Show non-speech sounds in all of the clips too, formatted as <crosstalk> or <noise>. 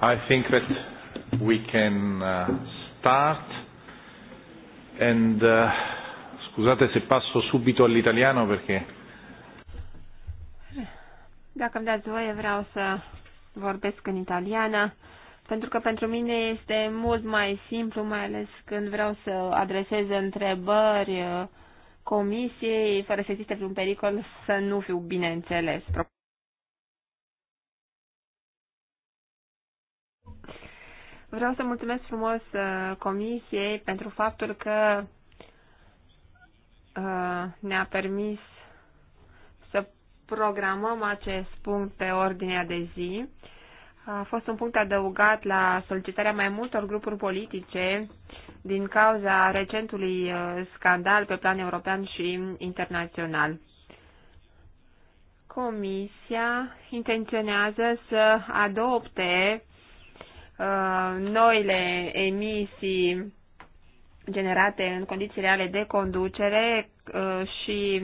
I think that we can uh, start and uh, scusate se passo subito all'italiano perché Dacă îmi dați voie vreau să vorbesc în italiană pentru că pentru mine este mult mai simplu, mai ales când vreau să adresez întrebări uh, comisiei, fără să existe vreun pericol să nu fiu bineînțeles. Vreau să mulțumesc frumos uh, Comisiei pentru faptul că uh, ne-a permis să programăm acest punct pe ordinea de zi. A fost un punct adăugat la solicitarea mai multor grupuri politice din cauza recentului uh, scandal pe plan european și internațional. Comisia intenționează să adopte Uh, noile emisii generate în condiții reale de conducere uh, și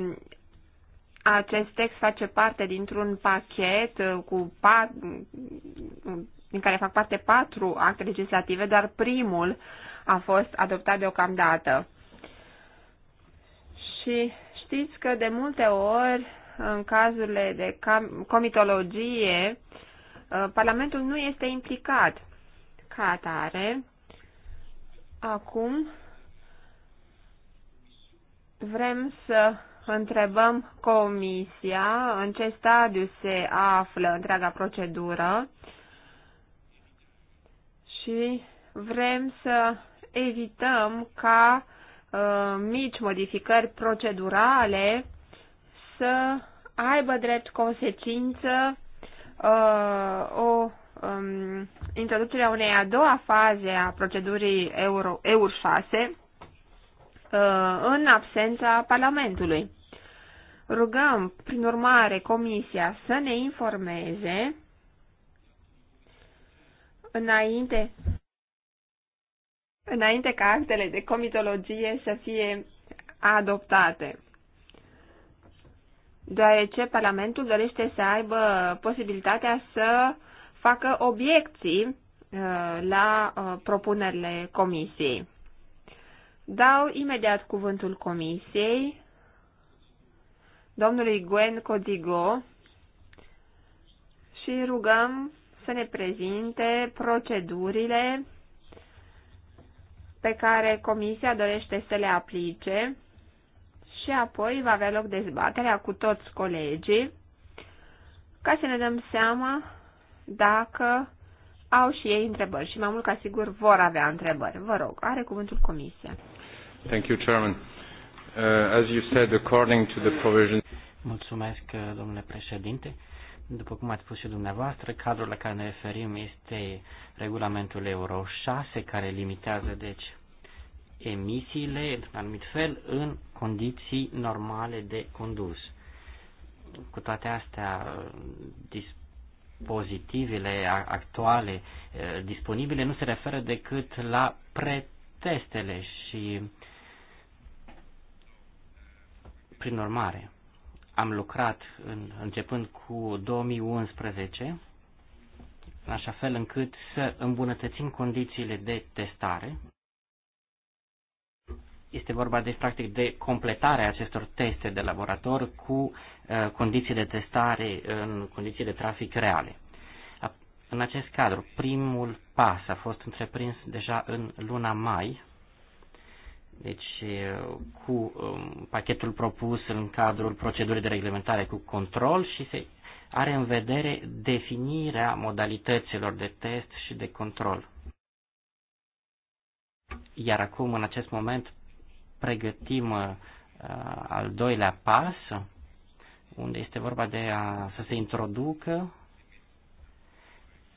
acest text face parte dintr-un pachet uh, cu pat, din care fac parte patru acte legislative, dar primul a fost adoptat deocamdată. Și știți că de multe ori, în cazurile de comitologie, Parlamentul nu este implicat ca atare. Acum vrem să întrebăm comisia în ce stadiu se află întreaga procedură și vrem să evităm ca uh, mici modificări procedurale să aibă drept consecință uh, o um, introducerea unei a doua faze a procedurii EUR 6 uh, în absența Parlamentului. Rugăm, prin urmare, Comisia să ne informeze înainte, înainte ca actele de comitologie să fie adoptate deoarece Parlamentul dorește să aibă posibilitatea să facă obiecții uh, la uh, propunerile comisiei. Dau imediat cuvântul comisiei domnului Gwen Codigo și rugăm să ne prezinte procedurile pe care comisia dorește să le aplice și apoi va avea loc dezbaterea cu toți colegii ca să ne dăm seama dacă au și ei întrebări și mai mult ca sigur vor avea întrebări. Vă rog, are cuvântul Comisia. Thank you, Chairman. Uh, as you said, according to the provision... Mulțumesc, domnule președinte. După cum ați spus și dumneavoastră, cadrul la care ne referim este regulamentul Euro 6, care limitează, deci, emisiile, într-un anumit fel, în condiții normale de condus. Cu toate astea, dispozitivele actuale eh, disponibile nu se referă decât la pretestele și prin urmare am lucrat în, începând cu 2011 în așa fel încât să îmbunătățim condițiile de testare este vorba de deci, practic de completarea acestor teste de laborator cu uh, condiții de testare în condiții de trafic reale. În acest cadru, primul pas a fost întreprins deja în luna mai, deci uh, cu um, pachetul propus în cadrul procedurii de reglementare cu control și se are în vedere definirea modalităților de test și de control. Iar acum, în acest moment, pregătim uh, al doilea pas, unde este vorba de a, să se introducă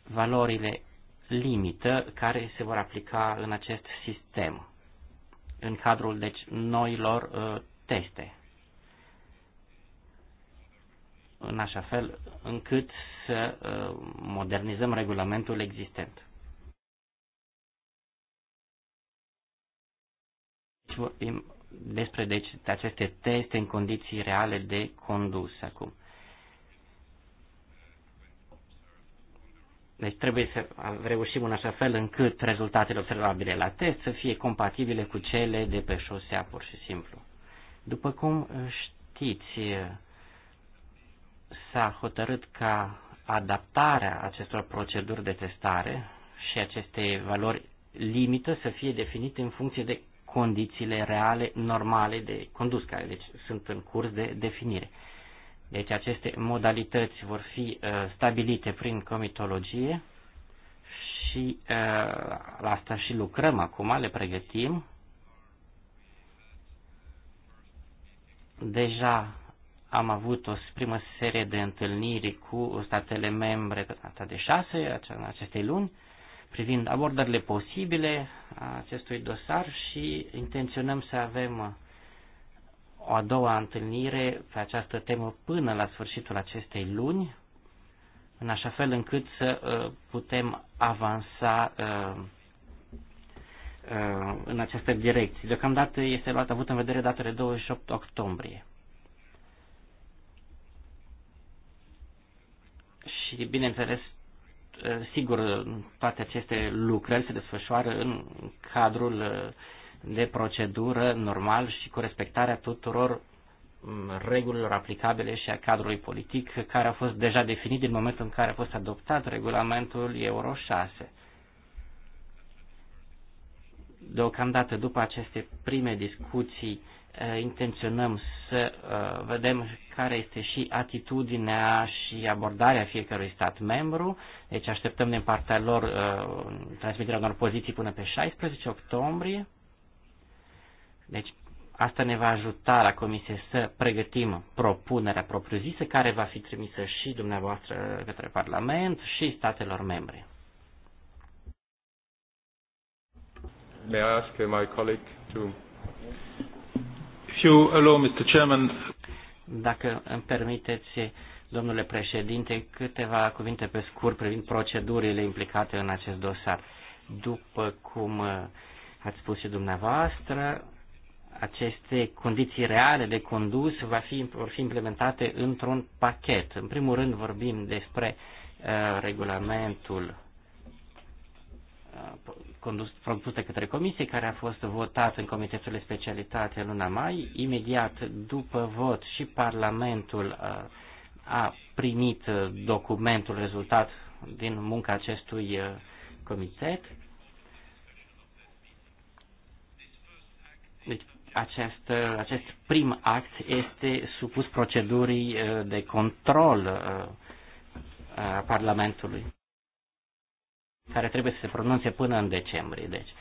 valorile limită care se vor aplica în acest sistem, în cadrul deci noilor uh, teste. În așa fel încât să uh, modernizăm regulamentul existent. despre deci, aceste teste în condiții reale de condus acum. Deci trebuie să reușim în așa fel încât rezultatele observabile la test să fie compatibile cu cele de pe șosea, pur și simplu. După cum știți, s-a hotărât ca adaptarea acestor proceduri de testare și aceste valori limită să fie definite în funcție de condițiile reale, normale de condus, care deci, sunt în curs de definire. Deci aceste modalități vor fi uh, stabilite prin comitologie și uh, la asta și lucrăm acum, le pregătim. Deja am avut o primă serie de întâlniri cu statele membre pe data de 6 în acestei luni privind abordările posibile a acestui dosar și intenționăm să avem o a doua întâlnire pe această temă până la sfârșitul acestei luni, în așa fel încât să uh, putem avansa uh, uh, în aceste direcții. Deocamdată este luat avut în vedere datele 28 octombrie. Și, bineînțeles, Eh, sigur, toate aceste lucrări se desfășoară în cadrul eh, de procedură normal și cu respectarea tuturor mm, regulilor aplicabile și a cadrului politic care a fost deja definit din momentul în care a fost adoptat regulamentul Euro 6. Deocamdată, după aceste prime discuții Uh, intenționăm să uh, vedem care este și atitudinea și abordarea fiecărui stat membru. Deci așteptăm din partea lor uh, transmiterea unor poziții până pe 16 octombrie. Deci asta ne va ajuta la comisie să pregătim propunerea propriu-zisă care va fi trimisă și dumneavoastră către Parlament și statelor membre. May I ask my colleague to you allow, Mr. Chairman. Dacă îmi permiteți, domnule președinte, câteva cuvinte pe scurt privind procedurile implicate în acest dosar. După cum uh, ați spus și dumneavoastră, aceste condiții reale de condus va fi, vor fi implementate într-un pachet. În primul rând vorbim despre uh, regulamentul uh, condus, produs de către comisie, care a fost votat în Comitetul de Specialitate luna mai. Imediat după vot și Parlamentul uh, a primit uh, documentul rezultat din munca acestui uh, comitet. Deci, acest, acest prim act este supus procedurii de control a Parlamentului care trebuie să se pronunțe până în decembrie. Deci,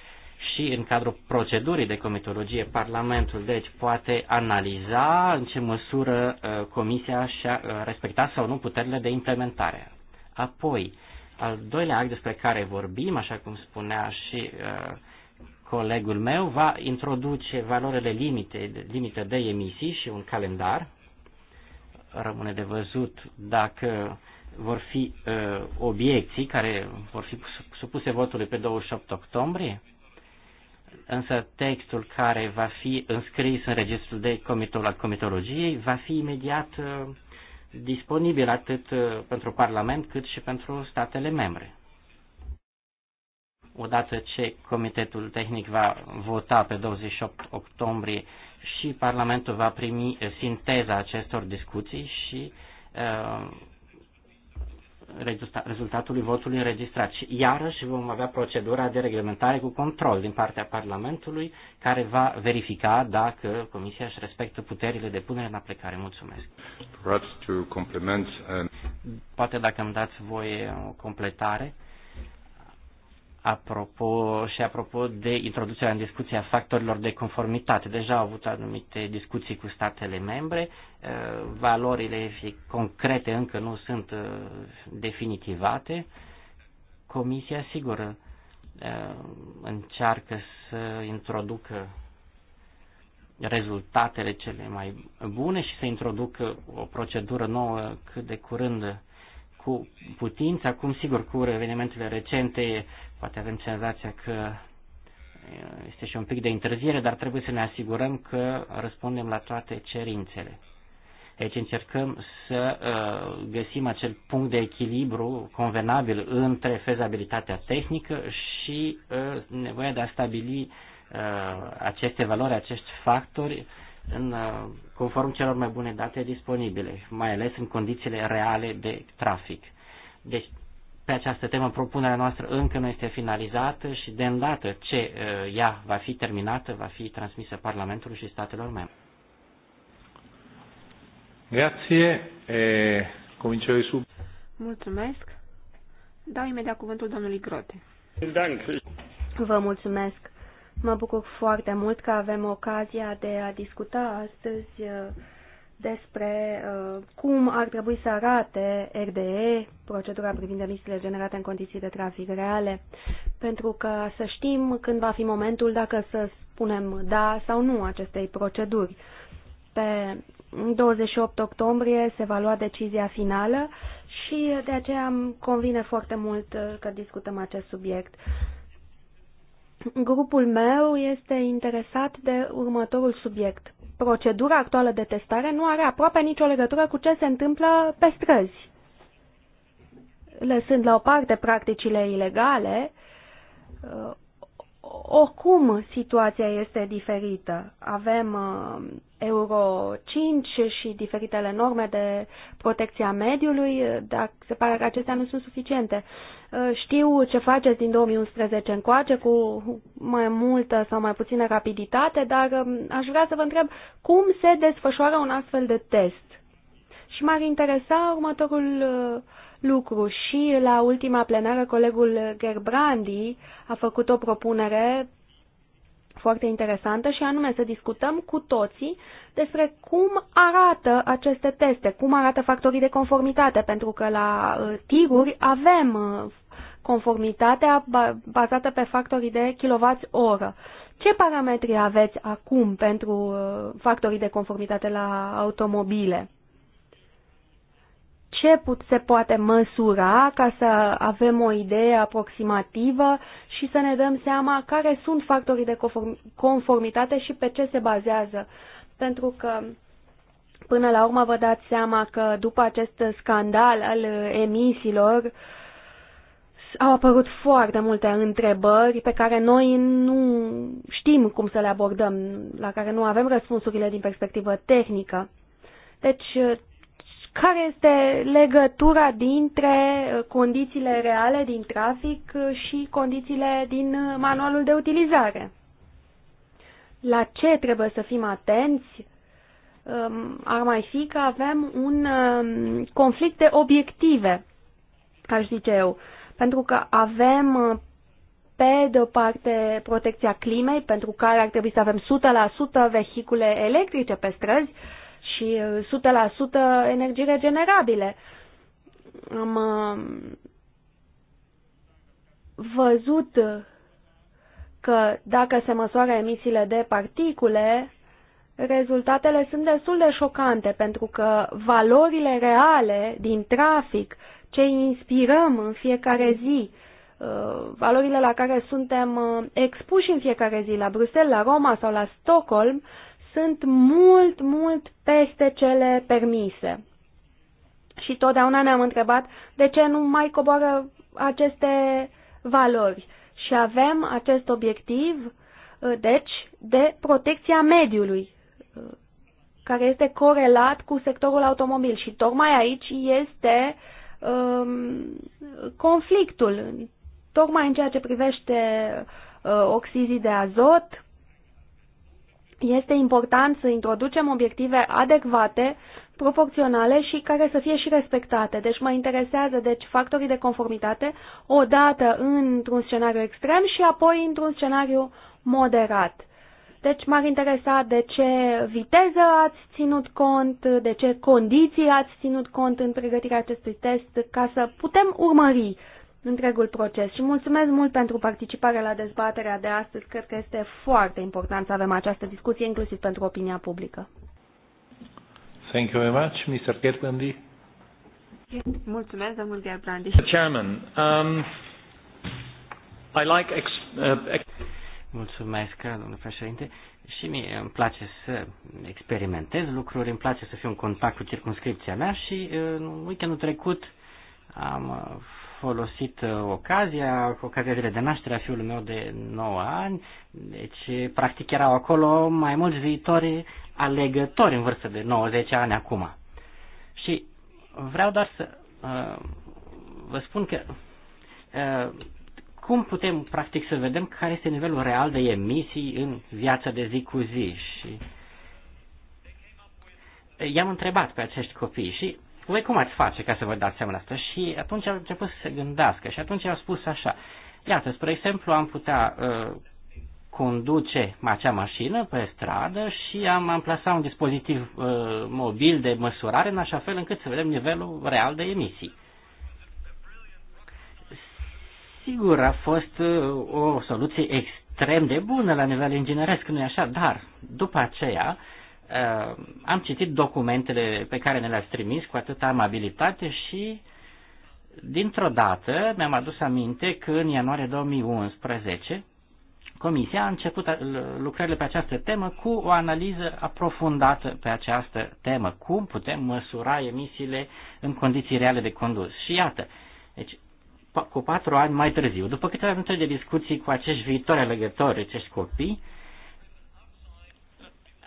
și în cadrul procedurii de comitologie, Parlamentul deci poate analiza în ce măsură uh, Comisia și-a uh, respectat sau nu puterile de implementare. Apoi, al doilea act despre care vorbim, așa cum spunea și uh, colegul meu, va introduce valorile limite, limite de emisii și un calendar. Rămâne de văzut dacă uh, vor fi uh, obiecții care vor fi supuse votului pe 28 octombrie, însă textul care va fi înscris în registrul de comitol al comitologiei va fi imediat uh, disponibil atât uh, pentru Parlament cât și pentru statele membre. Odată ce Comitetul Tehnic va vota pe 28 octombrie și Parlamentul va primi sinteza acestor discuții și uh, rezultatului votului înregistrat. Și iarăși vom avea procedura de reglementare cu control din partea Parlamentului, care va verifica dacă Comisia își respectă puterile de punere în aplicare. Mulțumesc. Poate dacă îmi dați voie o completare apropo, și apropo de introducerea în discuție a factorilor de conformitate. Deja au avut anumite discuții cu statele membre, eh, valorile concrete încă nu sunt eh, definitivate. Comisia, sigur, eh, încearcă să introducă rezultatele cele mai bune și să introducă o procedură nouă cât de curând cu putință. Acum, sigur, cu evenimentele recente, Poate avem senzația că uh, este și un pic de întârziere, dar trebuie să ne asigurăm că răspundem la toate cerințele. Deci încercăm să uh, găsim acel punct de echilibru convenabil între fezabilitatea tehnică și uh, nevoia de a stabili aceste valori, acești factori în, conform celor mai bune date disponibile, mai ales în condițiile reale de trafic. Deci pe această temă propunerea noastră încă nu este finalizată și de îndată ce uh, ea va fi terminată, va fi transmisă Parlamentului și statelor membre. Grazie. E, sub. Mulțumesc. Dau imediat cuvântul domnului Grote. Vă mulțumesc. Mă bucur foarte mult că avem ocazia de a discuta astăzi uh, despre uh, cum ar trebui să arate RDE, procedura privind emisiile generate în condiții de trafic reale, pentru că să știm când va fi momentul dacă să spunem da sau nu acestei proceduri. Pe 28 octombrie se va lua decizia finală și de aceea îmi convine foarte mult uh, că discutăm acest subiect. Grupul meu este interesat de următorul subiect procedura actuală de testare nu are aproape nicio legătură cu ce se întâmplă pe străzi. Lăsând la o parte practicile ilegale, oricum, situația este diferită. Avem uh, Euro 5 și diferitele norme de protecție a mediului, uh, dar se pare că acestea nu sunt suficiente. Uh, știu ce faceți din 2011 încoace cu mai multă sau mai puțină rapiditate, dar um, aș vrea să vă întreb cum se desfășoară un astfel de test. Și m-ar interesa următorul uh, lucru și la ultima plenară colegul Gerbrandi a făcut o propunere foarte interesantă și anume să discutăm cu toții despre cum arată aceste teste, cum arată factorii de conformitate, pentru că la uh, tiruri avem uh, conformitatea bazată pe factorii de kilowatt-oră. Ce parametri aveți acum pentru uh, factorii de conformitate la automobile? ce put, se poate măsura ca să avem o idee aproximativă și să ne dăm seama care sunt factorii de conformitate și pe ce se bazează. Pentru că până la urmă vă dați seama că după acest scandal al emisiilor au apărut foarte multe întrebări pe care noi nu știm cum să le abordăm, la care nu avem răspunsurile din perspectivă tehnică. Deci care este legătura dintre condițiile reale din trafic și condițiile din manualul de utilizare? La ce trebuie să fim atenți? Um, ar mai fi că avem un um, conflict de obiective, aș zice eu, pentru că avem uh, pe de o parte protecția climei, pentru care ar trebui să avem 100% vehicule electrice pe străzi, și 100% uh, energii regenerabile. Am uh, văzut că dacă se măsoară emisiile de particule, rezultatele sunt destul de șocante, pentru că valorile reale din trafic, ce inspirăm în fiecare zi, uh, valorile la care suntem expuși în fiecare zi, la Bruxelles, la Roma sau la Stockholm, sunt mult, mult peste cele permise. Și totdeauna ne-am întrebat de ce nu mai coboară aceste valori. Și avem acest obiectiv, uh, deci, de protecția mediului, uh, care este corelat cu sectorul automobil. Și tocmai aici este um, conflictul, tocmai în ceea ce privește uh, oxizii de azot, este important să introducem obiective adecvate, proporționale și care să fie și respectate. Deci mă interesează deci factorii de conformitate odată într-un scenariu extrem și apoi într-un scenariu moderat. Deci m-ar interesa de ce viteză ați ținut cont, de ce condiții ați ținut cont în pregătirea acestui test, ca să putem urmări întregul proces și mulțumesc mult pentru participarea la dezbaterea de astăzi. Cred că este foarte important să avem această discuție, inclusiv pentru opinia publică. Thank you very much, Mr. Gerbrandi. Mulțumesc, domnul Gerbrandi. Chairman, um, I like ex, uh, ex Mulțumesc, domnule președinte. Și mie îmi place să experimentez lucruri, îmi place să fiu în contact cu circunscripția mea și uh, în weekendul trecut am uh, folosit uh, ocazia, ocazia zilei de naștere a fiului meu de 9 ani, deci practic erau acolo mai mulți viitori alegători în vârstă de 90 ani acum. Și vreau doar să uh, vă spun că uh, cum putem practic să vedem care este nivelul real de emisii în viața de zi cu zi și i-am întrebat pe acești copii și voi cum ați face ca să vă dați seama asta? Și atunci au început să se gândească și atunci au spus așa, iată, spre exemplu, am putea uh, conduce acea mașină pe stradă și am amplasat un dispozitiv uh, mobil de măsurare în așa fel încât să vedem nivelul real de emisii. Sigur, a fost uh, o soluție extrem de bună la nivel ingineresc, nu-i așa, dar după aceea uh, uh, am citit documentele pe care ne le-ați trimis cu atâta amabilitate și dintr-o dată mi-am adus aminte că în ianuarie 2011 Comisia a început lucrările pe această temă cu o analiză aprofundată pe această temă. Cum putem măsura emisiile în condiții reale de condus? Și iată, deci, cu patru ani mai târziu, după câteva minute de discuții cu acești viitori alegători, acești copii,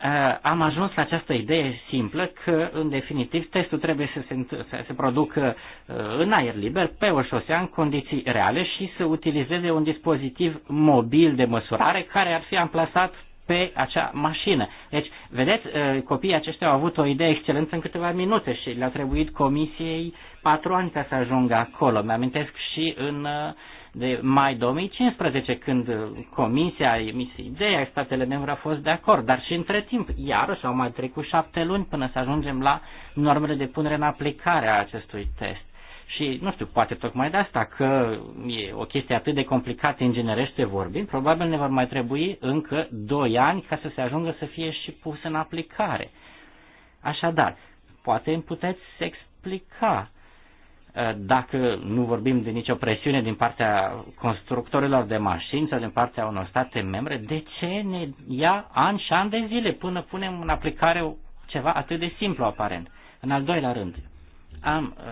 Uh, am ajuns la această idee simplă că, în definitiv, testul trebuie să se, să se producă uh, în aer liber, pe o șosea, în condiții reale și să utilizeze un dispozitiv mobil de măsurare care ar fi amplasat pe acea mașină. Deci, vedeți, uh, copiii aceștia au avut o idee excelentă în câteva minute și le-a trebuit comisiei patru ani ca să ajungă acolo. Mi-amintesc și în uh, de mai 2015, când Comisia a emis ideea, statele membre au fost de acord, dar și între timp, iarăși au mai trecut șapte luni până să ajungem la normele de punere în aplicare a acestui test. Și, nu știu, poate tocmai de asta că e o chestie atât de complicată generește vorbind, probabil ne vor mai trebui încă 2 ani ca să se ajungă să fie și pus în aplicare. Așadar, poate îmi puteți explica dacă nu vorbim de nicio presiune din partea constructorilor de mașini sau din partea unor state membre, de ce ne ia ani și ani de zile până punem în aplicare ceva atât de simplu aparent? În al doilea rând, am uh,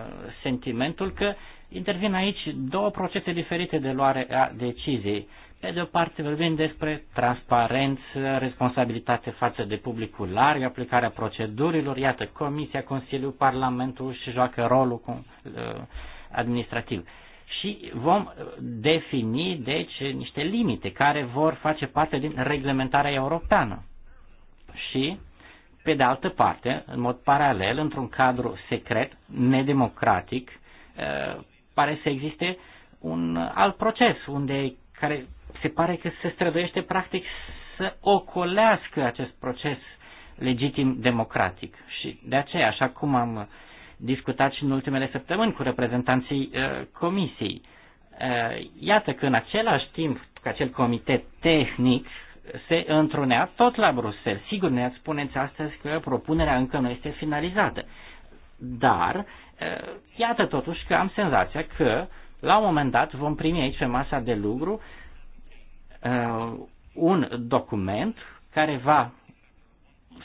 sentimentul că intervin aici două procese diferite de luare a deciziei. Uh, pe de o parte vorbim despre transparență, responsabilitate față de publicul larg, aplicarea procedurilor, iată, Comisia, Consiliul, Parlamentul și joacă rolul cu, uh, administrativ. Și vom defini, deci, niște limite care vor face parte din reglementarea europeană. Și, pe de altă parte, în mod paralel, într-un cadru secret, nedemocratic, uh, pare să existe un alt proces unde care se pare că se străduiește practic să ocolească acest proces legitim democratic. Și de aceea, așa cum am discutat și în ultimele săptămâni cu reprezentanții uh, comisiei, uh, iată că în același timp că acel comitet tehnic se întrunea tot la Bruxelles. Sigur, ne spuneți astăzi că propunerea încă nu este finalizată. Dar, uh, iată totuși că am senzația că uh, la un moment dat vom primi aici pe masa de lucru uh, un document care va,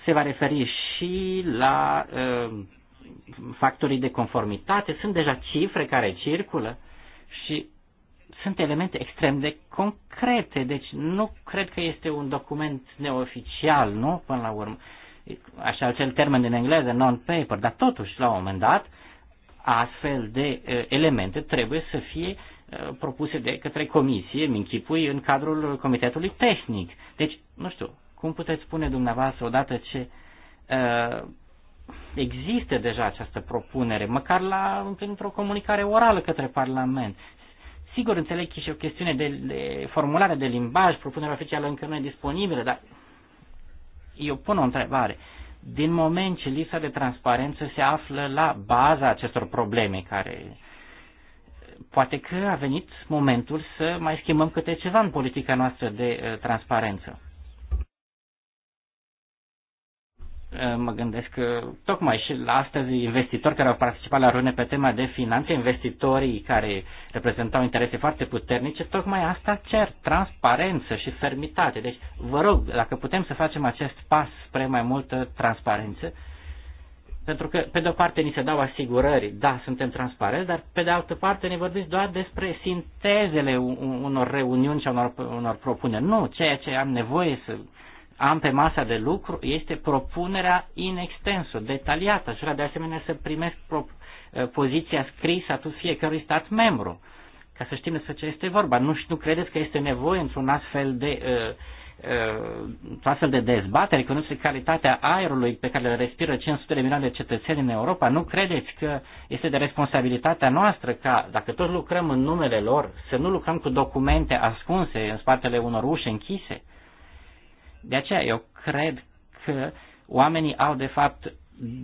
se va referi și la uh, factorii de conformitate. Sunt deja cifre care circulă și sunt elemente extrem de concrete, deci nu cred că este un document neoficial, nu, până la urmă. Așa, acel termen din engleză, non-paper, dar totuși, la un moment dat, astfel de elemente trebuie să fie propuse de către comisie, îmi închipui, în cadrul comitetului tehnic. Deci, nu știu, cum puteți spune dumneavoastră odată ce uh, există deja această propunere, măcar la, printr-o comunicare orală către Parlament. Sigur, înțeleg că și o chestiune de, de formulare de limbaj, propunerea oficială încă nu e disponibilă, dar eu pun o întrebare. Uh, din moment ce lipsa de transparență se află la baza acestor probleme care poate că a venit momentul să mai schimbăm câte ceva în politica noastră de uh, transparență. Eh, mă gândesc că tocmai și la astăzi investitori care au participat la rune pe tema de finanțe, investitorii care reprezentau interese foarte puternice, tocmai asta cer, transparență și fermitate. Deci, vă rog, dacă putem să facem acest pas spre mai multă transparență, pentru că, pe de-o parte, ni se dau asigurări, da, suntem transparenți, dar, pe de altă parte, ne vorbiți doar despre sintezele unor reuniuni și unor, unor propuneri. Nu, ceea ce am nevoie să am pe masa de lucru este propunerea in extenso, detaliată. Aș vrea de asemenea să primesc eh, poziția scrisă a fiecărui stat membru, ca să știm despre ce este vorba. Nu, nu credeți că este nevoie într-un astfel de uh, uh, astfel de dezbatere, că nu este calitatea aerului pe care le respiră 500 de milioane de cetățeni în Europa, nu credeți că este de responsabilitatea noastră ca, dacă toți lucrăm în numele lor, să nu lucrăm cu documente ascunse în spatele unor uși închise? De aceea eu cred că oamenii au de fapt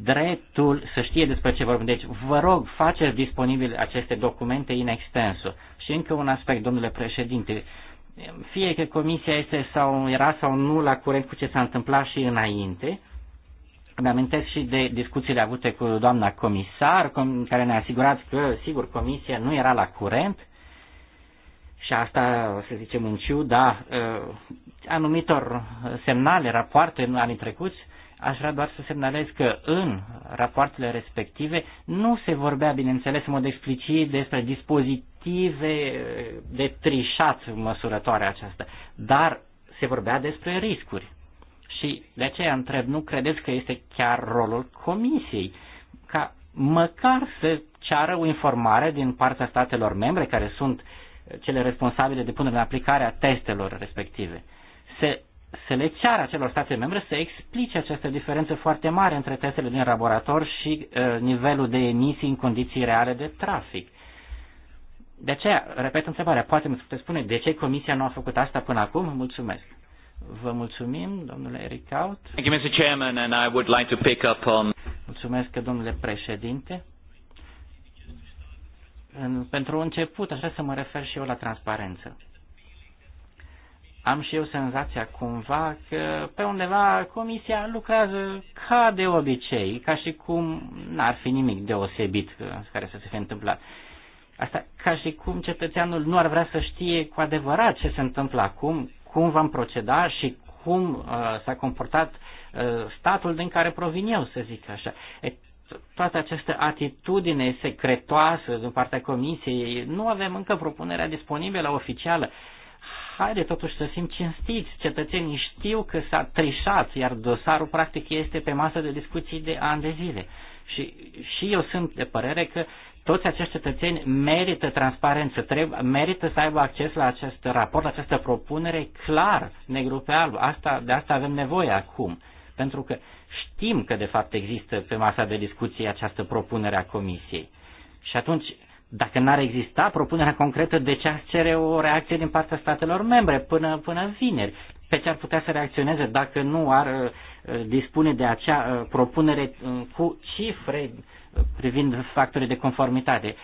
dreptul să știe despre ce vorbim. Deci vă rog, faceți disponibile aceste documente în extenso. Și încă un aspect, domnule președinte, fie că comisia este sau era sau nu la curent cu ce s-a întâmplat și înainte, îmi amintesc și de discuțiile avute cu doamna comisar, care ne-a asigurat că, sigur, comisia nu era la curent, și asta, să zicem, în ciuda ă, anumitor semnale, rapoarte în anii trecuți, aș vrea doar să semnalez că în rapoartele respective nu se vorbea, bineînțeles, în mod explicit despre dispozitive de trișat măsurătoare aceasta, dar se vorbea despre riscuri. Și de aceea întreb, nu credeți că este chiar rolul comisiei ca măcar să ceară o informare din partea statelor membre care sunt uh, cele responsabile de punerea în aplicare a testelor respective. Se, se le ceară acelor state membre să explice această diferență foarte mare între testele din laborator și uh, nivelul de emisii în condiții reale de trafic. De aceea, repet întrebarea, poate mi puteți spune de ce Comisia nu a făcut asta până acum? Mulțumesc. Vă mulțumim, domnule Eric Out. Thank you, Mr. Chairman, and I would like to pick up on... Mulțumesc, domnule președinte. Pentru început, aș vrea să mă refer și eu la transparență. Am și eu senzația cumva că pe undeva comisia lucrează ca de obicei, ca și cum n-ar fi nimic deosebit uh, care să se fi întâmplat. Asta ca și cum cetățeanul nu ar vrea să știe cu adevărat ce se întâmplă acum, cum vom proceda și cum uh, s-a comportat uh, statul din care provin eu, să zic așa. E, toată această atitudine secretoasă din partea Comisiei, nu avem încă propunerea disponibilă oficială. Haide totuși să fim cinstiți, cetățenii știu că s-a trișat, iar dosarul practic este pe masă de discuții de ani de zile. Și, și eu sunt de părere că toți acești cetățeni merită transparență, trebuie, merită să aibă acces la acest raport, la această propunere clar, negru pe alb. Asta, de asta avem nevoie acum. Pentru că Știm că de fapt există pe masa de discuție această propunere a Comisiei. Și atunci, dacă n-ar exista propunerea concretă, de ce ar cere o reacție din partea statelor membre până, până vineri? Pe ce ar putea să reacționeze dacă nu ar uh, dispune de acea uh, propunere uh, cu cifre privind factorii de conformitate?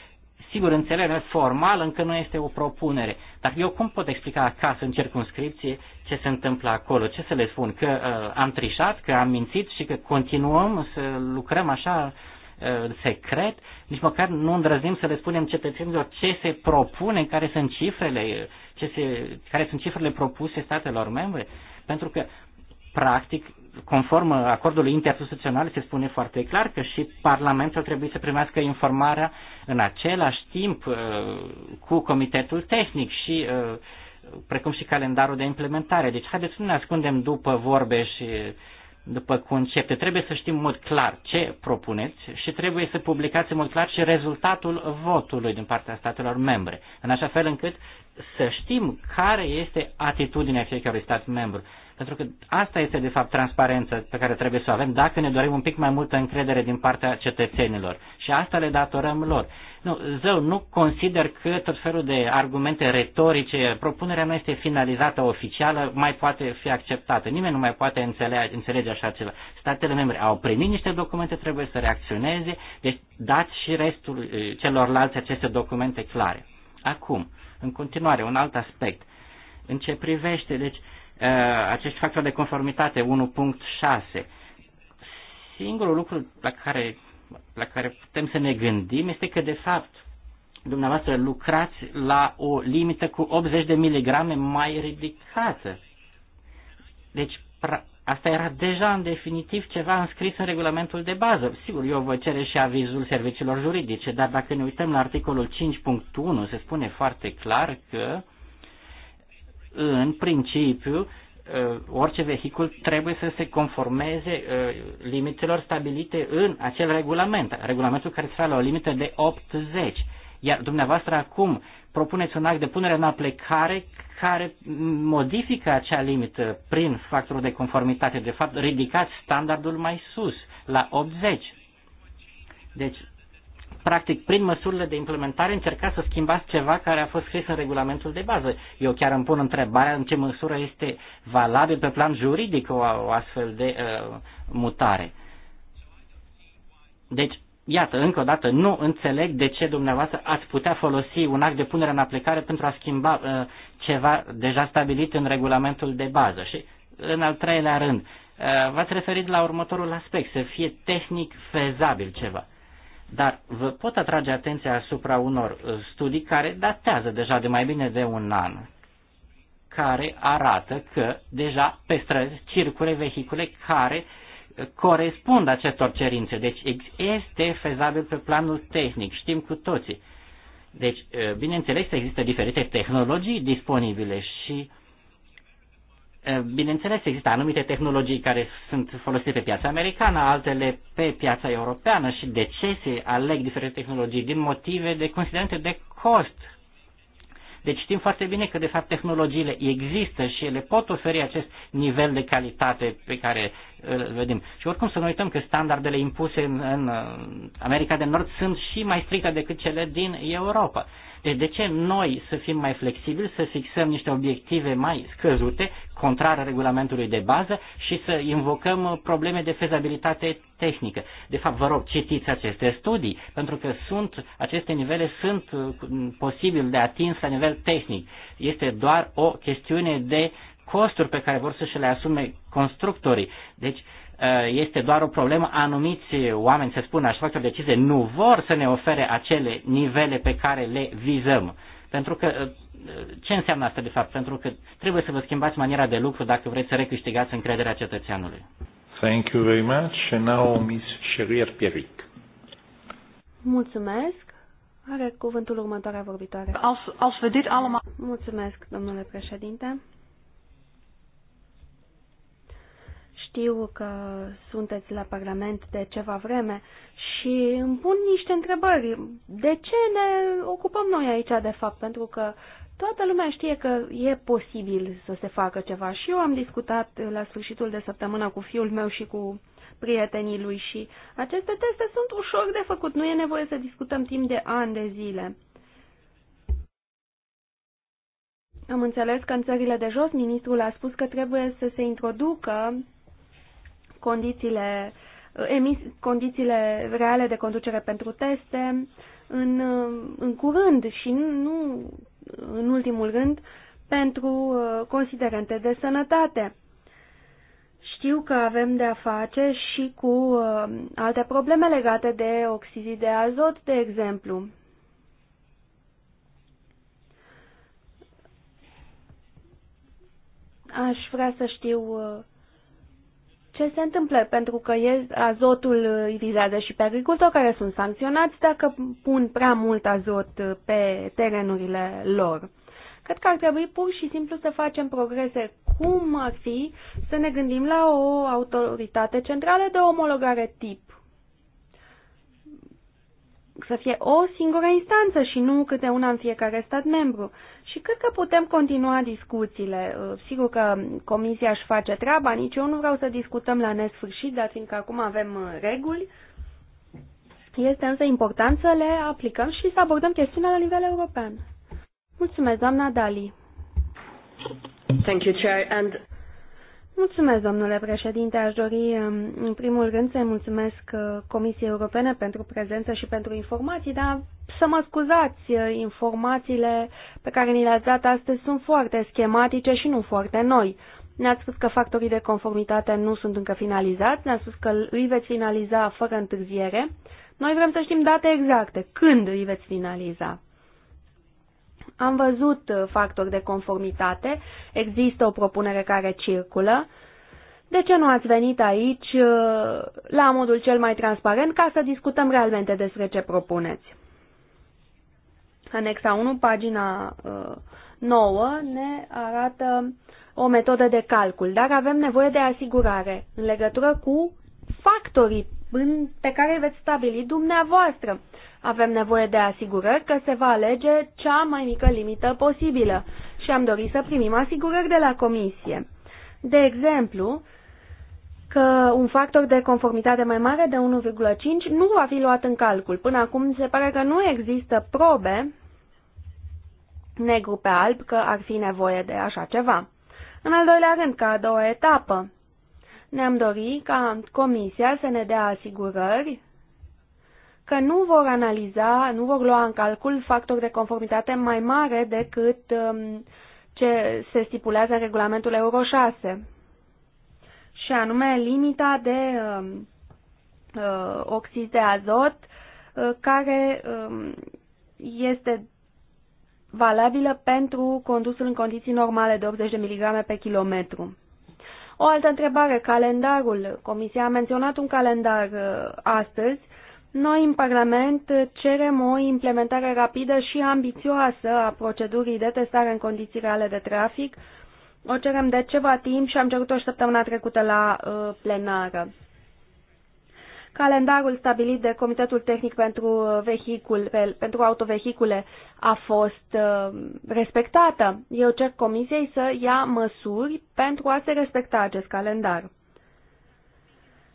Sigur, înțelegere formal încă nu este o propunere, dar eu cum pot explica acasă în circunscripție ce se întâmplă acolo? Ce să le spun? Că uh, am trișat, că am mințit și că continuăm să lucrăm așa uh, secret, nici măcar nu îndrăznim să le spunem cetățenilor ce se propune, care sunt cifrele, ce se, care sunt cifrele propuse statelor membre, pentru că practic conform acordului interinstituțional se spune foarte clar că și Parlamentul trebuie să primească informarea în același timp uh, cu Comitetul Tehnic și uh, precum și calendarul de implementare. Deci haideți să nu ne ascundem după vorbe și după concepte. Trebuie să știm mult mod clar ce propuneți și trebuie să publicați mult mod clar și rezultatul votului din partea statelor membre, în așa fel încât să știm care este atitudinea fiecărui stat membru. Pentru că asta este, de fapt, transparența pe care trebuie să o avem dacă ne dorim un pic mai multă încredere din partea cetățenilor. Și asta le datorăm lor. Nu, zău, nu consider că tot felul de argumente retorice, propunerea nu este finalizată oficială, mai poate fi acceptată. Nimeni nu mai poate înțelege, înțelege așa ceva. Statele membre au primit niște documente, trebuie să reacționeze, deci dați și restul celorlalți aceste documente clare. Acum, în continuare, un alt aspect. În ce privește, deci, uh, Uh, acești factori de conformitate 1.6. Singurul lucru la care, la care putem să ne gândim este că, de fapt, dumneavoastră lucrați la o limită cu 80 de miligrame mai ridicată. Deci, asta era deja în definitiv ceva înscris în regulamentul de bază. Sigur, eu vă cere și avizul serviciilor juridice, dar dacă ne uităm la articolul 5.1, se spune foarte clar că în principiu, uh, orice vehicul trebuie să se conformeze uh, limitelor stabilite în acel regulament, regulamentul care se la o limită de 80. Iar dumneavoastră acum propuneți un act de punere în aplicare care modifică acea limită prin factorul de conformitate. De fapt, ridicați standardul mai sus, la 80. Deci, practic, prin măsurile de implementare, încercați să schimbați ceva care a fost scris în regulamentul de bază. Eu chiar îmi pun întrebarea în ce măsură este valabil pe plan juridic o, o astfel de uh, mutare. Deci, iată, încă o dată, nu înțeleg de ce dumneavoastră ați putea folosi un act de punere în aplicare pentru a schimba uh, ceva deja stabilit în regulamentul de bază. Și, în al treilea rând, uh, v-ați referit la următorul aspect, să fie tehnic fezabil ceva. Dar vă pot atrage atenția asupra unor uh, studii care datează deja de mai bine de un an, care arată că deja pe străzi circule vehicule care uh, corespund acestor cerințe. Deci este fezabil pe planul tehnic, știm cu toții. Deci, uh, bineînțeles, există diferite tehnologii disponibile și Eh, bineînțeles, există anumite tehnologii care sunt folosite pe piața americană, altele pe piața europeană și de ce se aleg diferite tehnologii din motive de considerente de cost. Deci știm foarte bine că, de fapt, tehnologiile există și ele pot oferi acest nivel de calitate pe care îl vedem. Și oricum să nu uităm că standardele impuse în, în uh, America de Nord sunt și mai stricte decât cele din Europa. Deci de ce noi să fim mai flexibili, să fixăm niște obiective mai scăzute, contrar regulamentului de bază, și să invocăm probleme de fezabilitate tehnică? De fapt, vă rog, citiți aceste studii, pentru că sunt, aceste nivele sunt uh, posibil de atins la nivel tehnic. Este doar o chestiune de costuri pe care vor să și le asume constructorii. Deci, uh, Eh, este doar o problemă. Anumiți oameni, se spune, așa face o decizie, nu vor să ne ofere acele nivele pe care le vizăm. Pentru că eh, ce înseamnă asta de fapt? Pentru că trebuie să vă schimbați maniera de lucru dacă vreți să recâștigați încrederea cetățeanului. Thank you very much. And now Miss Cherier Pieric. Mulțumesc. Are cuvântul următoarea vorbitoare. Als, als we dit allemaal... Mulțumesc, domnule președinte. Știu că sunteți la Parlament de ceva vreme și îmi pun niște întrebări. De ce ne ocupăm noi aici, de fapt? Pentru că toată lumea știe că e posibil să se facă ceva. Și eu am discutat la sfârșitul de săptămână cu fiul meu și cu prietenii lui și aceste teste sunt ușor de făcut. Nu e nevoie să discutăm timp de ani de zile. Am înțeles că în țările de jos ministrul a spus că trebuie să se introducă condițiile, emis, condițiile reale de conducere pentru teste în, în curând și nu în ultimul rând pentru uh, considerente de sănătate. Știu că avem de a face și cu uh, alte probleme legate de oxizii de azot, de exemplu. Aș vrea să știu uh, ce se întâmplă, pentru că azotul îi vizează și pe agricultori care sunt sancționați dacă pun prea mult azot pe terenurile lor. Cred că ar trebui pur și simplu să facem progrese cum ar fi să ne gândim la o autoritate centrală de omologare tip să fie o singură instanță și nu câte una în fiecare stat membru. Și cred că putem continua discuțiile. Uh, sigur că comisia își face treaba, nici eu nu vreau să discutăm la nesfârșit, dar fiindcă acum avem uh, reguli, este însă important să le aplicăm și să abordăm chestiunea la nivel european. Mulțumesc, doamna Dali. Thank you, Chair. And... Mulțumesc, domnule președinte. Aș dori, în primul rând, să-i mulțumesc uh, Comisiei Europene pentru prezență și pentru informații, dar să mă scuzați, uh, informațiile pe care ni le-ați dat astăzi sunt foarte schematice și nu foarte noi. Ne-ați spus că factorii de conformitate nu sunt încă finalizați, ne-ați spus că îi veți finaliza fără întârziere. Noi vrem să știm date exacte, când îi veți finaliza. Am văzut uh, factori de conformitate, există o propunere care circulă. De ce nu ați venit aici uh, la modul cel mai transparent ca să discutăm realmente despre ce propuneți? Anexa 1, pagina 9, uh, ne arată o metodă de calcul, dar avem nevoie de asigurare în legătură cu factorii în, pe care veți stabili dumneavoastră. Avem nevoie de asigurări că se va alege cea mai mică limită posibilă și am dorit să primim asigurări de la comisie. De exemplu, că un factor de conformitate mai mare de 1,5 nu va fi luat în calcul. Până acum se pare că nu există probe negru pe alb că ar fi nevoie de așa ceva. În al doilea rând, ca a doua etapă, ne-am dori ca Comisia să ne dea asigurări că nu vor analiza, nu vor lua în calcul factori de conformitate mai mare decât um, ce se stipulează în regulamentul Euro 6, și anume limita de um, uh, oxid de azot uh, care uh, este valabilă pentru condusul în condiții normale de 80 de mg pe kilometru. O altă întrebare, calendarul. Comisia a menționat un calendar uh, astăzi. Noi în Parlament cerem o implementare rapidă și ambițioasă a procedurii de testare în condiții reale de trafic. O cerem de ceva timp și am cerut-o săptămâna trecută la uh, plenară. Calendarul stabilit de Comitetul Tehnic pentru, vehicul, pe, pentru autovehicule a fost uh, respectată. Eu cer Comisiei să ia măsuri pentru a se respecta acest calendar.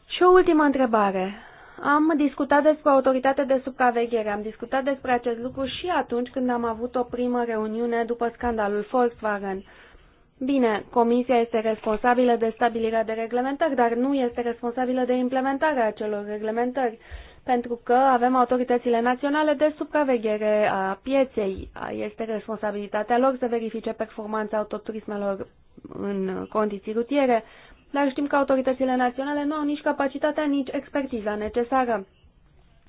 Și o ultimă întrebare. Am discutat despre autoritatea de supraveghere, am discutat despre acest lucru și atunci când am avut o primă reuniune după scandalul Volkswagen. Bine, Comisia este responsabilă de stabilirea de reglementări, dar nu este responsabilă de implementarea acelor reglementări, pentru că avem autoritățile naționale de supraveghere a pieței. Este responsabilitatea lor să verifice performanța autoturismelor în condiții rutiere, dar știm că autoritățile naționale nu au nici capacitatea, nici expertiza necesară.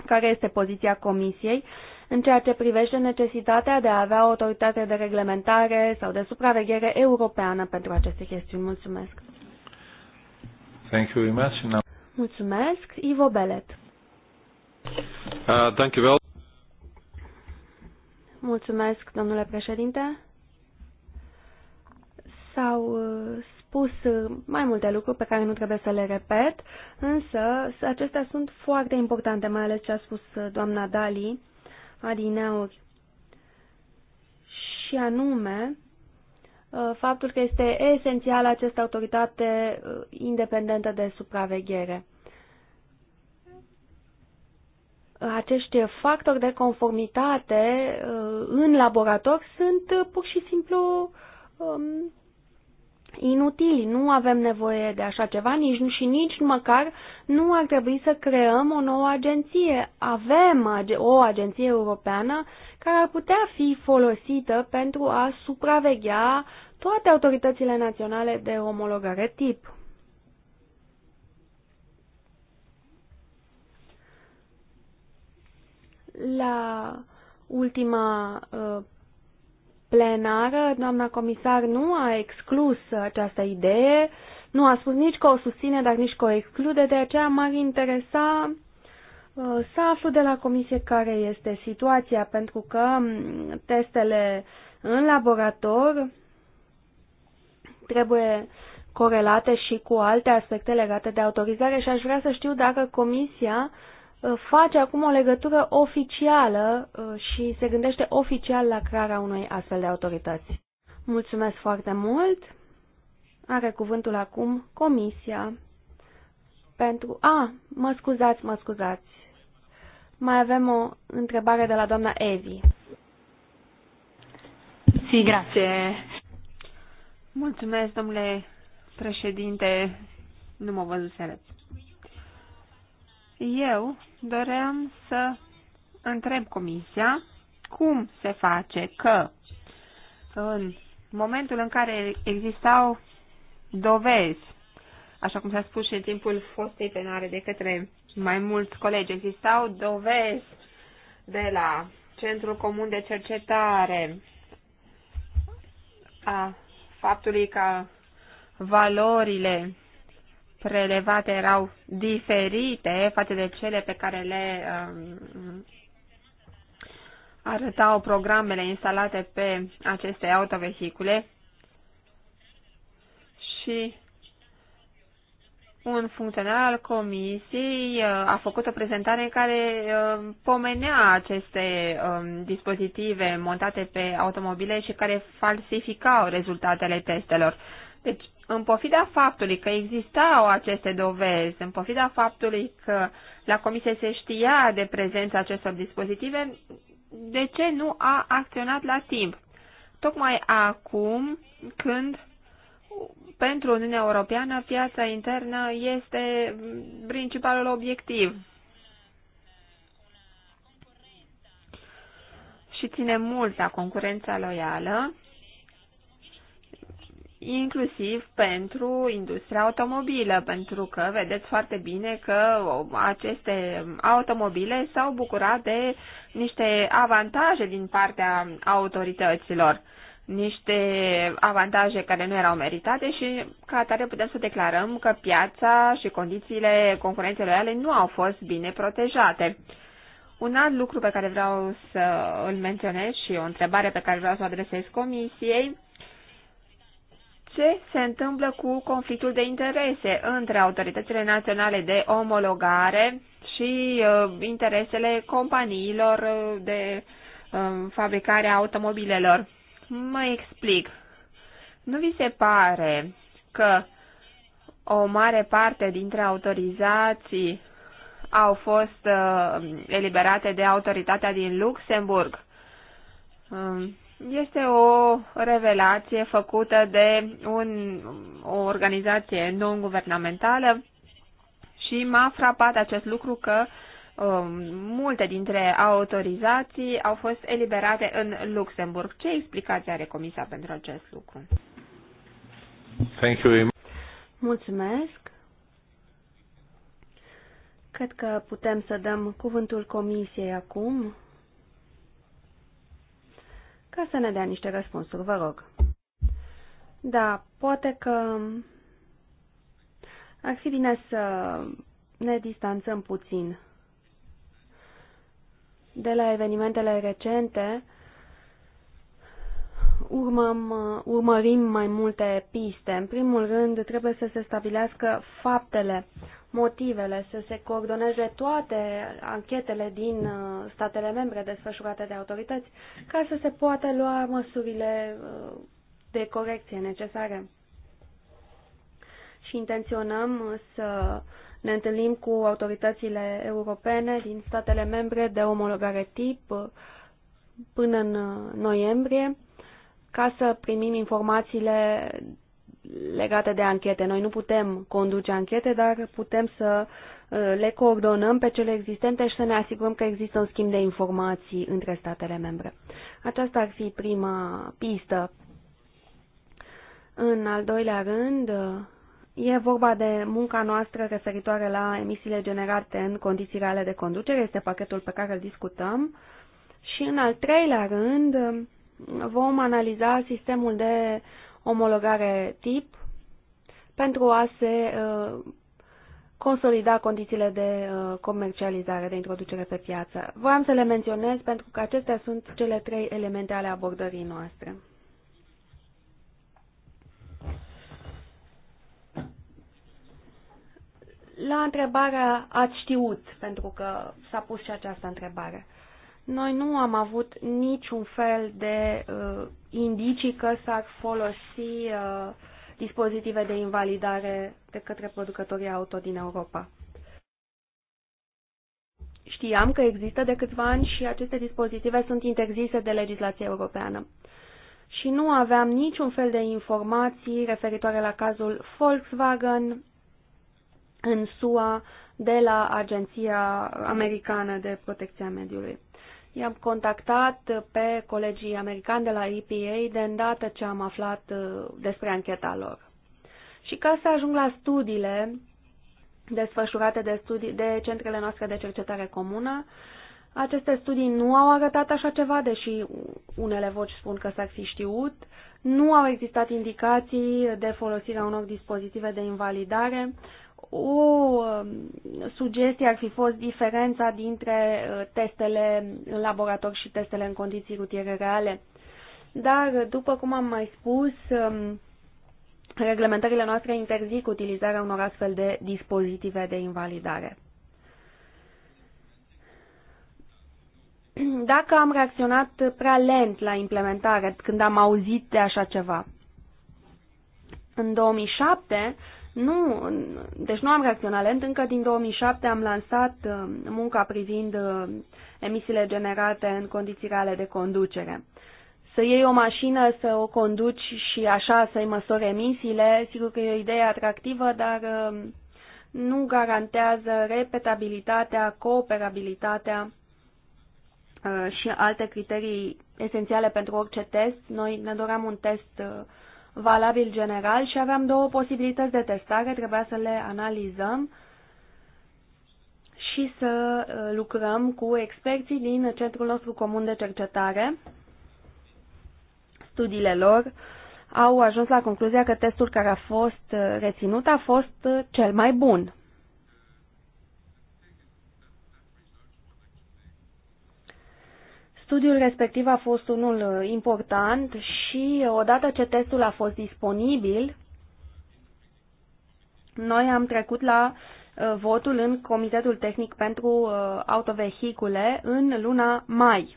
Care este poziția Comisiei? în ceea ce privește necesitatea de a avea o autoritate de reglementare sau de supraveghere europeană pentru aceste chestiuni. Mulțumesc! Thank you very much. Now... Mulțumesc, Ivo Belet. Uh, thank you well. Mulțumesc, domnule președinte. S-au uh, spus uh, mai multe lucruri pe care nu trebuie să le repet, însă acestea sunt foarte importante, mai ales ce a spus uh, doamna Dali adineauri. Și anume, ă, faptul că este esențial această autoritate ă, independentă de supraveghere. Acești factori de conformitate ă, în laborator sunt pur și simplu inutili. Nu avem nevoie de așa ceva nici, și nici măcar nu ar trebui să creăm o nouă agenție. Avem o agenție europeană care ar putea fi folosită pentru a supraveghea toate autoritățile naționale de omologare tip. La ultima uh, plenară, doamna comisar nu a exclus această idee, nu a spus nici că o susține, dar nici că o exclude, de aceea m-ar interesa uh, să aflu de la comisie care este situația, pentru că testele în laborator trebuie corelate și cu alte aspecte legate de autorizare și aș vrea să știu dacă comisia uh, Uh, face acum o legătură oficială uh, și se gândește oficial la crearea unei astfel de autorități. Mulțumesc foarte mult! Are cuvântul acum Comisia pentru... A, mă scuzați, mă scuzați. Mai avem o întrebare de la doamna Evi. Si, grație. Mulțumesc, domnule președinte. Nu mă văzuserăți. Eu doream să întreb Comisia cum se face că în momentul în care existau dovezi, așa cum s-a spus și în timpul fostei penare de către mai mulți colegi, existau dovezi de la Centrul Comun de Cercetare a faptului că valorile prelevate erau diferite față de cele pe care le um, arătau programele instalate pe aceste autovehicule și un funcționar al comisiei uh, a făcut o prezentare în care uh, pomenea aceste um, dispozitive montate pe automobile și care falsificau rezultatele testelor. Deci în pofida faptului că existau aceste dovezi, în pofida faptului că la comisie se știa de prezența acestor dispozitive, de ce nu a acționat la timp? Tocmai acum, când pentru Uniunea Europeană piața internă este principalul obiectiv. Și ține mult la concurența loială inclusiv pentru industria automobilă, pentru că vedeți foarte bine că aceste automobile s-au bucurat de niște avantaje din partea autorităților, niște avantaje care nu erau meritate și ca atare putem să declarăm că piața și condițiile concurenței loiale nu au fost bine protejate. Un alt lucru pe care vreau să îl menționez și o întrebare pe care vreau să o adresez comisiei ce se întâmplă cu conflictul de interese între autoritățile naționale de omologare și uh, interesele companiilor uh, de uh, fabricare a automobilelor. Mă explic. Nu vi se pare că o mare parte dintre autorizații au fost uh, eliberate de autoritatea din Luxemburg? Uh, este o revelație făcută de un, o organizație non-guvernamentală și m-a frapat acest lucru că um, multe dintre autorizații au fost eliberate în Luxemburg. Ce explicație are Comisia pentru acest lucru? Thank you. Mulțumesc. Cred că putem să dăm cuvântul Comisiei acum ca să ne dea niște răspunsuri, vă rog. Da, poate că ar fi bine să ne distanțăm puțin de la evenimentele recente, urmăm, urmărim mai multe piste. În primul rând, trebuie să se stabilească faptele motivele, să se coordoneze toate anchetele din uh, statele membre desfășurate de autorități, ca să se poată lua măsurile uh, de corecție necesare. Și intenționăm să ne întâlnim cu autoritățile europene din statele membre de omologare tip uh, până în noiembrie, ca să primim informațiile legate de anchete. Noi nu putem conduce anchete, dar putem să uh, le coordonăm pe cele existente și să ne asigurăm că există un schimb de informații între statele membre. Aceasta ar fi prima pistă. În al doilea rând, uh, e vorba de munca noastră referitoare la emisiile generate în condiții reale de conducere, este pachetul pe care îl discutăm. Și în al treilea rând, uh, vom analiza sistemul de omologare tip pentru a se uh, consolida condițiile de uh, comercializare, de introducere pe piață. Vreau să le menționez pentru că acestea sunt cele trei elemente ale abordării noastre. La întrebarea ați știut, pentru că s-a pus și această întrebare. Noi nu am avut niciun fel de uh, indicii că s-ar folosi uh, dispozitive de invalidare de către producătorii auto din Europa. Știam că există de câțiva ani și aceste dispozitive sunt interzise de legislația europeană. Și nu aveam niciun fel de informații referitoare la cazul Volkswagen în SUA de la Agenția Americană de Protecție a Mediului. I-am contactat pe colegii americani de la EPA de îndată ce am aflat uh, despre ancheta lor. Și ca să ajung la studiile desfășurate de, studii, de centrele noastre de cercetare comună, aceste studii nu au arătat așa ceva, deși unele voci spun că s-ar fi știut. Nu au existat indicații de folosirea unor dispozitive de invalidare. O um, sugestie ar fi fost diferența dintre uh, testele în laborator și testele în condiții rutiere reale. Dar, după cum am mai spus, um, reglementările noastre interzic utilizarea unor astfel de dispozitive de invalidare. <clears throat> Dacă am reacționat prea lent la implementare când am auzit de așa ceva. În 2007, nu, deci nu am reacționat lent. Încă din 2007 am lansat uh, munca privind uh, emisiile generate în condiții reale de conducere. Să iei o mașină, să o conduci și așa să-i măsori emisiile, sigur că e o idee atractivă, dar uh, nu garantează repetabilitatea, cooperabilitatea și alte criterii esențiale pentru orice test. Noi ne doream un test valabil general și aveam două posibilități de testare, trebuia să le analizăm și să uh, lucrăm cu experții din Centrul nostru comun de cercetare. Studiile lor au ajuns la concluzia că testul care a fost uh, reținut a fost uh, cel mai bun. Studiul respectiv a fost unul uh, important și uh, odată ce testul a fost disponibil, noi am trecut la uh, votul în Comitetul Tehnic pentru Autovehicule în luna mai.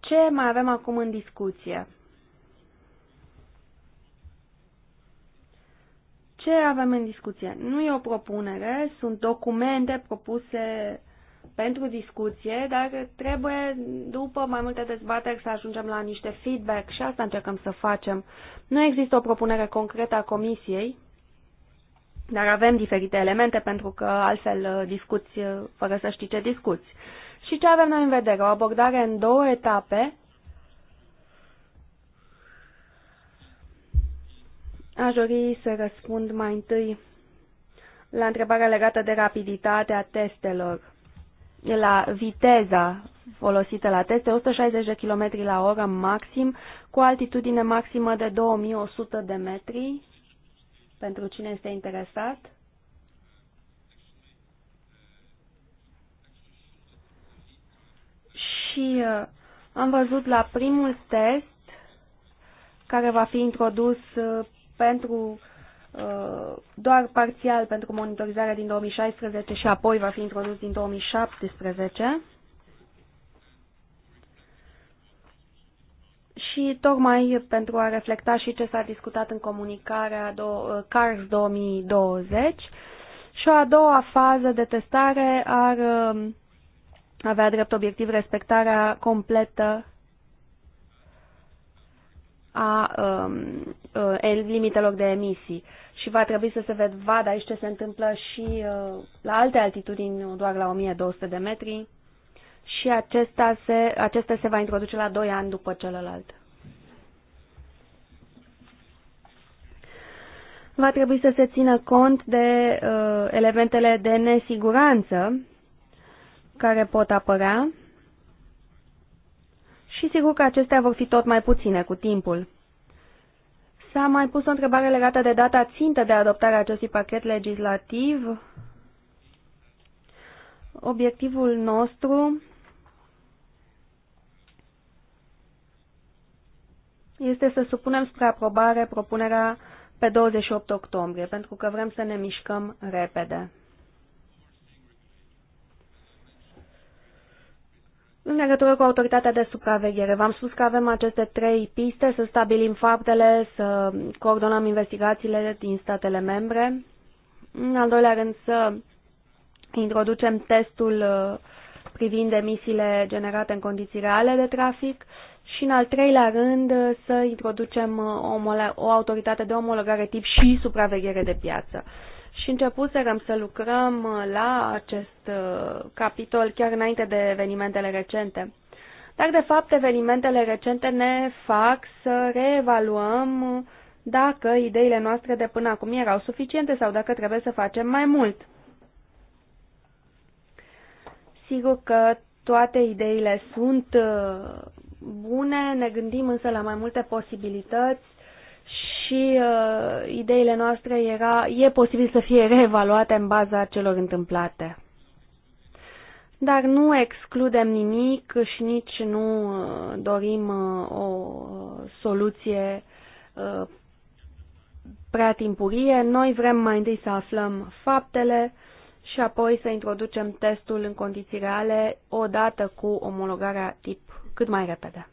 Ce mai avem acum în discuție? ce avem în discuție? Nu e o propunere, sunt documente propuse pentru discuție, dar trebuie, după mai multe dezbateri, să ajungem la niște feedback și asta încercăm să facem. Nu există o propunere concretă a Comisiei, dar avem diferite elemente pentru că altfel uh, discuți uh, fără să știi ce discuți. Și ce avem noi în vedere? O abordare în două etape Aș dori să răspund mai întâi la întrebarea legată de rapiditatea testelor, la viteza folosită la teste, 160 de km la oră maxim, cu altitudine maximă de 2100 de metri, pentru cine este interesat. Și uh, am văzut la primul test, care va fi introdus uh, pentru uh, doar parțial pentru monitorizarea din 2016 și apoi va fi introdus din 2017. Și tocmai pentru a reflecta și ce s-a discutat în comunicarea uh, CARS 2020 și o a doua fază de testare ar um, avea drept obiectiv respectarea completă a um, uh, limitelor de emisii și va trebui să se vadă aici ce se întâmplă și uh, la alte altitudini, doar la 1200 de metri și acesta se, acesta se va introduce la 2 ani după celălalt. Va trebui să se țină cont de uh, elementele de nesiguranță care pot apărea și sigur că acestea vor fi tot mai puține cu timpul. S-a mai pus o întrebare legată de data țintă de adoptare a acestui pachet legislativ. Obiectivul nostru este să supunem spre aprobare propunerea pe 28 octombrie, pentru că vrem să ne mișcăm repede. În legătură cu autoritatea de supraveghere, v-am spus că avem aceste trei piste, să stabilim faptele, să coordonăm investigațiile din statele membre. În al doilea rând, să introducem testul uh, privind emisiile generate în condiții reale de trafic și, în al treilea rând, uh, să introducem uh, o autoritate de omologare tip și supraveghere de piață și începuserăm să lucrăm uh, la acest uh, capitol chiar înainte de evenimentele recente. Dar, de fapt, evenimentele recente ne fac să reevaluăm dacă ideile noastre de până acum erau suficiente sau dacă trebuie să facem mai mult. Sigur că toate ideile sunt uh, bune, ne gândim însă la mai multe posibilități și uh, ideile noastre era, e posibil să fie reevaluate în baza celor întâmplate. Dar nu excludem nimic și nici nu uh, dorim uh, o soluție uh, prea timpurie. Noi vrem mai întâi să aflăm faptele și apoi să introducem testul în condiții reale odată cu omologarea tip cât mai repede.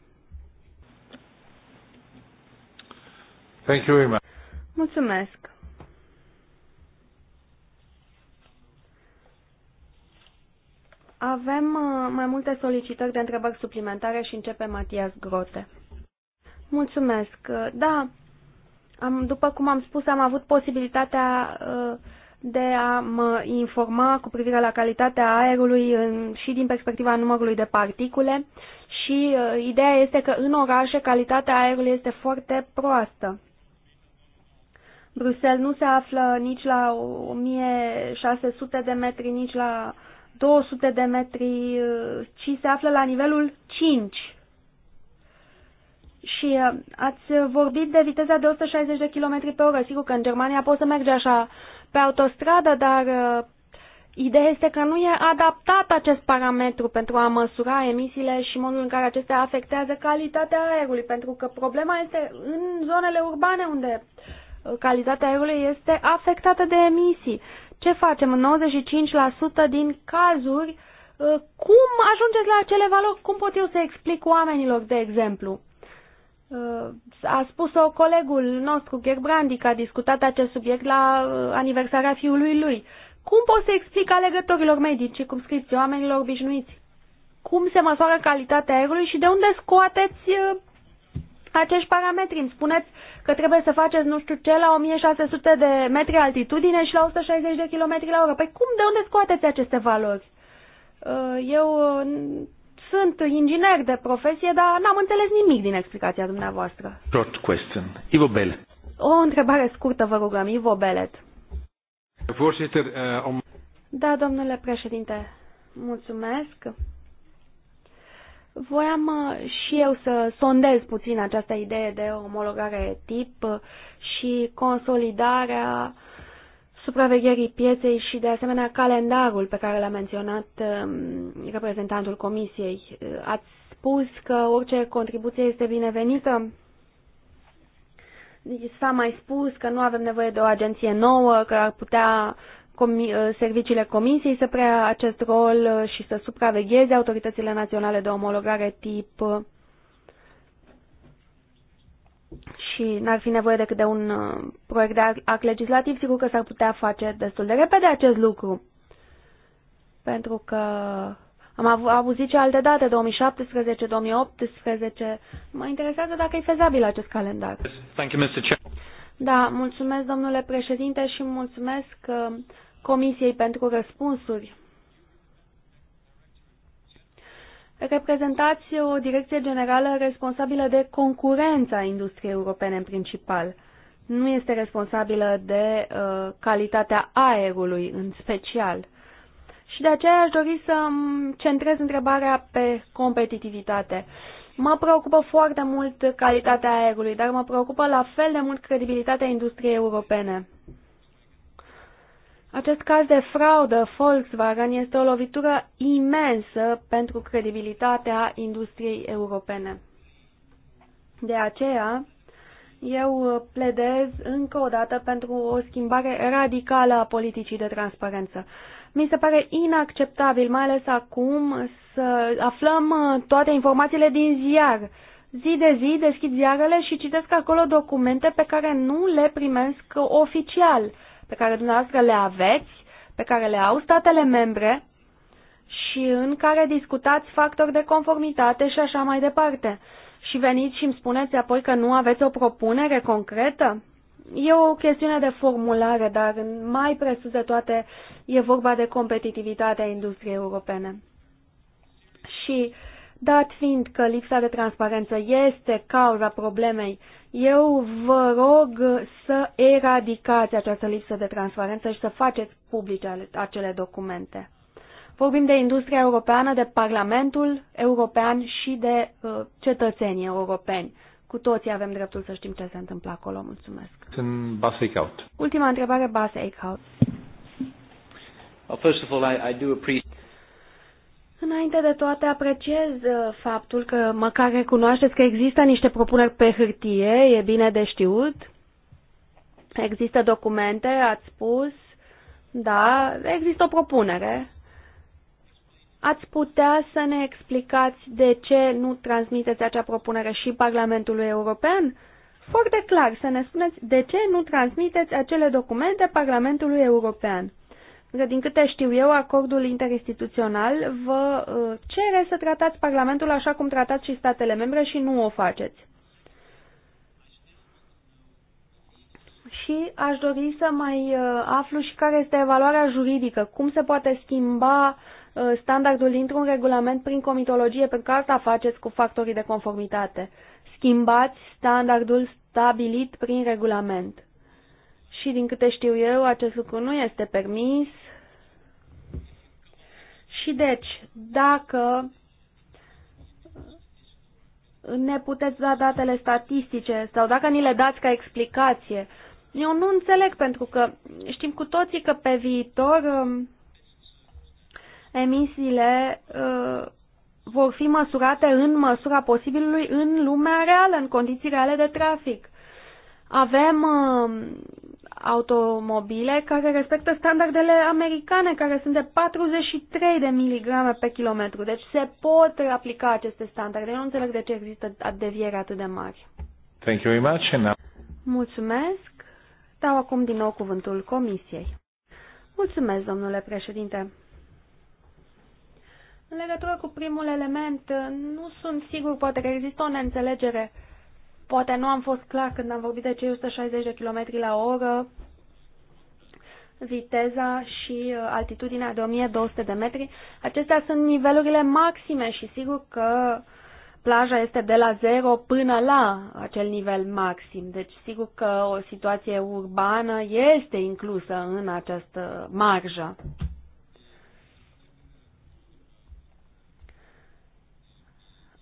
Thank you very much. Mulțumesc. Avem uh, mai multe solicitări de întrebări suplimentare și începe Matias Grote. Mulțumesc. Uh, da, am, după cum am spus, am avut posibilitatea uh, de a mă informa cu privire la calitatea aerului în, și din perspectiva numărului de particule și ideea este că în orașe calitatea aerului este foarte proastă. Bruxelles nu se află nici la 1600 de metri, nici la 200 de metri, ci se află la nivelul 5. Și uh, ați vorbit de viteza de 160 de km pe oră. Sigur că în Germania poți să mergi așa pe autostradă, dar uh, ideea este că nu e adaptat acest parametru pentru a măsura emisiile și modul în care acestea afectează calitatea aerului, pentru că problema este în zonele urbane unde uh, calitatea aerului este afectată de emisii. Ce facem? În 95% din cazuri, uh, cum ajungeți la acele valori? Cum pot eu să explic oamenilor, de exemplu? Uh, a spus-o colegul nostru, Gerbrandi, că a discutat acest subiect la uh, aniversarea fiului lui. Cum pot să explic alegătorilor medici, cum scriți oamenilor obișnuiți? Cum se măsoară calitatea aerului și de unde scoateți acești parametri? Îmi spuneți uh, că trebuie să faceți nu știu ce la 1600 de metri altitudine și la 160 de km la oră. Păi cum, de unde scoateți aceste valori? Uh, eu uh, sunt inginer de profesie, dar n-am înțeles nimic din explicația dumneavoastră. Short question. Ivo Belet. O întrebare scurtă, vă rugăm, Ivo Belet. Uh, da, domnule președinte, mulțumesc. Voiam uh, și eu să sondez puțin această idee de omologare tip uh, și consolidarea supravegherii pieței și, de asemenea, calendarul pe care l-a menționat um, reprezentantul Comisiei. Uh, ați spus că orice contribuție este binevenită. Deci s-a mai spus că nu avem nevoie de o agenție nouă, că ar putea comi- uh, serviciile comisiei să preia acest rol uh, și să supravegheze autoritățile naționale de omologare tip uh, și n-ar fi nevoie decât de un proiect de act legislativ, sigur că s-ar putea face destul de repede acest lucru. Pentru că am av auzit și alte date, 2017, 2018. Mă interesează dacă e fezabil acest calendar. Thank you, Mr. Da, mulțumesc, domnule președinte, și mulțumesc uh, Comisiei pentru răspunsuri. Reprezentați o direcție generală responsabilă de concurența industriei europene în principal. Nu este responsabilă de uh, calitatea aerului în special. Și de aceea aș dori să centrez întrebarea pe competitivitate. Mă preocupă foarte mult calitatea aerului, dar mă preocupă la fel de mult credibilitatea industriei europene. Acest caz de fraudă Volkswagen este o lovitură imensă pentru credibilitatea industriei europene. De aceea, eu pledez încă o dată pentru o schimbare radicală a politicii de transparență. Mi se pare inacceptabil, mai ales acum, să aflăm uh, toate informațiile din ziar. Zi de zi deschid ziarele și citesc acolo documente pe care nu le primesc oficial, pe care dumneavoastră le aveți, pe care le au statele membre și în care discutați factori de conformitate și așa mai departe. Și veniți și îmi spuneți apoi că nu aveți o propunere concretă? E o chestiune de formulare, dar mai presus de toate e vorba de competitivitatea industriei europene. Și dat fiind că lipsa de transparență este cauza problemei, eu vă rog să eradicați această lipsă de transparență și să faceți publice acele documente. Vorbim de industria europeană, de Parlamentul European și de uh, cetățenii europeni cu toții avem dreptul să știm ce se întâmplă acolo. Mulțumesc. În Bas Eichhout. Ultima întrebare, Bas Eichhout. Well, first of all, I, I do appreciate... Înainte de toate, apreciez uh, faptul că măcar recunoașteți că există niște propuneri pe hârtie, e bine de știut. Există documente, ați spus, da, există o propunere. Ați putea să ne explicați de ce nu transmiteți acea propunere și Parlamentului European? Foarte clar, să ne spuneți de ce nu transmiteți acele documente Parlamentului European. Că din câte știu eu, acordul interinstituțional vă uh, cere să tratați Parlamentul așa cum tratați și statele membre și nu o faceți. Și aș dori să mai uh, aflu și care este evaluarea juridică, cum se poate schimba uh, Uh, standardul dintr-un regulament prin comitologie, pentru că asta faceți cu factorii de conformitate. Schimbați standardul stabilit prin regulament. Și din câte știu eu, acest lucru nu este permis. Și deci, dacă ne puteți da datele statistice sau dacă ni le dați ca explicație, eu nu înțeleg pentru că știm cu toții că pe viitor um, emisiile uh, vor fi măsurate în măsura posibilului în lumea reală, în condiții reale de trafic. Avem uh, automobile care respectă standardele americane, care sunt de 43 de miligrame pe kilometru. Deci se pot aplica aceste standarde. Eu nu înțeleg de ce există deviere atât de mari. Thank you very much. now... Mulțumesc. Dau acum din nou cuvântul Comisiei. Mulțumesc, domnule președinte. În legătură cu primul element, nu sunt sigur, poate că există o neînțelegere. Poate nu am fost clar când am vorbit de cei 160 de km la oră, viteza și uh, altitudinea de 1200 de metri. Acestea sunt nivelurile maxime și sigur că plaja este de la 0 până la acel nivel maxim. Deci sigur că o situație urbană este inclusă în această marjă.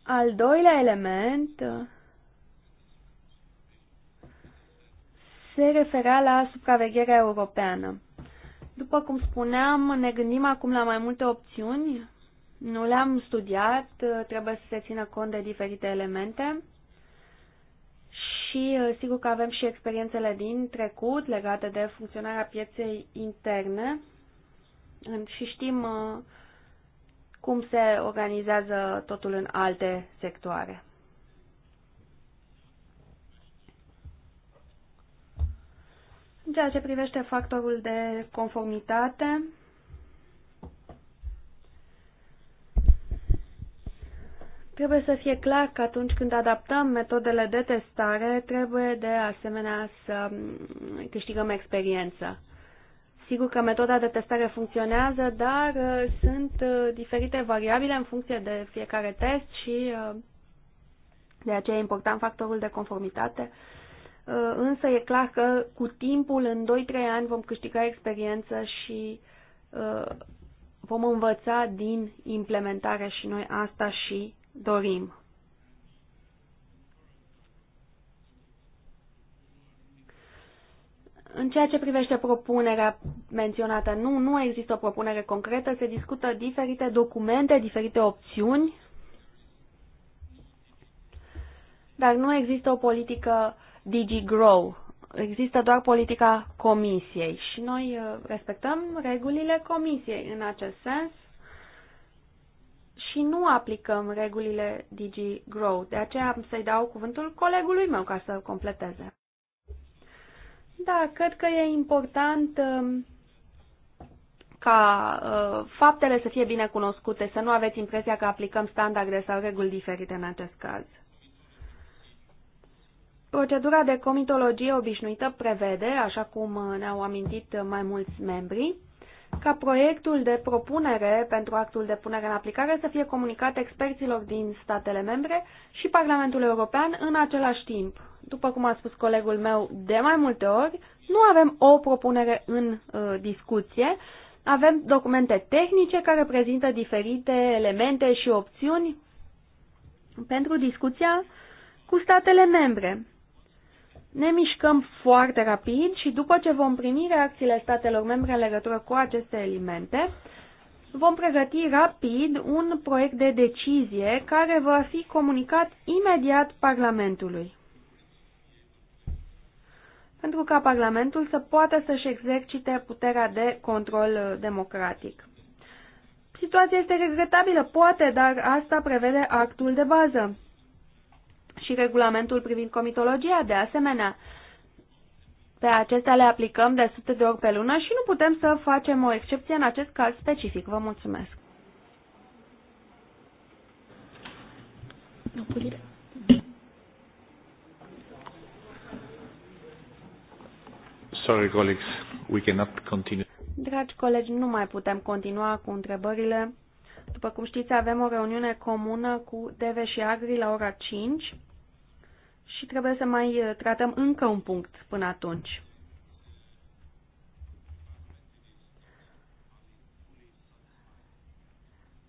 Al doilea element uh, se refera la supravegherea europeană. După cum spuneam, ne gândim acum la mai multe opțiuni. Nu le-am studiat, uh, trebuie să se țină cont de diferite elemente și uh, sigur că avem și experiențele din trecut legate de funcționarea pieței interne și știm cum se organizează totul în alte sectoare. În ceea ce privește factorul de conformitate, Trebuie să fie clar că atunci când adaptăm metodele de testare, trebuie de asemenea să mm, câștigăm experiență. Sigur că metoda de testare funcționează, dar uh, sunt uh, diferite variabile în funcție de fiecare test și uh, de aceea e important factorul de conformitate. Însă e clar că cu timpul, în 2-3 ani, vom câștiga experiență și vom învăța din implementare și noi asta și dorim. În ceea ce privește propunerea menționată, nu, nu există o propunere concretă, se discută diferite documente, diferite opțiuni, dar nu există o politică DigiGrow. Există doar politica comisiei și noi uh, respectăm regulile comisiei în acest sens și nu aplicăm regulile DigiGrow. De aceea am să-i dau cuvântul colegului meu ca să completeze. Da, cred că e important um, ca uh, faptele să fie bine cunoscute, să nu aveți impresia că aplicăm standarde sau reguli diferite în acest caz. Procedura de comitologie obișnuită prevede, așa cum ne-au amintit mai mulți membri, ca proiectul de propunere pentru actul de punere în aplicare să fie comunicat experților din statele membre și Parlamentul European în același timp, după cum a spus colegul meu de mai multe ori, nu avem o propunere în uh, discuție, avem documente tehnice care prezintă diferite elemente și opțiuni pentru discuția cu statele membre. Ne mișcăm foarte rapid și după ce vom primi reacțiile statelor membre în legătură cu aceste elemente, vom pregăti rapid un proiect de decizie care va fi comunicat imediat Parlamentului pentru ca Parlamentul să poată să-și exercite puterea de control uh, democratic. Situația este regretabilă, poate, dar asta prevede actul de bază și regulamentul privind comitologia, de asemenea. Pe acestea le aplicăm de sute de ori pe lună și nu putem să facem o excepție în acest caz specific. Vă mulțumesc! Sorry, colleagues, we cannot continue. Dragi colegi, nu mai putem continua cu întrebările. După cum știți, avem o reuniune comună cu TV și Agri la ora 5 și trebuie să mai eh, tratăm încă un punct până atunci.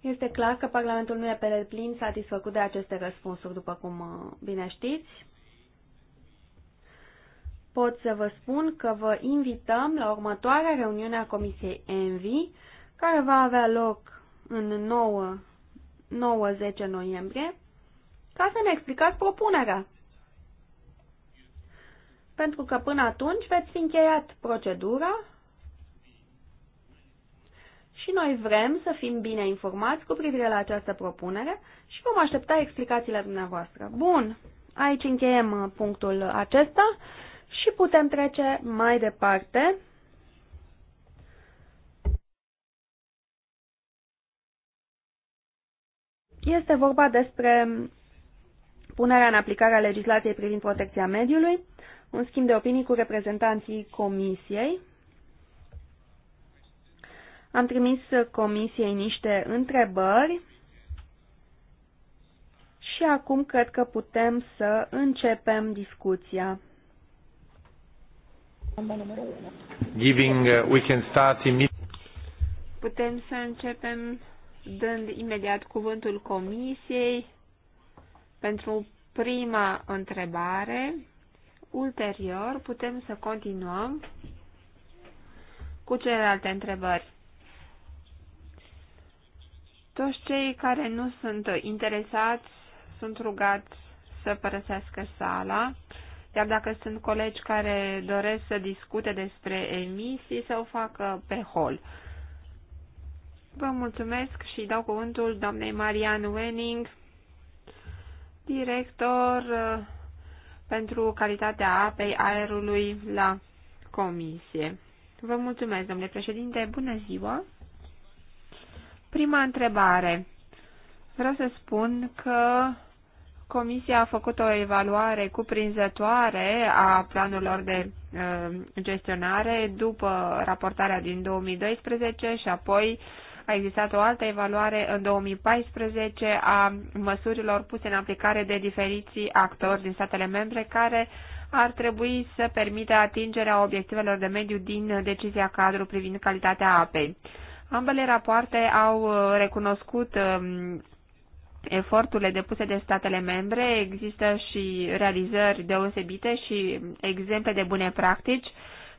Este clar că Parlamentul nu e pe deplin satisfăcut de aceste răspunsuri, după cum eh, bine știți pot să vă spun că vă invităm la următoarea reuniune a Comisiei ENVI, care va avea loc în 9-10 noiembrie, ca să ne explicați propunerea. Pentru că până atunci veți fi încheiat procedura și noi vrem să fim bine informați cu privire la această propunere și vom aștepta explicațiile dumneavoastră. Bun, aici încheiem punctul acesta. Și putem trece mai departe. Este vorba despre punerea în aplicare a legislației privind protecția mediului, un schimb de opinii cu reprezentanții Comisiei. Am trimis Comisiei niște întrebări și acum cred că putem să începem discuția. Giving, uh, we can start Putem să începem dând imediat cuvântul comisiei pentru prima întrebare. Ulterior putem să continuăm cu celelalte întrebări. Toți cei care nu sunt interesați sunt rugați să părăsească sala. Iar dacă sunt colegi care doresc să discute despre emisii, să o facă pe hol. Vă mulțumesc și dau cuvântul doamnei Marian Wenning, director uh, pentru calitatea apei aerului la comisie. Vă mulțumesc, domnule președinte. Bună ziua! Prima întrebare. Vreau să spun că Comisia a făcut o evaluare cuprinzătoare a planurilor de uh, gestionare după raportarea din 2012 și apoi a existat o altă evaluare în 2014 a măsurilor puse în aplicare de diferiți actori din statele membre care ar trebui să permită atingerea obiectivelor de mediu din decizia cadru privind calitatea apei. Ambele rapoarte au uh, recunoscut um, eforturile depuse de statele membre, există și realizări deosebite și exemple de bune practici.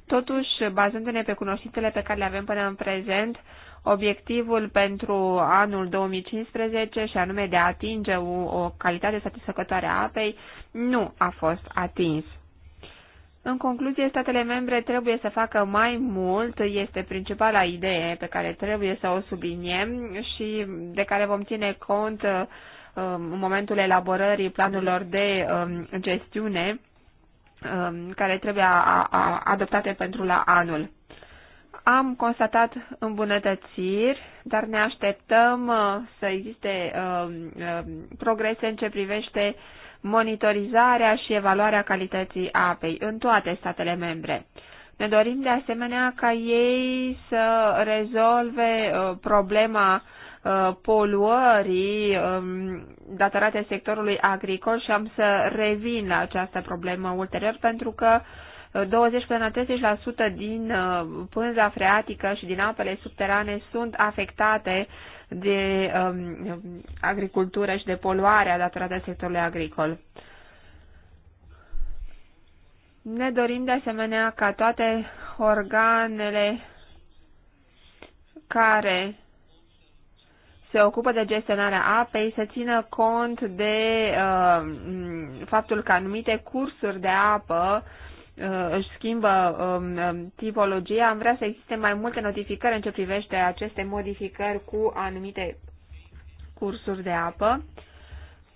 Totuși, bazându-ne pe cunoștințele pe care le avem până în prezent, obiectivul pentru anul 2015 și anume de a atinge o, o calitate satisfăcătoare a apei nu a fost atins. În concluzie, statele membre trebuie să facă mai mult, este principala idee pe care trebuie să o subliniem și de care vom ține cont um, în momentul elaborării planurilor de um, gestiune um, care trebuie adoptate pentru la anul. Am constatat îmbunătățiri, dar ne așteptăm uh, să existe progrese în ce privește monitorizarea și evaluarea calității apei în toate statele membre. Ne dorim de asemenea ca ei să rezolve uh, problema uh, poluării um, datorate sectorului agricol și am să revin la această problemă ulterior pentru că 20 uh, până la 30% din pânza freatică și din apele subterane sunt afectate de um, agricultură și de poluarea datorată sectorului agricol. Ne dorim de asemenea ca toate organele care se ocupă de gestionarea apei să țină cont de uh, faptul că anumite cursuri de apă uh, Uh, își schimbă um, um, tipologia, am vrea să existe mai multe notificări în ce privește aceste modificări cu anumite cursuri de apă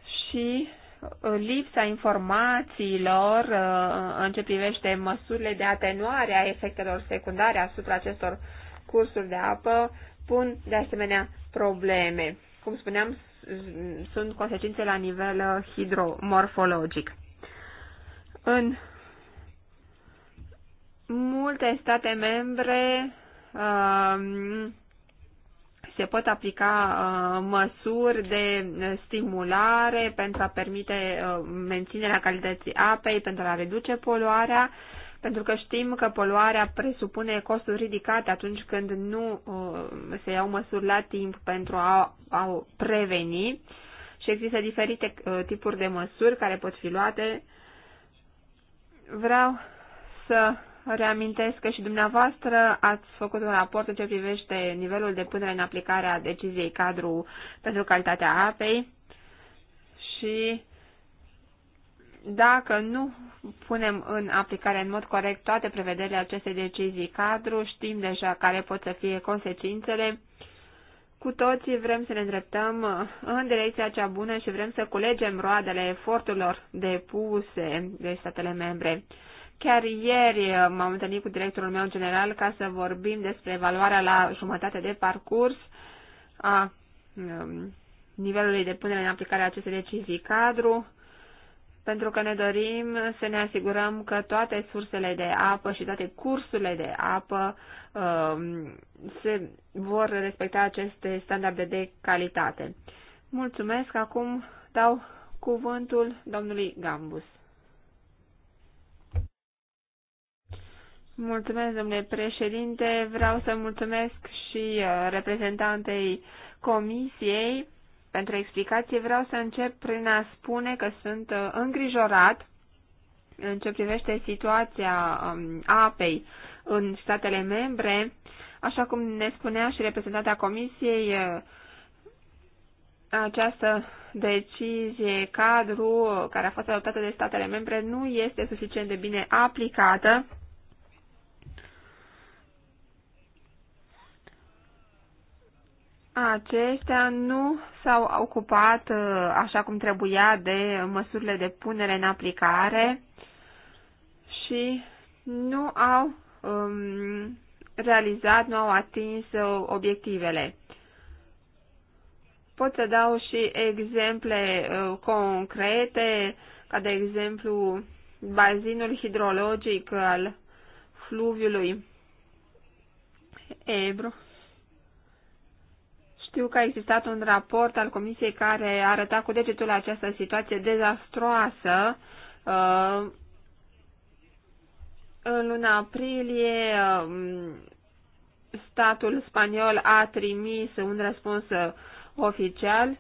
și uh, lipsa informațiilor uh, în ce privește măsurile de atenuare a efectelor secundare asupra acestor cursuri de apă pun de asemenea probleme. Cum spuneam, sunt consecințe la nivel hidromorfologic. În multe state membre um, se pot aplica uh, măsuri de stimulare pentru a permite uh, menținerea calității apei, pentru a reduce poluarea, pentru că știm că poluarea presupune costuri ridicate atunci când nu uh, se iau măsuri la timp pentru a, a preveni și există diferite tipuri de măsuri care pot fi luate. Vreau să reamintesc că și dumneavoastră ați făcut un raport în ce privește nivelul de punere în aplicare a deciziei cadru pentru calitatea apei și dacă nu punem în aplicare în mod corect toate prevederile acestei decizii cadru, știm deja care pot să fie consecințele. Cu toții vrem să ne îndreptăm în direcția cea bună și vrem să culegem roadele eforturilor depuse de statele membre. Chiar ieri uh, m-am întâlnit cu directorul meu general ca să vorbim despre evaluarea la jumătate de parcurs a um, nivelului de punere în aplicare a acestei decizii cadru, pentru că ne dorim să ne asigurăm că toate sursele de apă și toate cursurile de apă um, se vor respecta aceste standarde de calitate. Mulțumesc, acum dau cuvântul domnului Gambus. Mulțumesc, domnule președinte. Vreau să mulțumesc și uh, reprezentantei comisiei pentru explicație. Vreau să încep prin a spune că sunt uh, îngrijorat în ce privește situația um, apei în statele membre. Așa cum ne spunea și reprezentanta comisiei, uh, această decizie cadru care a fost adoptată de statele membre nu este suficient de bine aplicată aceștia nu s-au ocupat uh, așa cum trebuia de măsurile de punere în aplicare și nu au um, realizat, nu au atins uh, obiectivele. Pot să dau și exemple uh, concrete, ca de exemplu bazinul hidrologic al fluviului Ebru știu că a existat un raport al comisiei care arăta cu degetul această situație dezastroasă. Uh, în luna aprilie, um, statul spaniol a trimis un răspuns oficial.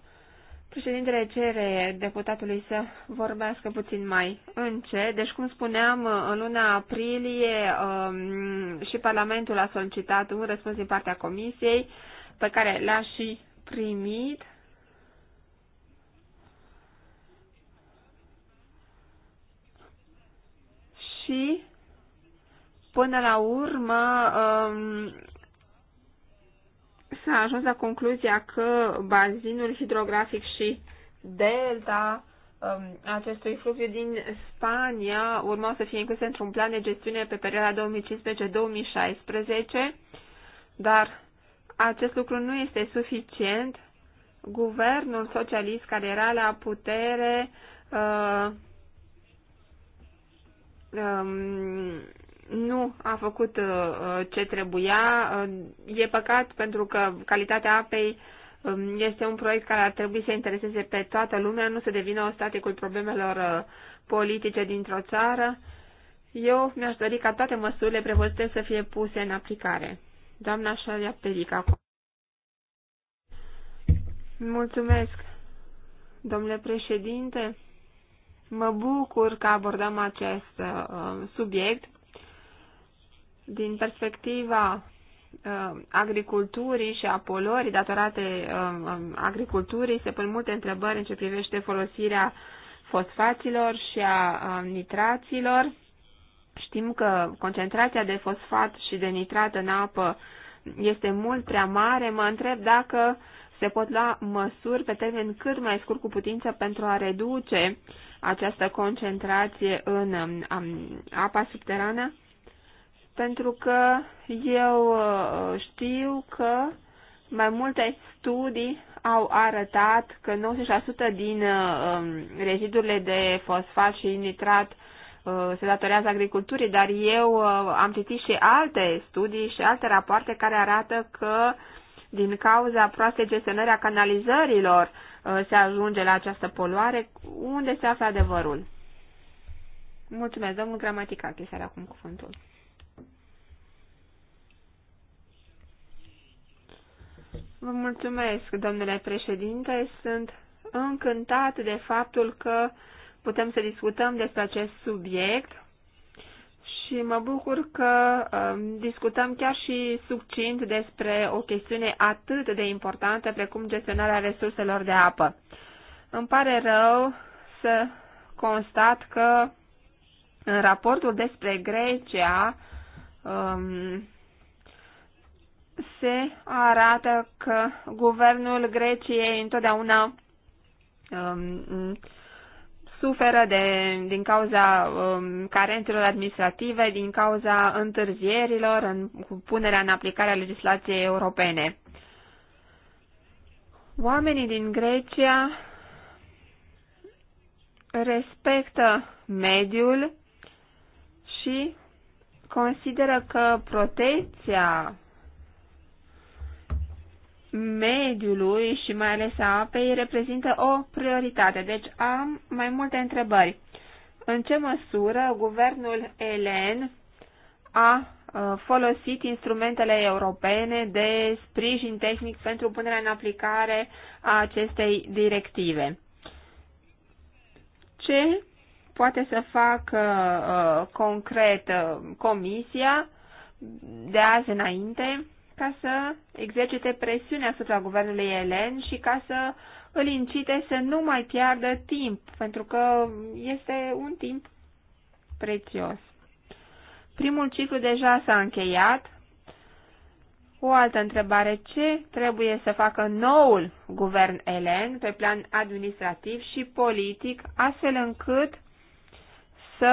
Președintele cere deputatului să vorbească puțin mai încet. Deci, cum spuneam, în luna aprilie um, și Parlamentul a solicitat un răspuns din partea Comisiei pe care l-a și primit. Și până la urmă um, s-a ajuns la concluzia că bazinul hidrografic și delta um, acestui fluviu din Spania urmau să fie incluse într-un plan de gestiune pe perioada 2015-2016, dar acest lucru nu este suficient. Guvernul socialist care era la putere uh, um, nu a făcut uh, ce trebuia. Uh, e păcat pentru că calitatea apei um, este un proiect care ar trebui să intereseze pe toată lumea, nu să devină cu problemelor uh, politice dintr-o țară. Eu mi-aș dori ca toate măsurile prevăzute să fie puse în aplicare. Doamna Șalia Perica. Mulțumesc, domnule președinte. Mă bucur că abordăm acest uh, subiect din perspectiva uh, agriculturii și a polorii datorate uh, agriculturii. Se pun multe întrebări în ce privește folosirea fosfaților și a uh, nitraților. Știm că concentrația de fosfat și de nitrat în apă este mult prea mare. Mă întreb dacă se pot lua măsuri pe termen cât mai scurt cu putință pentru a reduce această concentrație în um, um, apa subterană, pentru că eu uh, știu că mai multe studii au arătat că 90% din uh, um, rezidurile de fosfat și nitrat Uh, se datorează agriculturii, dar eu uh, am citit și alte studii și alte rapoarte care arată că din cauza proastei gestionări a canalizărilor uh, se ajunge la această poluare. Unde se află adevărul? Mulțumesc, domnul că este acum cuvântul. Vă mulțumesc, domnule președinte. Sunt încântat de faptul că uh, putem să discutăm despre acest subiect și mă bucur că um, discutăm chiar și succint despre o chestiune atât de importantă precum gestionarea resurselor de apă. Îmi pare rău să constat că în raportul despre Grecia um, se arată că guvernul Greciei întotdeauna um, suferă de, din cauza um, carențelor administrative, din cauza întârzierilor în punerea în aplicare a legislației europene. Oamenii din Grecia respectă mediul și consideră că protecția mediului și mai ales a apei reprezintă o prioritate. Deci am mai multe întrebări. În ce măsură guvernul elen a folosit instrumentele europene de sprijin tehnic pentru punerea în aplicare a acestei directive? Ce poate să facă concret comisia de azi înainte ca să exercite presiune asupra guvernului elen și ca să îl incite să nu mai piardă timp, pentru că este un timp prețios. Primul ciclu deja s-a încheiat. O altă întrebare, ce trebuie să facă noul guvern elen pe plan administrativ și politic, astfel încât să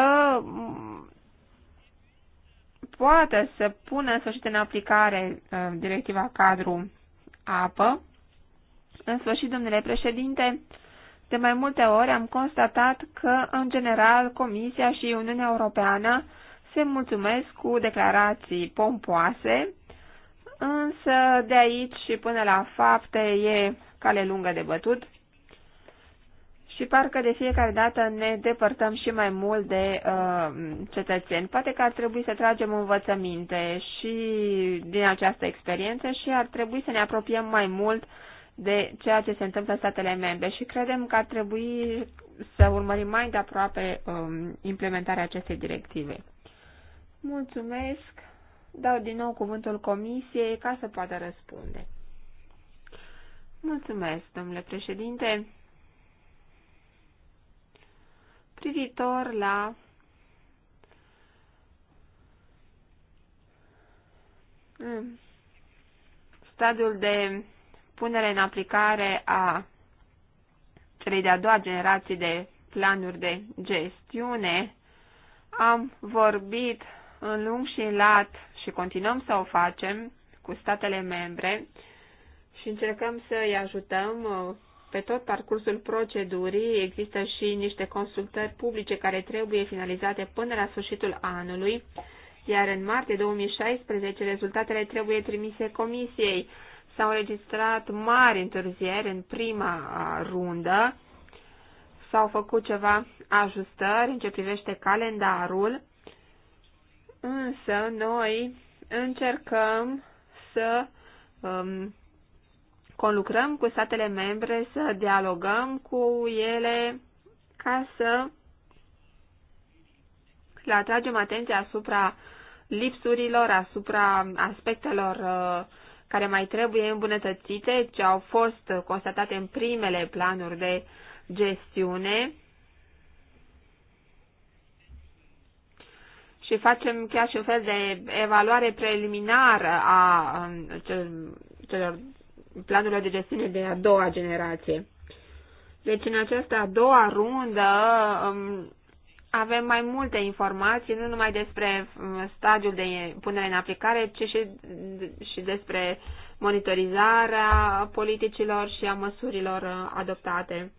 poată să pună în sfârșit în aplicare uh, directiva cadru apă. În sfârșit, domnule președinte, de mai multe ori am constatat că, în general, Comisia și Uniunea Europeană se mulțumesc cu declarații pompoase, însă de aici și până la fapte e cale lungă de bătut și parcă de fiecare dată ne depărtăm și mai mult de uh, cetățeni. Poate că ar trebui să tragem învățăminte și din această experiență și ar trebui să ne apropiem mai mult de ceea ce se întâmplă în statele membre și credem că ar trebui să urmărim mai de aproape um, implementarea acestei directive. Mulțumesc. Dau din nou cuvântul comisiei ca să poată răspunde. Mulțumesc, domnule președinte. privitor la mm, stadiul de punere în aplicare a celei de-a doua generații de planuri de gestiune, am vorbit în lung și în lat și continuăm să o facem cu statele membre și încercăm să îi ajutăm uh, pe tot parcursul procedurii există și niște consultări publice care trebuie finalizate până la sfârșitul anului, iar în martie 2016 rezultatele trebuie trimise comisiei. S-au registrat mari întârzieri în prima rundă, s-au făcut ceva ajustări în ce privește calendarul, însă noi încercăm să um, conlucrăm cu statele membre, să dialogăm cu ele ca să le atragem atenția asupra lipsurilor, asupra aspectelor uh, care mai trebuie îmbunătățite, ce au fost constatate în primele planuri de gestiune. Și facem chiar și un fel de evaluare preliminară a um, celor planurilor de gestiune de a doua generație. Deci în această a doua rundă um, avem mai multe informații, nu numai despre um, stadiul de punere în aplicare, ci și, și despre monitorizarea politicilor și a măsurilor uh, adoptate.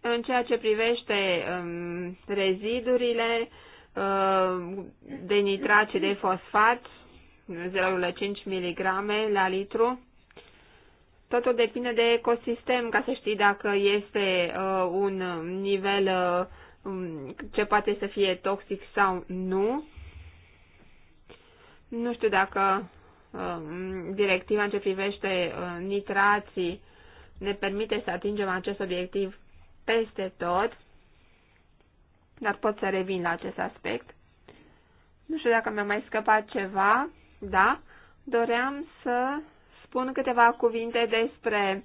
În ceea ce privește um, rezidurile, Uh, de nitrat și de fosfat, 0,5 mg la litru. Totul depinde de ecosistem, ca să știi dacă este uh, un nivel uh, um, ce poate să fie toxic sau nu. Nu știu dacă directiva în ce privește nitrații ne permite să atingem acest obiectiv peste tot dar pot să revin la acest aspect. Nu știu dacă mi-a mai scăpat ceva, da? Doream să spun câteva cuvinte despre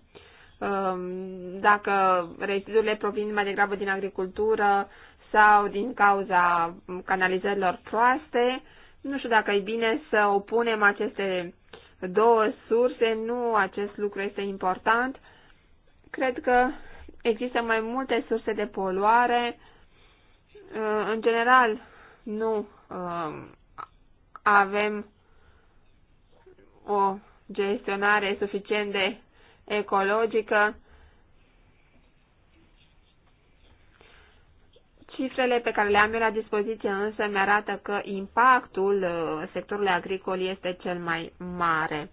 um, dacă rezidurile provin mai degrabă din agricultură sau din cauza canalizărilor proaste. Nu știu dacă e bine să opunem aceste două surse, nu acest lucru este important. Cred că există mai multe surse de poluare, în general nu um, avem o gestionare suficient de ecologică. Cifrele pe care le am eu la dispoziție însă mi arată că impactul uh, sectorului agricol este cel mai mare.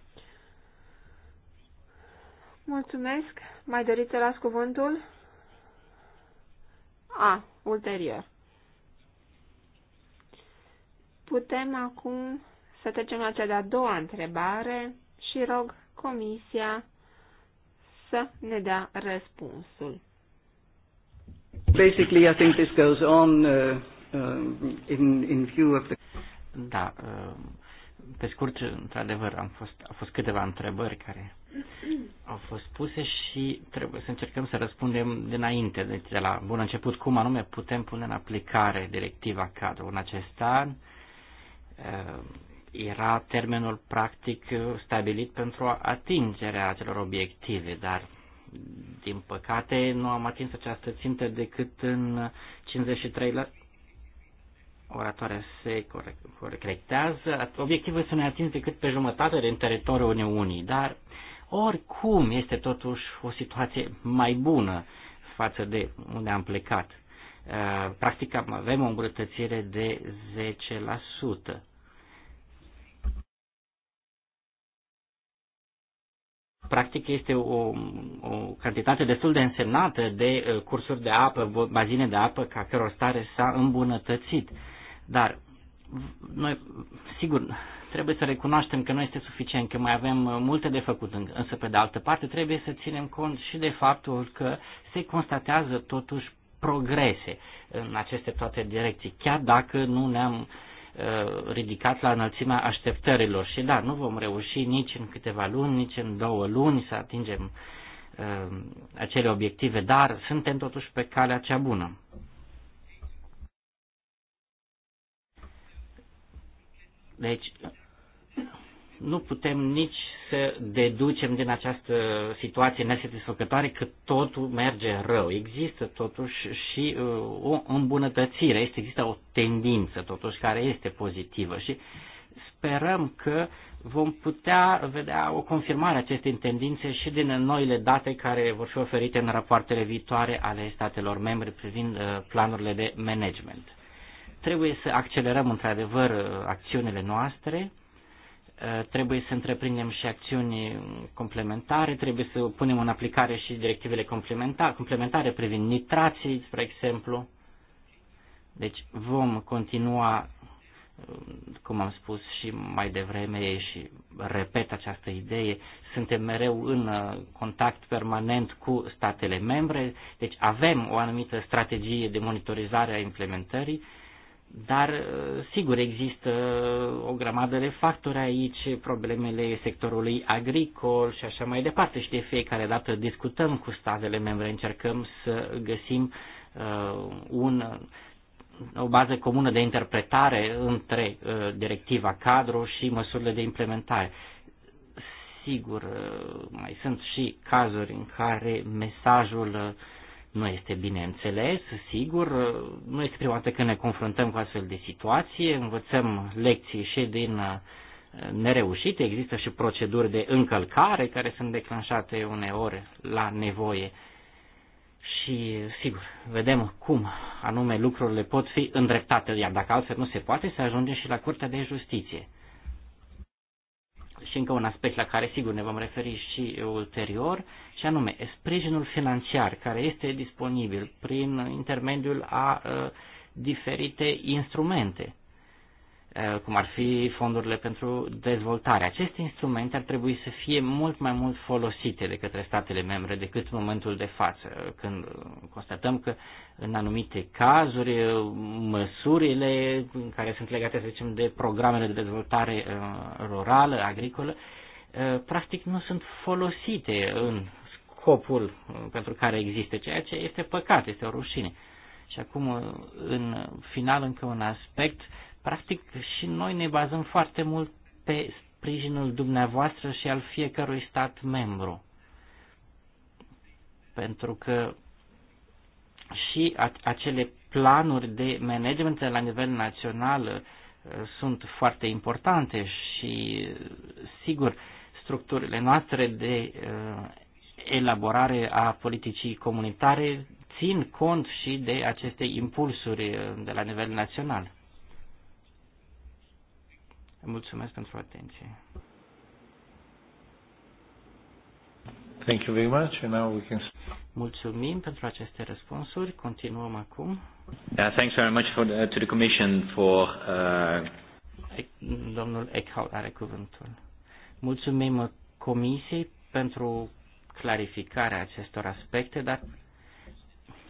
Mulțumesc. Mai doriți să las cuvântul? A, ulterior. Putem acum să trecem la cea de-a doua întrebare și rog Comisia să ne dea răspunsul. Basically, I think this goes on uh, uh, in, in view of the... Da, uh, pe scurt, într-adevăr, am fost, au fost câteva întrebări care au fost puse și trebuie să încercăm să răspundem dinainte, deci de la bun început, cum anume putem pune în aplicare directiva cadru în acest an, uh, Eh, era termenul practic stabilit pentru atingerea acelor obiective, dar din păcate nu am atins această țintă decât în 53 la oratoarea se corectează. Obiectivul să ne atins decât pe jumătate din teritoriul Uniunii, dar oricum este totuși o situație mai bună față de unde am plecat. Eh, practic avem o îmbrătățire de 10%. practic este o, o cantitate destul de însemnată de uh, cursuri de apă, bazine de apă, ca căror stare s-a îmbunătățit. Dar noi, sigur, trebuie să recunoaștem că nu este suficient, că mai avem uh, multe de făcut, însă pe de altă parte trebuie să ținem cont și de faptul că se constatează totuși progrese în aceste toate direcții, chiar dacă nu ne-am Uh, ridicat la înălțimea așteptărilor. Și da, nu vom reuși nici în câteva luni, nici în două luni să atingem uh, acele obiective, dar suntem totuși pe calea cea bună. Deci, nu putem nici să deducem din această situație nesatisfăcătoare că totul merge rău. Există totuși și uh, o îmbunătățire, este, există o tendință totuși care este pozitivă și sperăm că vom putea vedea o confirmare a acestei tendințe și din noile date care vor fi oferite în rapoartele viitoare ale statelor membre privind uh, planurile de management. Trebuie să accelerăm într-adevăr uh, acțiunile noastre Eh, trebuie să întreprindem și acțiuni complementare, trebuie să punem în aplicare și directivele complementare, complementare privind nitrații, spre exemplu. Deci vom continua, eh, cum am spus și mai devreme și repet această idee, suntem mereu în eh, contact permanent cu statele membre, deci avem o anumită strategie de monitorizare a implementării, dar, sigur, există o grămadă de factori aici, problemele sectorului agricol și așa mai departe. Și de fiecare dată discutăm cu statele membre, încercăm să găsim uh, un, o bază comună de interpretare între uh, directiva cadru și măsurile de implementare. Sigur, uh, mai sunt și cazuri în care mesajul uh, nu este bine înțeles, sigur, nu este prima dată când ne confruntăm cu astfel de situație, învățăm lecții și din uh, nereușite, există și proceduri de încălcare care sunt declanșate uneori la nevoie și, sigur, vedem cum anume lucrurile pot fi îndreptate, iar dacă altfel nu se poate, să ajungem și la Curtea de Justiție și încă un aspect la care sigur ne vom referi și ulterior, și anume sprijinul financiar care este disponibil prin intermediul a uh, diferite instrumente Eh, cum ar fi fondurile pentru dezvoltare. Aceste instrumente ar trebui să fie mult mai mult folosite de către statele membre decât în momentul de față, când constatăm că în anumite cazuri eh, măsurile care sunt legate, să zicem, de programele de dezvoltare eh, rurală, agricolă, practic nu sunt folosite în scopul pentru care există, ceea ce este păcat, este o rușine. Și acum, în final, încă un aspect uh, Practic și noi ne bazăm foarte mult pe sprijinul dumneavoastră și al fiecărui stat membru. Pentru că și acele planuri de management la nivel național uh, sunt foarte importante și, sigur, structurile noastre de uh, elaborare a politicii comunitare țin cont și de aceste impulsuri uh, de la nivel național. Mulțumesc pentru atenție. Thank you very much. And now we can... Mulțumim pentru aceste răspunsuri. Continuăm acum. Yeah, thanks very much for the, uh, to the Commission for... Uh... Domnul Eckhout are cuvântul. Mulțumim Comisiei pentru clarificarea acestor aspecte, dar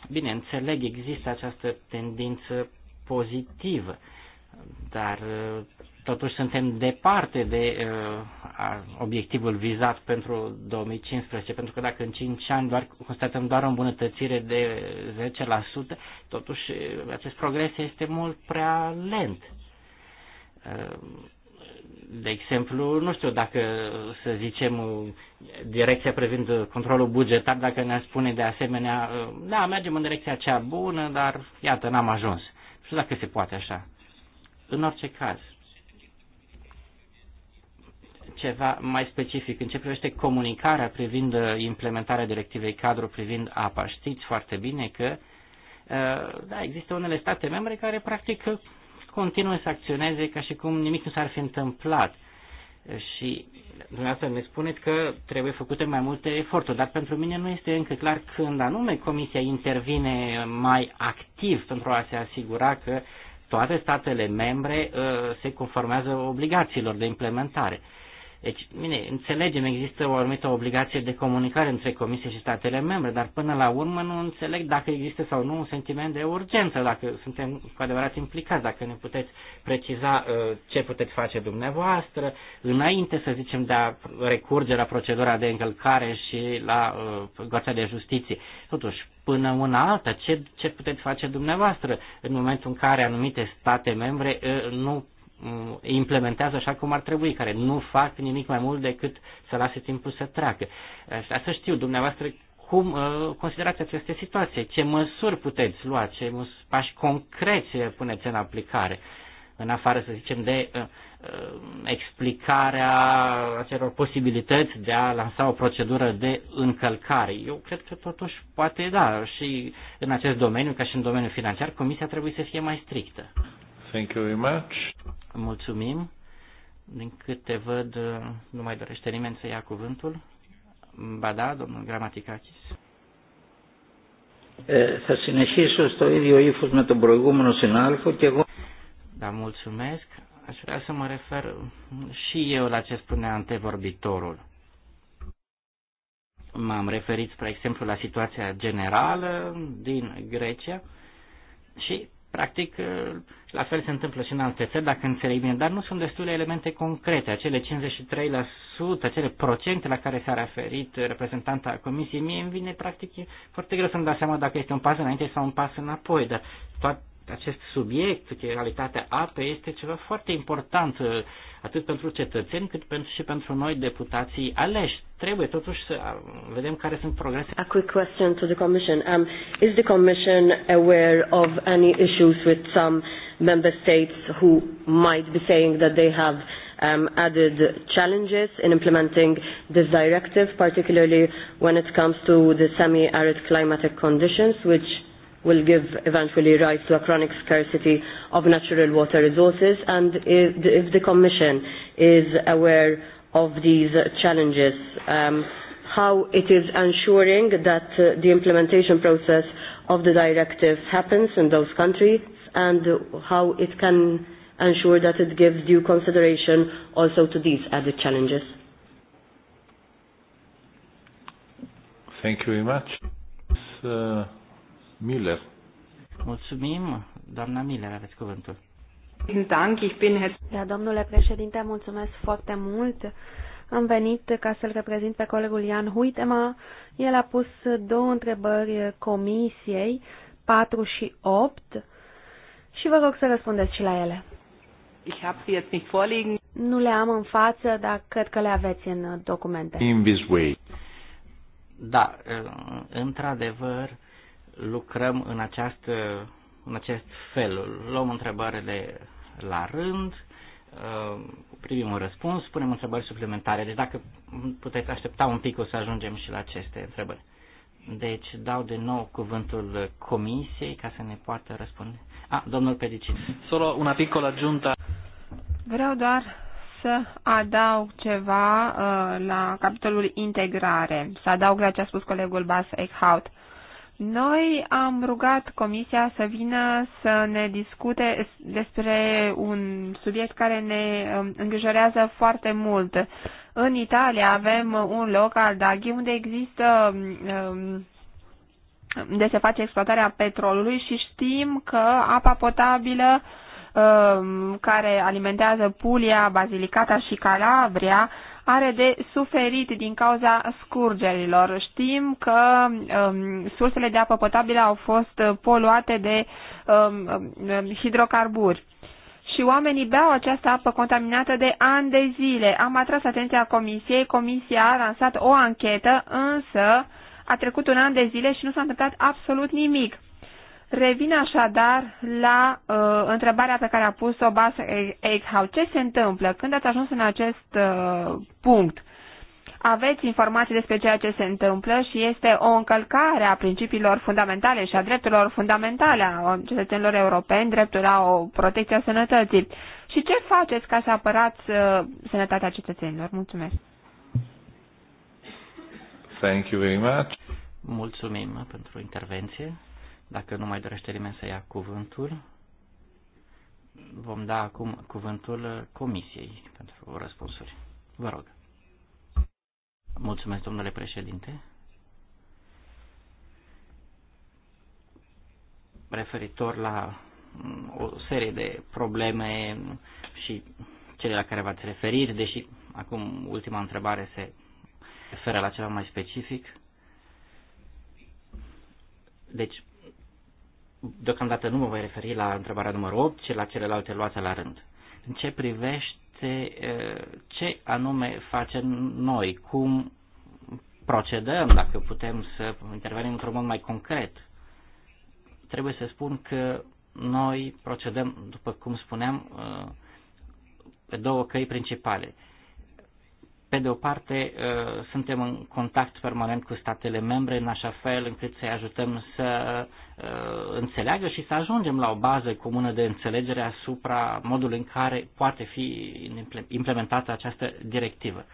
bine, înțeleg, există această tendință pozitivă, dar uh, Totuși suntem departe de uh, obiectivul vizat pentru 2015, pentru că dacă în 5 ani doar, constatăm doar o îmbunătățire de 10%, totuși uh, acest progres este mult prea lent. Uh, de exemplu, nu știu dacă, să zicem, uh, direcția privind controlul bugetar, dacă ne spune de asemenea, uh, da, mergem în direcția cea bună, dar iată, n-am ajuns. Nu știu dacă se poate așa. În orice caz, ceva mai specific în ce privește comunicarea privind uh, implementarea directivei cadru privind apa. Știți foarte bine că uh, da, există unele state membre care practic continuă să acționeze ca și cum nimic nu s-ar fi întâmplat. Și dumneavoastră ne spuneți că trebuie făcute mai multe eforturi, dar pentru mine nu este încă clar când anume Comisia intervine mai activ pentru a se asigura că toate statele membre uh, se conformează obligațiilor de implementare. Deci, bine, înțelegem, există o anumită obligație de comunicare între Comisie și statele membre, dar până la urmă nu înțeleg dacă există sau nu un sentiment de urgență, dacă suntem cu adevărat implicați, dacă ne puteți preciza uh, ce puteți face dumneavoastră, înainte, să zicem, de a recurge la procedura de încălcare și la uh, Curtea de Justiție. Totuși, până una alta, ce, ce puteți face dumneavoastră în momentul în care anumite state membre uh, nu Mm, implementează așa cum ar trebui, care nu fac nimic mai mult decât să lase timpul să treacă. Asta să știu, dumneavoastră, cum uh, considerați aceste situații? Ce măsuri puteți lua? Ce pași concreți puneți în aplicare? În afară, să zicem, de uh, uh, explicarea acelor posibilități de a lansa o procedură de încălcare. Eu cred că totuși poate da și în acest domeniu, ca și în domeniul financiar, Comisia trebuie să fie mai strictă. Thank you very much. Mulțumim. Din câte văd, nu mai dorește nimeni să ia cuvântul. Ba da, domnul Gramaticachis. Θα συνεχίσω στο ίδιο ύφος με τον προηγούμενο συνάδελφο και εγώ... Da, mulțumesc. Aș vrea să mă refer și eu la ce spunea antevorbitorul. M-am referit, spre exemplu, la situația generală din Grecia și Practic, ă, la fel se întâmplă și în alte țări, dacă înțeleg bine, dar nu sunt destule elemente concrete. Acele 53%, acele procente la care s-a referit reprezentanta Comisiei, mie îmi vine practic foarte greu să-mi dau seama dacă este un pas înainte sau un pas înapoi, dar tot acest subiect, realitatea apei, este ceva foarte important ă, atât pentru cetățeni cât pentru, și pentru noi deputații aleși. Trebuie totuși să vedem care sunt progrese. A quick question to the Commission. Um, is the Commission aware of any issues with some member states who might be saying that they have um, added challenges in implementing this directive, particularly when it comes to the semi-arid climatic conditions, which will give eventually rise to a chronic scarcity of natural water resources and if, if the Commission is aware of these challenges, um, how it is ensuring that uh, the implementation process of the directive happens in those countries and how it can ensure that it gives due consideration also to these added challenges. Thank you very much. Uh... Miller. Mulțumim, doamna Miller, aveți cuvântul. Da, domnule președinte, mulțumesc foarte mult. Am venit ca să-l reprezint pe colegul Ian Huitema. El a pus două întrebări comisiei, 4 și 8, și vă rog să răspundeți și la ele. Ich sie jetzt nicht vorliegen. Nu le am în față, dar cred că le aveți în documente. In this way. Da, într-adevăr, lucrăm în, această, în acest fel. Luăm întrebările la rând, uh, primim un răspuns, punem întrebări suplimentare. Deci dacă puteți aștepta un pic, o să ajungem și la aceste întrebări. Deci dau de nou cuvântul comisiei ca să ne poată răspunde. Ah, domnul Pedici. Solo una piccola aggiunta. Vreau doar să adaug ceva uh, la capitolul integrare, să adaug la ce a spus colegul Bas Eichhout. Noi am rugat Comisia să vină să ne discute despre un subiect care ne um, îngrijorează foarte mult. În Italia avem un loc al Daghi unde există um, unde se face exploatarea petrolului și știm că apa potabilă um, care alimentează Pulia, Basilicata și Calabria are de suferit din cauza scurgerilor. Știm că um, sursele de apă potabilă au fost poluate de um, um, um, hidrocarburi. Și oamenii beau această apă contaminată de ani de zile. Am atras atenția Comisiei. Comisia a lansat o anchetă, însă a trecut un an de zile și nu s-a întâmplat absolut nimic. Revin așadar la uh, întrebarea pe care a pus-o Bas Eichhau. Ce se întâmplă când ați ajuns în acest uh, punct? Aveți informații despre ceea ce se întâmplă și este o încălcare a principiilor fundamentale și a drepturilor fundamentale a cetățenilor europeni, dreptul la o protecție a sănătății. Și ce faceți ca să apărați uh, sănătatea cetățenilor? Mulțumesc! Thank you very much. Mulțumim pentru intervenție. Dacă nu mai dorește nimeni să ia cuvântul, vom da acum cuvântul Comisiei pentru răspunsuri. Vă rog. Mulțumesc, domnule președinte. Referitor la mm, o serie de probleme și cele la care v-ați referit, deși acum ultima întrebare se referă la ceva mai specific. Deci, Deocamdată nu mă voi referi la întrebarea numărul 8, ci la celelalte luate la rând. În ce privește ce anume facem noi, cum procedăm, dacă putem să intervenim într-un mod mai concret, trebuie să spun că noi procedăm, după cum spuneam, pe două căi principale. Pe de o parte, uh, suntem în contact permanent cu statele membre în așa fel încât să-i ajutăm să uh, înțeleagă și să ajungem la o bază comună de înțelegere asupra modului în care poate fi implementată această directivă.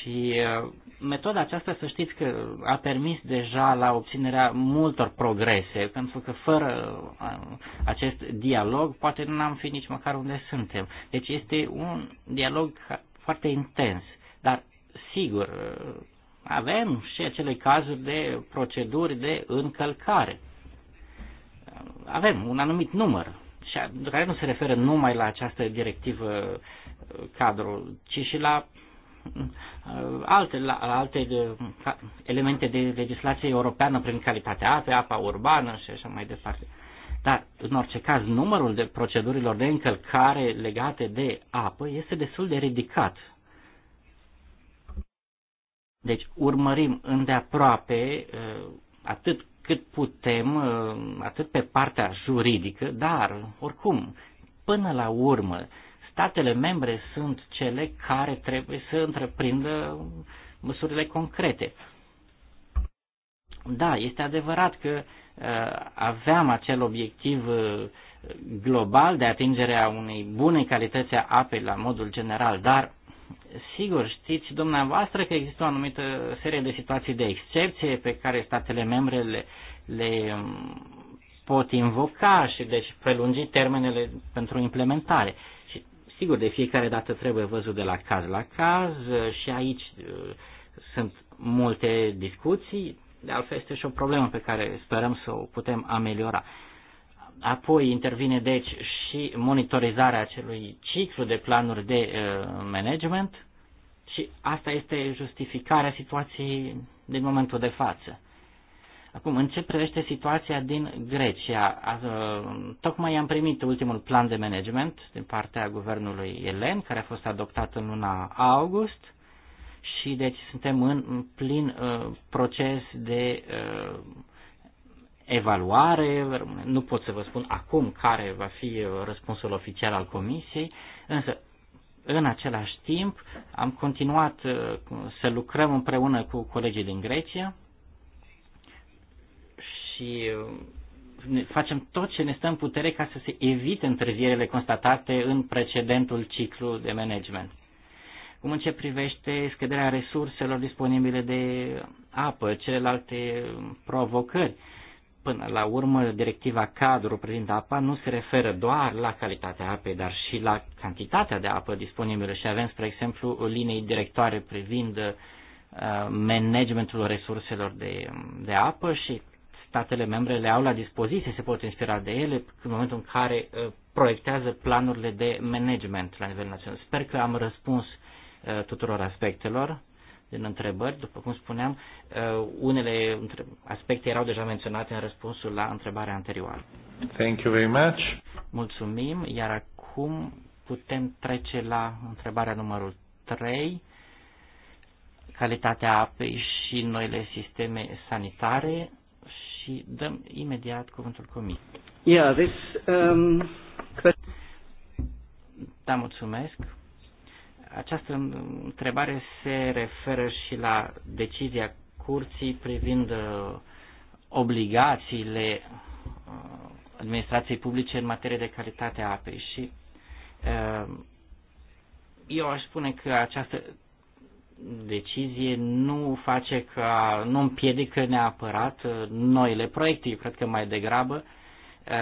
Și uh, metoda aceasta, să știți că a permis deja la obținerea multor progrese, pentru că fără acest dialog poate n-am fi nici măcar unde suntem. Deci este un dialog foarte intens, dar sigur, avem și acele cazuri de proceduri de încălcare. Avem un anumit număr, și care nu se referă numai la această directivă cadru, ci și la uh, alte, la, la alte de, uh, elemente de legislație europeană prin calitatea apei, apa urbană și așa mai departe. Uh, dar, în orice caz, numărul de procedurilor de încălcare legate de apă este destul de ridicat. Deci urmărim îndeaproape uh, atât cât putem, uh, atât pe partea juridică, dar, oricum, până la urmă, statele membre sunt cele care trebuie să întreprindă măsurile concrete. Da, este adevărat că uh, Uh, aveam acel obiectiv uh, global de atingere a unei bune calități a apei la modul general, dar sigur știți dumneavoastră că există o anumită serie de situații de excepție pe care statele membre le, le um, pot invoca și deci prelungi termenele pentru implementare. Și sigur, de fiecare dată trebuie văzut de la caz la caz uh, și aici sunt multe discuții, de altfel este și o problemă pe care sperăm să o putem ameliora. Apoi intervine deci și monitorizarea acelui ciclu de planuri de uh, management și asta este justificarea situației din momentul de față. Acum, în ce privește situația din Grecia, uh, tocmai am primit ultimul plan de management din partea guvernului elen, care a fost adoptat în luna august și deci suntem în plin uh, proces de uh, evaluare. Nu pot să vă spun acum care va fi uh, răspunsul oficial al comisiei, însă în același timp am continuat uh, să lucrăm împreună cu colegii din Grecia și uh, facem tot ce ne stă în putere ca să se evite întârzierele constatate în precedentul ciclu de management cum în ce privește scăderea resurselor disponibile de apă, celelalte provocări. Până la urmă, directiva cadru privind apa nu se referă doar la calitatea apei, dar și la cantitatea de apă disponibilă și avem, spre exemplu, linii directoare privind uh, managementul resurselor de, de apă și statele membre le au la dispoziție, se pot inspira de ele în momentul în care uh, proiectează planurile de management la nivel național. Sper că am răspuns Uh, tuturor aspectelor din întrebări. După cum spuneam, uh, unele aspecte erau deja menționate în răspunsul la întrebarea anterioară. Thank you very much. Mulțumim, iar acum putem trece la întrebarea numărul 3, calitatea apei și noile sisteme sanitare și dăm imediat cuvântul comis. Yeah, this, um... Da, mulțumesc această întrebare se referă și la decizia curții privind uh, obligațiile uh, administrației publice în materie de calitate a apei și uh, eu aș spune că această decizie nu face ca, nu împiedică neapărat noile proiecte. Eu cred că mai degrabă uh, Uh,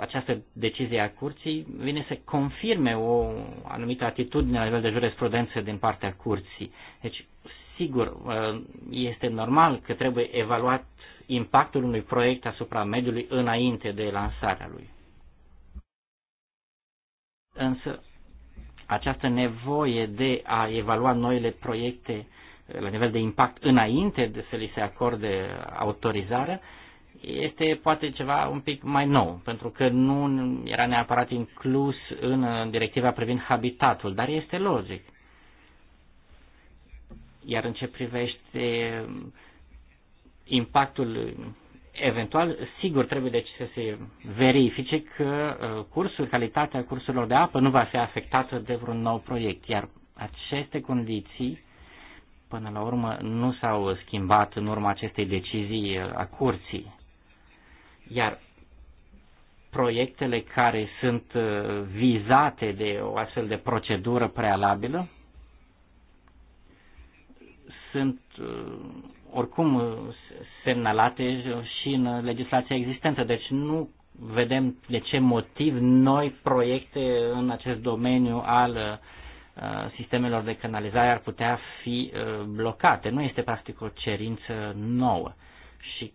această decizie a curții vine să confirme o anumită atitudine la nivel de jurisprudență din partea curții. Deci, sigur, uh, este normal că trebuie evaluat impactul unui proiect asupra mediului înainte de lansarea lui. Însă, această nevoie de a evalua noile proiecte la nivel de impact înainte de să li se acorde autorizarea este poate ceva un pic mai nou, pentru că nu era neapărat inclus în directiva privind habitatul, dar este logic. Iar în ce privește impactul eventual, sigur trebuie deci să se verifice că ă, cursul, calitatea cursurilor de apă nu va fi afectată de vreun nou proiect, iar aceste condiții până la urmă nu s-au schimbat în urma acestei decizii a curții. Iar proiectele care sunt uh, vizate de o astfel de procedură prealabilă sunt uh, oricum uh, semnalate și în legislația existentă. Deci nu vedem de ce motiv noi proiecte în acest domeniu al sistemelor de canalizare ar putea fi blocate. Nu este practic o cerință nouă. Și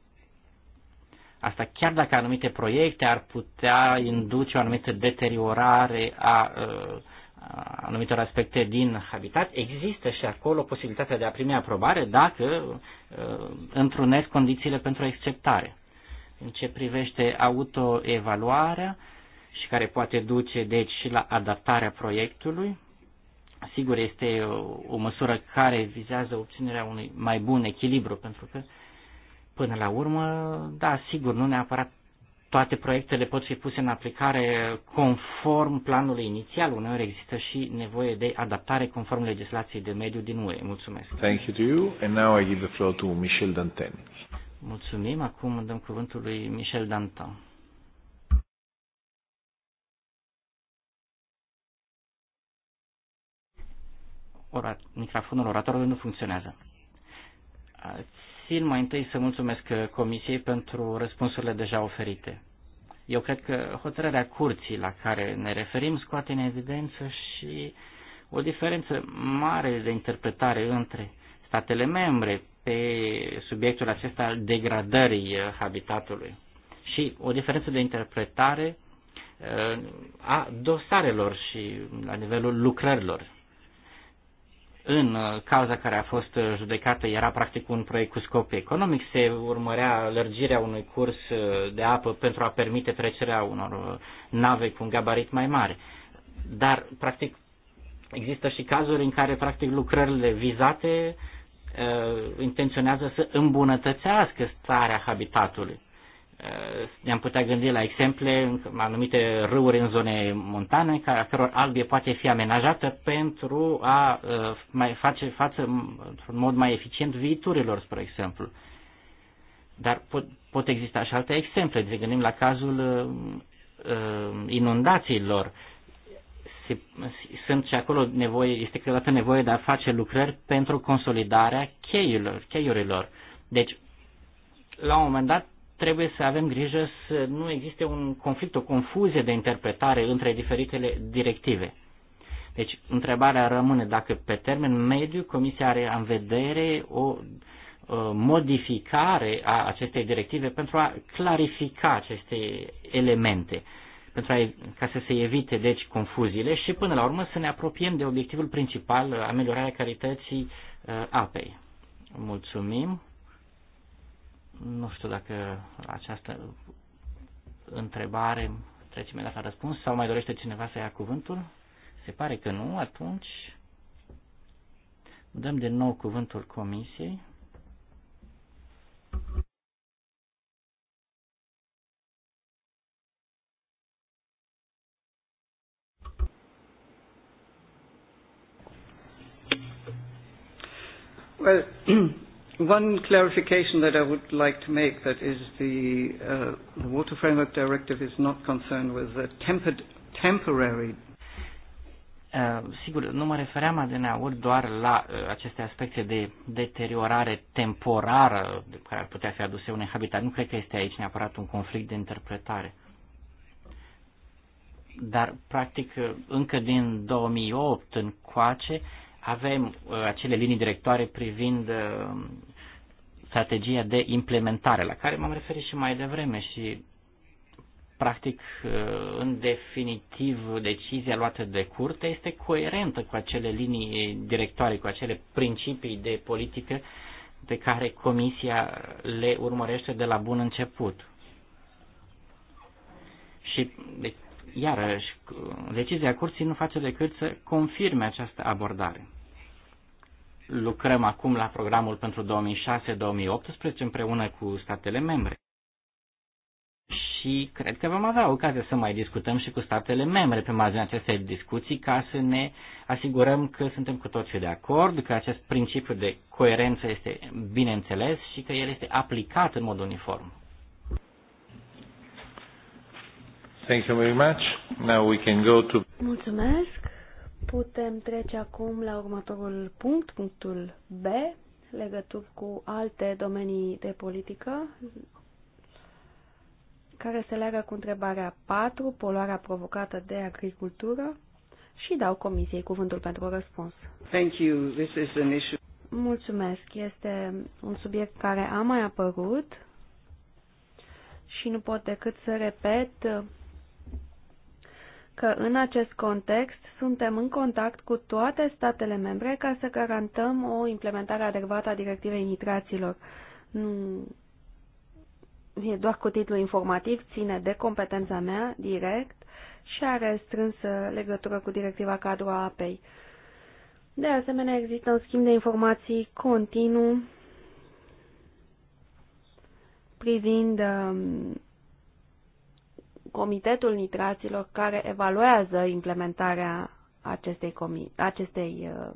Asta chiar dacă anumite proiecte ar putea induce o anumită deteriorare a ă, a anumitor aspecte din habitat, există și acolo posibilitatea de a primi aprobare dacă ă, întrunesc condițiile pentru acceptare. În ce privește autoevaluarea și care poate duce deci și la adaptarea proiectului, sigur este o, o măsură care vizează obținerea unui mai bun echilibru, pentru că Până la urmă, da, sigur, nu neapărat toate proiectele pot fi puse în aplicare conform planului inițial. Uneori există și nevoie de adaptare conform legislației de mediu din UE. Mulțumesc. Thank you to you. And now I give the floor to Michel Dantin. Mulțumim. Acum dăm cuvântul lui Michel Dantin. Ora, microfonul oratorului nu funcționează. Ați Țin mai întâi să mulțumesc Comisiei pentru răspunsurile deja oferite. Eu cred că hotărârea curții la care ne referim scoate în evidență și o diferență mare de interpretare între statele membre pe subiectul acesta al degradării habitatului și o diferență de interpretare uh, a dosarelor și la nivelul lucrărilor în uh, cauza care a fost uh, judecată era practic un proiect cu scop economic, se urmărea lărgirea unui curs uh, de apă pentru a permite trecerea unor nave cu un gabarit mai mare. Dar, practic, există și cazuri în care, practic, lucrările vizate uh, intenționează să îmbunătățească starea habitatului. Eh, ne-am putea gândi la exemple în anumite râuri în zone montane, a căror albie poate fi amenajată pentru a eh, mai face față într-un mod mai eficient viiturilor, spre exemplu. Dar pot, pot exista și alte exemple. Ne gândim la cazul uh, inundațiilor. Se, sunt și acolo nevoie, este creată nevoie de a face lucrări pentru consolidarea cheiurilor. cheiurilor. Deci, la un moment dat, trebuie să avem grijă să nu existe un conflict, o confuzie de interpretare între diferitele directive. Deci, întrebarea rămâne dacă pe termen mediu Comisia are în vedere o modificare a acestei directive pentru a clarifica aceste elemente, pentru a, ca să se evite, deci, confuziile și, până la urmă, să ne apropiem de obiectivul principal, ameliorarea calității uh, apei. Mulțumim. Nu știu dacă această întrebare trece imediat la răspuns sau mai dorește cineva să ia cuvântul. Se pare că nu, atunci dăm din nou cuvântul comisiei. Well, <clears throat> One clarification that I would like to make that is the, uh, the Water Framework Directive is not concerned with the tempered, temporary Uh, sigur, nu mă refeream adineauri doar la uh, aceste aspecte de deteriorare temporară de care ar putea fi aduse unui habitat. Nu cred că este aici neapărat un conflict de interpretare. Dar, practic, uh, încă din 2008 în coace avem uh, acele linii directoare privind uh, strategia de implementare, la care m-am referit și mai devreme și practic, uh, în definitiv, decizia luată de curte este coerentă cu acele linii directoare, cu acele principii de politică pe care Comisia le urmărește de la bun început. Și, deci, iarăși, decizia curții nu face decât să confirme această abordare lucrăm acum la programul pentru 2006-2018 împreună cu statele membre. Și cred că vom avea ocazia să mai discutăm și cu statele membre pe marginea acestei discuții ca să ne asigurăm că suntem cu toții de acord, că acest principiu de coerență este bine înțeles și că el este aplicat în mod uniform. Thank you very much. Now we can go to... Mulțumesc. Putem trece acum la următorul punct, punctul B, legături cu alte domenii de politică, care se leagă cu întrebarea 4, poluarea provocată de agricultură, și dau comisiei cuvântul pentru răspuns. Thank you. This is an issue. Mulțumesc. Este un subiect care a mai apărut și nu pot decât să repet că în acest context suntem în contact cu toate statele membre ca să garantăm o implementare adecvată a directivei nitraților. Nu e doar cu titlu informativ, ține de competența mea direct și are strânsă legătură cu directiva cadru a apei. De asemenea, există un schimb de informații continuu privind um, Comitetul Nitraților care evaluează implementarea acestei, acestei uh,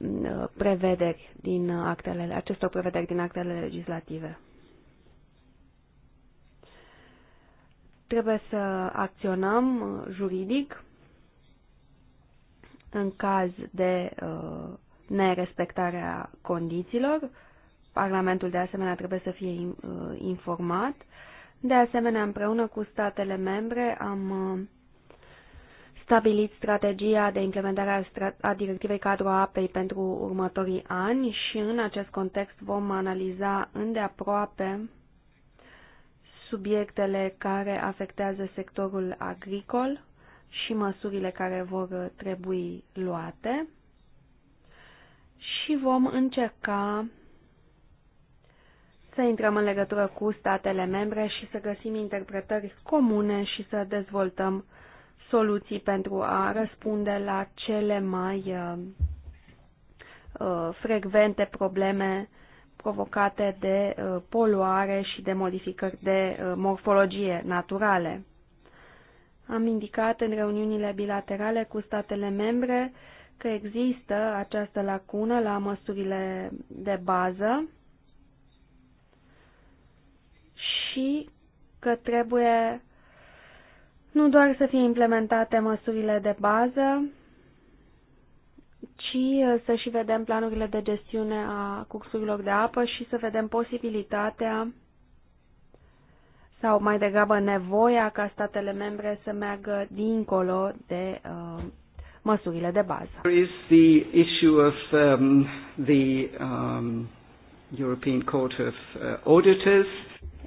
mm, uh, prevederi din actele, acestor prevederi din actele legislative. Trebuie să acționăm juridic în caz de uh, nerespectarea condițiilor. Parlamentul de asemenea trebuie să fie uh, informat de asemenea, împreună cu statele membre am uh, stabilit strategia de implementare a directivei cadru a apei pentru următorii ani și în acest context vom analiza îndeaproape subiectele care afectează sectorul agricol și măsurile care vor trebui luate și vom încerca să intrăm în legătură cu statele membre și să găsim interpretări comune și să dezvoltăm soluții pentru a răspunde la cele mai uh, uh, frecvente probleme provocate de uh, poluare și de modificări de morfologie naturale. Am indicat în reuniunile bilaterale cu statele membre că există această lacună la măsurile de bază și că trebuie nu doar să fie implementate măsurile de bază, ci uh, să și vedem planurile de gestiune a cursurilor de apă și să vedem posibilitatea sau mai degrabă nevoia ca statele membre să meargă dincolo de uh, măsurile de bază. There is the issue of um, the um, European Court of uh, Auditors.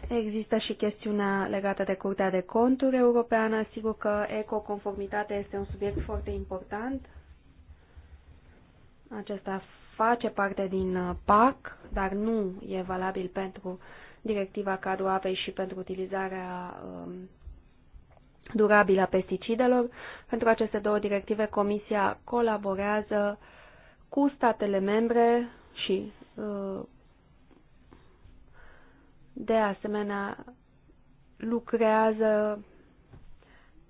Există și chestiunea legată de Curtea de Conturi Europeană. Sigur că ecoconformitatea este un subiect foarte important. Acesta face parte din uh, PAC, dar nu e valabil pentru directiva cadru apei și pentru utilizarea um, durabilă a pesticidelor. Pentru aceste două directive, Comisia colaborează cu statele membre și uh, de asemenea lucrează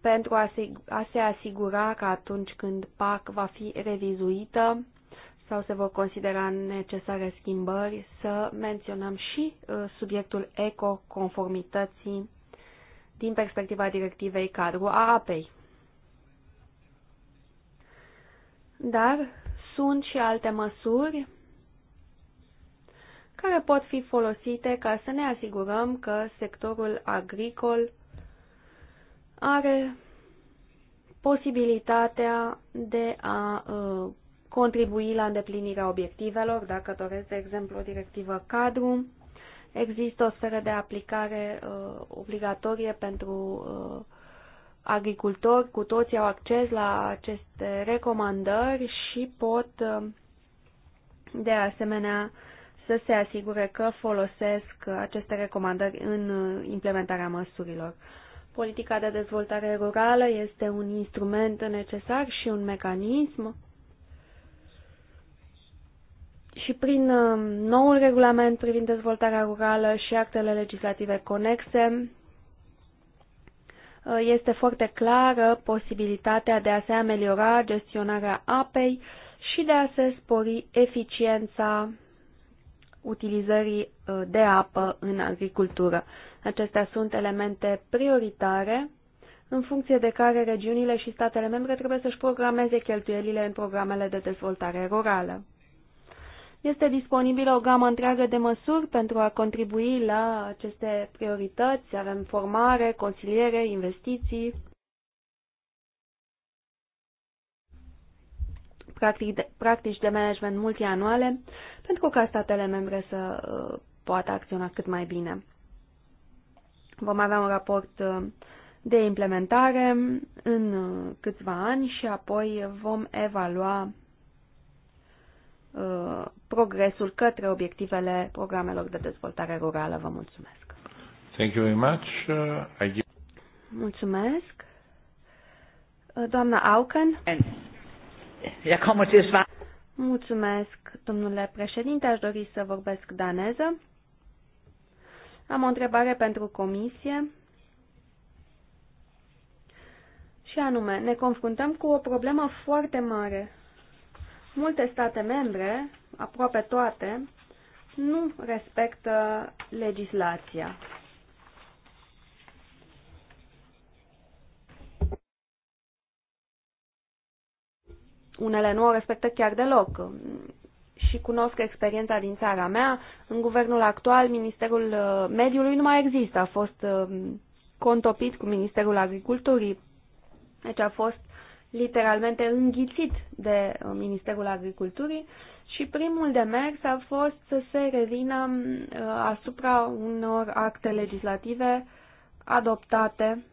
pentru a se, asigura că atunci când PAC va fi revizuită sau se vor considera necesare schimbări, să menționăm și uh, subiectul ecoconformității din perspectiva directivei cadru a apei. Dar sunt și alte măsuri care pot fi folosite ca să ne asigurăm că sectorul agricol are posibilitatea de a ă, contribui la îndeplinirea obiectivelor, dacă doresc, de exemplu, o directivă cadru. Există o sferă de aplicare uh, obligatorie pentru uh, agricultori, cu toții au acces la aceste recomandări și pot, de asemenea, să se asigure că folosesc aceste recomandări în uh, implementarea măsurilor. Politica de dezvoltare rurală este un instrument necesar și un mecanism și prin uh, noul regulament privind dezvoltarea rurală și actele legislative conexe uh, este foarte clară posibilitatea de a se ameliora gestionarea apei și de a se spori eficiența utilizării uh, de apă în agricultură. Acestea sunt elemente prioritare în funcție de care regiunile și statele membre trebuie să-și programeze cheltuielile în programele de dezvoltare rurală. Este disponibilă o gamă întreagă de măsuri pentru a contribui la aceste priorități. Avem formare, consiliere, investiții, practic, practici de management multianuale pentru ca statele membre să uh, poată acționa cât mai bine. Vom avea un raport uh, de implementare în uh, câțiva ani și apoi vom evalua progresul către obiectivele programelor de dezvoltare rurală. Vă mulțumesc. Thank you very much. I give... Mulțumesc. Doamna Auken. And... Jeg kommer Mulțumesc, domnule președinte. Aș dori să vorbesc daneză. Am o întrebare pentru comisie. Și anume, ne confruntăm cu o problemă foarte mare. Multe state membre, aproape toate, nu respectă legislația. Unele nu o respectă chiar deloc. Și cunosc experiența din țara mea. În guvernul actual, Ministerul uh, Mediului nu mai există. A fost uh, contopit cu Ministerul Agriculturii. Deci a fost literalmente înghițit de uh, Ministerul Agriculturii și primul demers a fost să se revină asupra unor acte legislative adoptate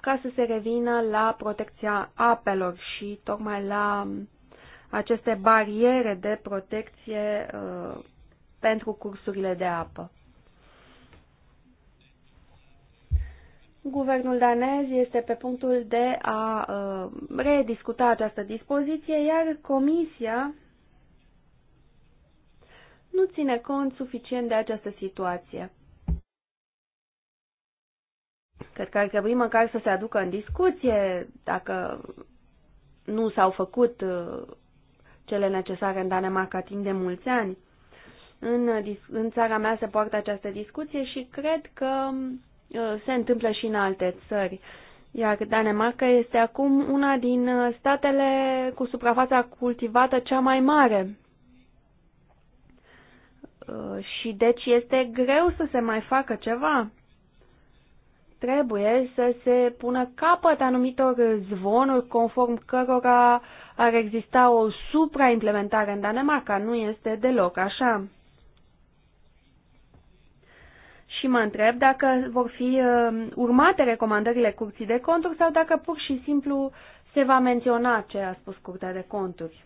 ca să se revină la protecția apelor și tocmai la aceste bariere de protecție uh, pentru cursurile de apă. Guvernul danez este pe punctul de a uh, rediscuta această dispoziție, iar Comisia nu ține cont suficient de această situație. Cred că ar trebui măcar să se aducă în discuție dacă nu s-au făcut uh, cele necesare în Danemarca timp de mulți ani. În, uh, în țara mea se poartă această discuție și cred că uh, se întâmplă și în alte țări. Iar Danemarca este acum una din statele cu suprafața cultivată cea mai mare. Și deci este greu să se mai facă ceva trebuie să se pună capăt anumitor zvonuri conform cărora ar exista o supraimplementare în Danemarca. Nu este deloc așa. Și mă întreb dacă vor fi uh, urmate recomandările Curții de Conturi sau dacă pur și simplu se va menționa ce a spus Curtea de Conturi.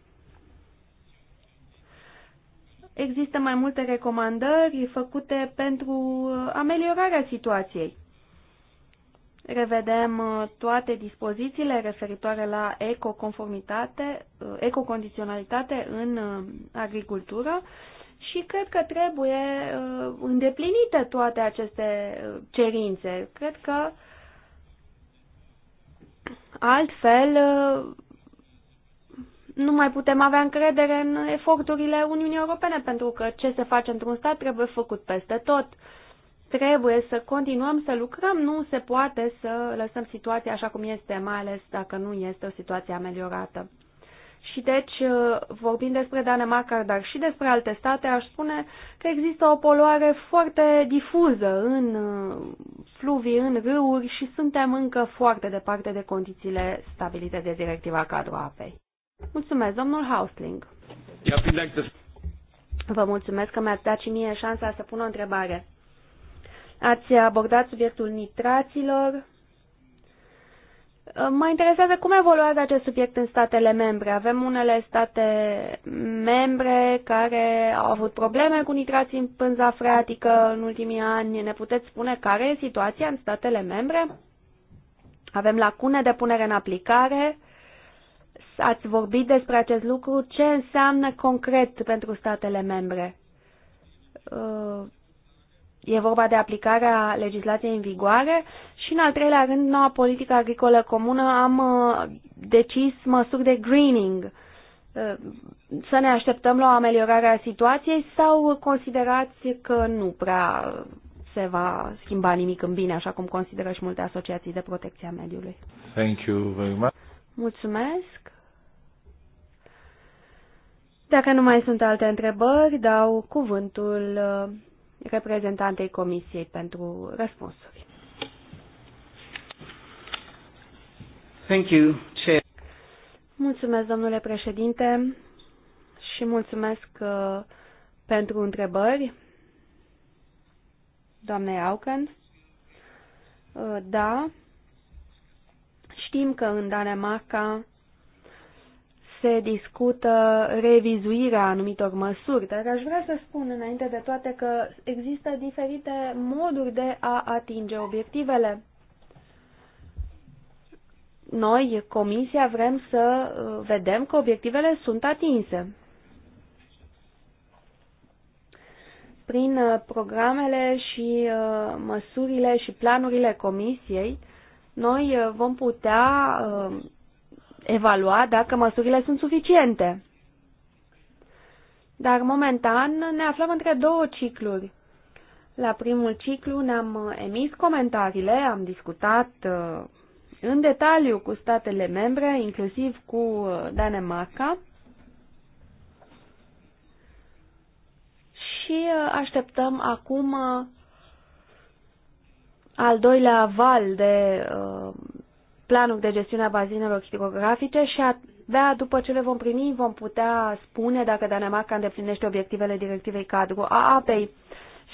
Există mai multe recomandări făcute pentru uh, ameliorarea situației revedem uh, toate dispozițiile referitoare la ecoconformitate, uh, ecocondiționalitate în uh, agricultură și cred că trebuie îndeplinite toate aceste cerințe. Cred că altfel nu mai putem avea încredere în eforturile Uniunii Europene, pentru că ce se face într-un stat trebuie făcut peste tot. Uh, Trebuie să continuăm să lucrăm, nu se poate să lăsăm situația așa cum este, mai ales dacă nu este o situație ameliorată. Și deci, vorbind despre Danemarca, dar și despre alte state, aș spune că există o poluare foarte difuză în uh, fluvii, în râuri și suntem încă foarte departe de condițiile stabilite de Directiva Cadru Apei. Mulțumesc, domnul Hausling. Vă mulțumesc că mi-ați dat și mie șansa să pun o întrebare. Ați abordat subiectul nitraților. Mă interesează cum evoluează acest subiect în statele membre. Avem unele state membre care au avut probleme cu nitrații în pânza freatică în ultimii ani. Ne puteți spune care e situația în statele membre? Avem lacune de punere în aplicare. Ați vorbit despre acest lucru. Ce înseamnă concret pentru statele membre? Uh, E vorba de aplicarea legislației în vigoare și, în al treilea rând, noua politică agricolă comună am uh, decis măsuri de greening. Uh, să ne așteptăm la o ameliorare a situației sau considerați că nu prea se va schimba nimic în bine, așa cum consideră și multe asociații de protecție a mediului? Thank you very much. Mulțumesc. Dacă nu mai sunt alte întrebări, dau cuvântul uh, reprezentantei Comisiei pentru răspunsuri. Thank you, Chair. Mulțumesc, domnule președinte, și mulțumesc uh, pentru întrebări, doamne Auken. Uh, da, știm că în Danemarca se discută revizuirea anumitor măsuri, dar aș vrea să spun înainte de toate că există diferite moduri de a atinge obiectivele. Noi, Comisia, vrem să uh, vedem că obiectivele sunt atinse. Prin uh, programele și uh, măsurile și planurile Comisiei, noi vom putea evalua dacă măsurile sunt suficiente. Dar momentan ne aflăm între două cicluri. La primul ciclu ne-am emis comentariile, am discutat uh, în detaliu cu statele membre, inclusiv cu uh, Danemarca. Și uh, așteptăm acum al doilea val de planuri de gestiune a bazinelor hidrografice și da, după ce le vom primi vom putea spune dacă Danemarca îndeplinește obiectivele directivei cadru a apei.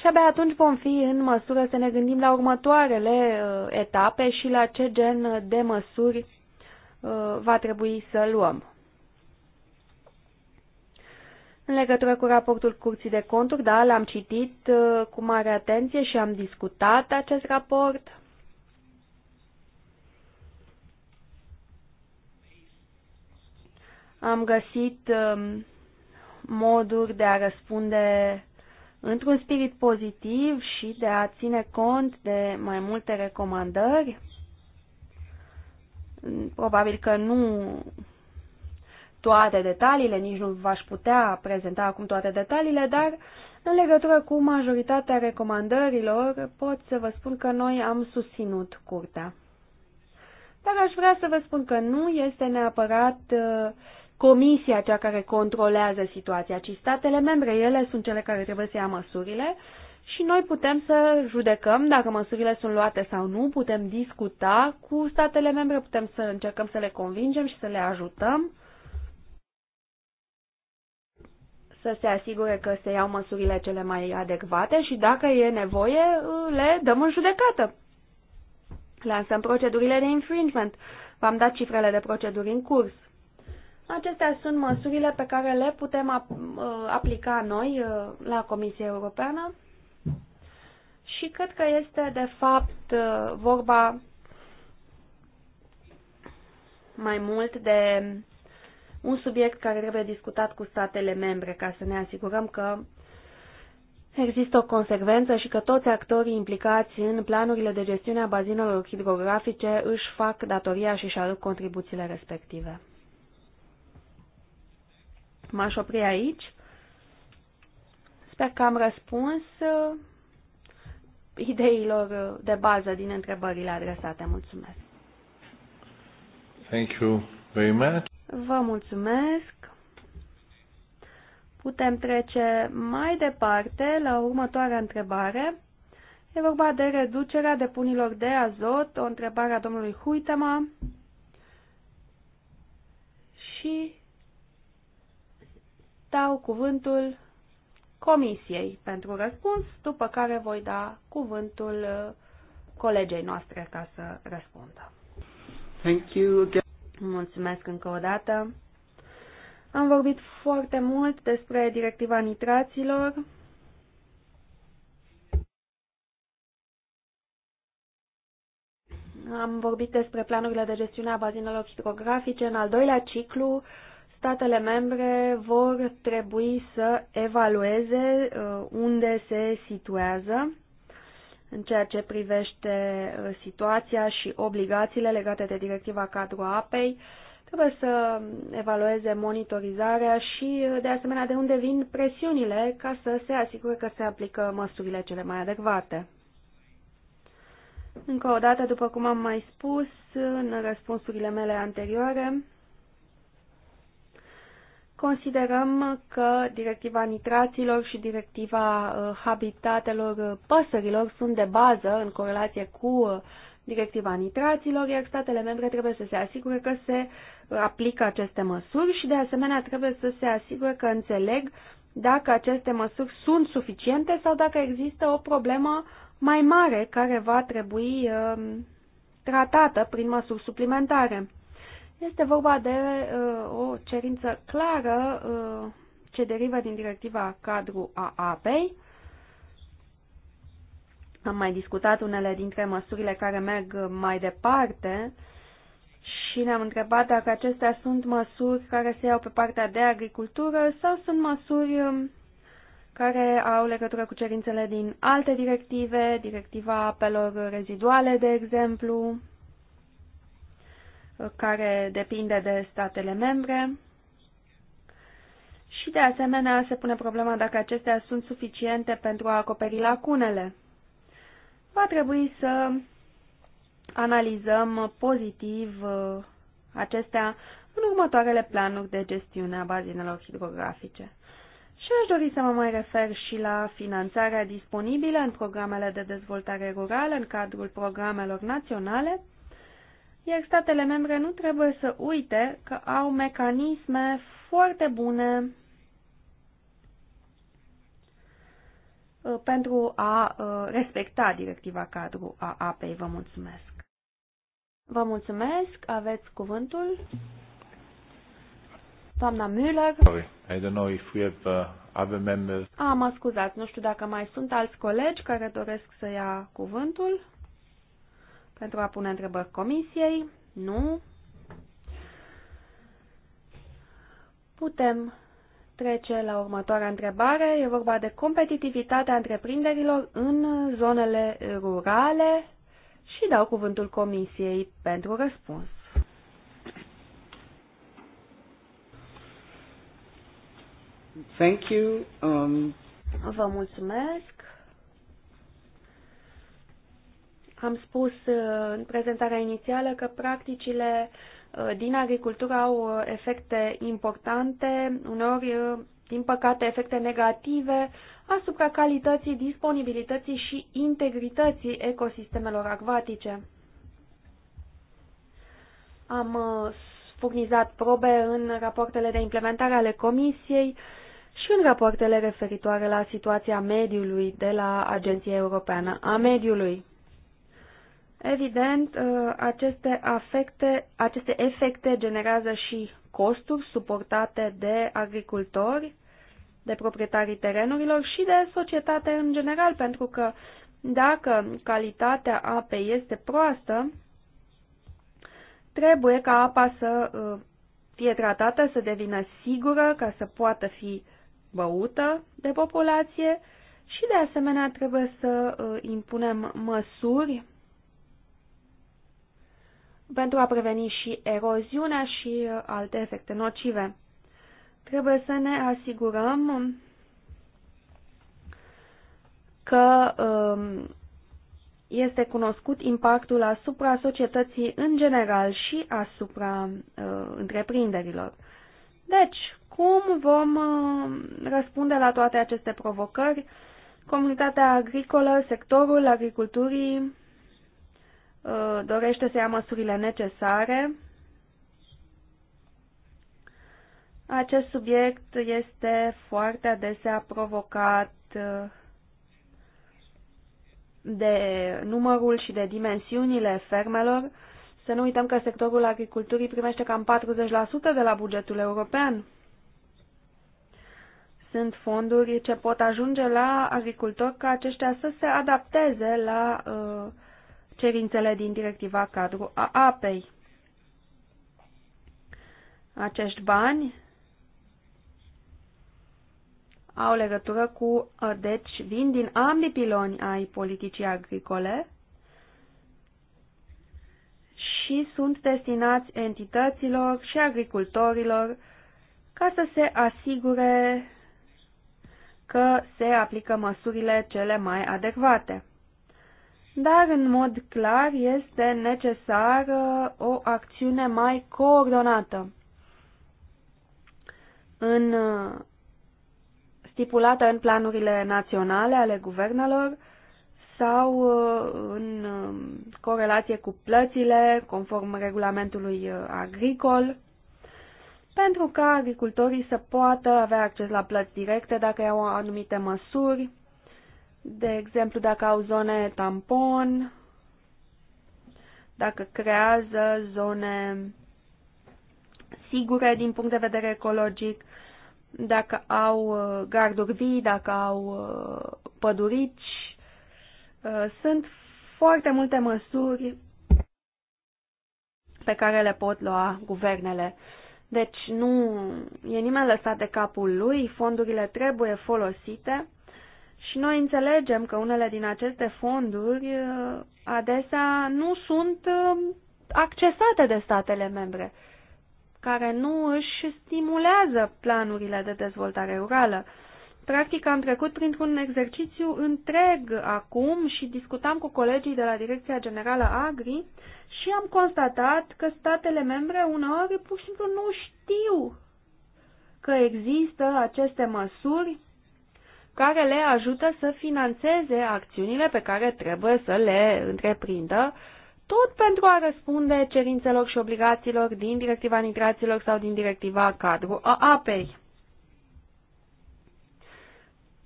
Și abia atunci vom fi în măsură să ne gândim la următoarele uh, etape și la ce gen de măsuri uh, va trebui să luăm. În legătură cu raportul Curții de Conturi, da, l-am citit uh, cu mare atenție și am discutat acest raport. am găsit um, moduri de a răspunde într-un spirit pozitiv și de a ține cont de mai multe recomandări. Probabil că nu toate detaliile, nici nu v-aș putea prezenta acum toate detaliile, dar în legătură cu majoritatea recomandărilor pot să vă spun că noi am susținut curtea. Dar aș vrea să vă spun că nu este neapărat uh, comisia cea care controlează situația, ci statele membre. Ele sunt cele care trebuie să ia măsurile și noi putem să judecăm dacă măsurile sunt luate sau nu, putem discuta cu statele membre, putem să încercăm să le convingem și să le ajutăm să se asigure că se iau măsurile cele mai adecvate și dacă e nevoie, le dăm în judecată. Lansăm procedurile de infringement. V-am dat cifrele de proceduri în curs. Acestea sunt măsurile pe care le putem uh, aplica noi uh, la Comisia Europeană și cred că este de fapt uh, vorba mai mult de un subiect care trebuie discutat cu statele membre ca să ne asigurăm că există o consecvență și că toți actorii implicați în planurile de gestiune a bazinelor hidrografice își fac datoria și își aduc contribuțiile respective. M-aș opri aici. Sper că am răspuns uh, ideilor uh, de bază din întrebările adresate. Mulțumesc. Thank you very much. Vă mulțumesc. Putem trece mai departe la următoarea întrebare. E vorba de reducerea depunilor de azot, o întrebare a domnului Huitema. Și dau cuvântul Comisiei pentru răspuns, după care voi da cuvântul uh, colegei noastre ca să răspundă. Thank you again. Mulțumesc încă o dată. Am vorbit foarte mult despre directiva nitraților. Am vorbit despre planurile de gestiune a bazinelor hidrografice în al doilea ciclu statele membre vor trebui să evalueze uh, unde se situează în ceea ce privește uh, situația și obligațiile legate de directiva cadru apei. Trebuie să evalueze monitorizarea și, uh, de asemenea, de unde vin presiunile ca să se asigure că se aplică măsurile cele mai adecvate. Încă o dată, după cum am mai spus în răspunsurile mele anterioare, Considerăm că directiva nitraților și directiva uh, habitatelor uh, păsărilor sunt de bază în corelație cu uh, directiva nitraților, iar statele membre trebuie să se asigure că se aplică aceste măsuri și de asemenea trebuie să se asigure că înțeleg dacă aceste măsuri sunt suficiente sau dacă există o problemă mai mare care va trebui um, tratată prin măsuri suplimentare. Este vorba de uh, o cerință clară uh, ce derivă din directiva cadru a apei. Am mai discutat unele dintre măsurile care merg mai departe și ne-am întrebat dacă acestea sunt măsuri care se iau pe partea de agricultură sau sunt măsuri um, care au legătură cu cerințele din alte directive, directiva apelor reziduale, de exemplu, care depinde de statele membre. Și de asemenea se pune problema dacă acestea sunt suficiente pentru a acoperi lacunele. Va trebui să analizăm pozitiv uh, acestea în următoarele planuri de gestiune a bazinelor hidrografice. Și aș dori să mă mai refer și la finanțarea disponibilă în programele de dezvoltare rurală în cadrul programelor naționale iar statele membre nu trebuie să uite că au mecanisme foarte bune uh, pentru a uh, respecta directiva cadru a apei. Vă mulțumesc! Vă mulțumesc, aveți cuvântul. Doamna Müller. Sorry, I don't know if we have uh, other members. Ah, mă scuzați, nu știu dacă mai sunt alți colegi care doresc să ia cuvântul pentru a pune întrebări comisiei? Nu. Putem trece la următoarea întrebare. E vorba de competitivitatea întreprinderilor în zonele rurale și dau cuvântul comisiei pentru răspuns. Thank you. Um... Vă mulțumesc. Am spus uh, în prezentarea inițială că practicile uh, din agricultură au uh, efecte importante, uneori, din păcate, efecte negative asupra calității, disponibilității și integrității ecosistemelor acvatice. Am furnizat probe în rapoartele de implementare ale Comisiei și în rapoartele referitoare la situația mediului de la Agenția Europeană a Mediului. Evident, uh, aceste, afecte, aceste efecte generează și costuri suportate de agricultori, de proprietarii terenurilor și de societate în general, pentru că dacă calitatea apei este proastă, trebuie ca apa să uh, fie tratată, să devină sigură, ca să poată fi băută de populație și de asemenea trebuie să uh, impunem măsuri pentru a preveni și eroziunea și alte efecte nocive. Trebuie să ne asigurăm că um, este cunoscut impactul asupra societății în general și asupra uh, întreprinderilor. Deci, cum vom uh, răspunde la toate aceste provocări? Comunitatea agricolă, sectorul agriculturii Uh, dorește să ia măsurile necesare. Acest subiect este foarte adesea provocat uh, de numărul și de dimensiunile fermelor. Să nu uităm că sectorul agriculturii primește cam 40% de la bugetul european. Sunt fonduri ce pot ajunge la agricultori ca aceștia să se adapteze la uh, cerințele din directiva cadru a apei. Acești bani au legătură cu, uh, deci, vin din ambii piloni ai politicii agricole și sunt destinați entităților și agricultorilor ca să se asigure că se aplică măsurile cele mai adecvate dar în mod clar este necesară o acțiune mai coordonată în, stipulată în planurile naționale ale guvernelor sau în corelație cu plățile conform regulamentului agricol pentru ca agricultorii să poată avea acces la plăți directe dacă iau anumite măsuri de exemplu, dacă au zone tampon, dacă creează zone sigure din punct de vedere ecologic, dacă au uh, garduri vii, dacă au uh, pădurici. Uh, sunt foarte multe măsuri pe care le pot lua guvernele. Deci nu e nimeni lăsat de capul lui, fondurile trebuie folosite și noi înțelegem că unele din aceste fonduri uh, adesea nu sunt uh, accesate de statele membre, care nu își stimulează planurile de dezvoltare rurală. Practic am trecut printr-un exercițiu întreg acum și discutam cu colegii de la Direcția Generală Agri și am constatat că statele membre uneori pur și simplu nu știu că există aceste măsuri care le ajută să financeze acțiunile pe care trebuie să le întreprindă, tot pentru a răspunde cerințelor și obligațiilor din directiva nitraților sau din directiva cadru a apei.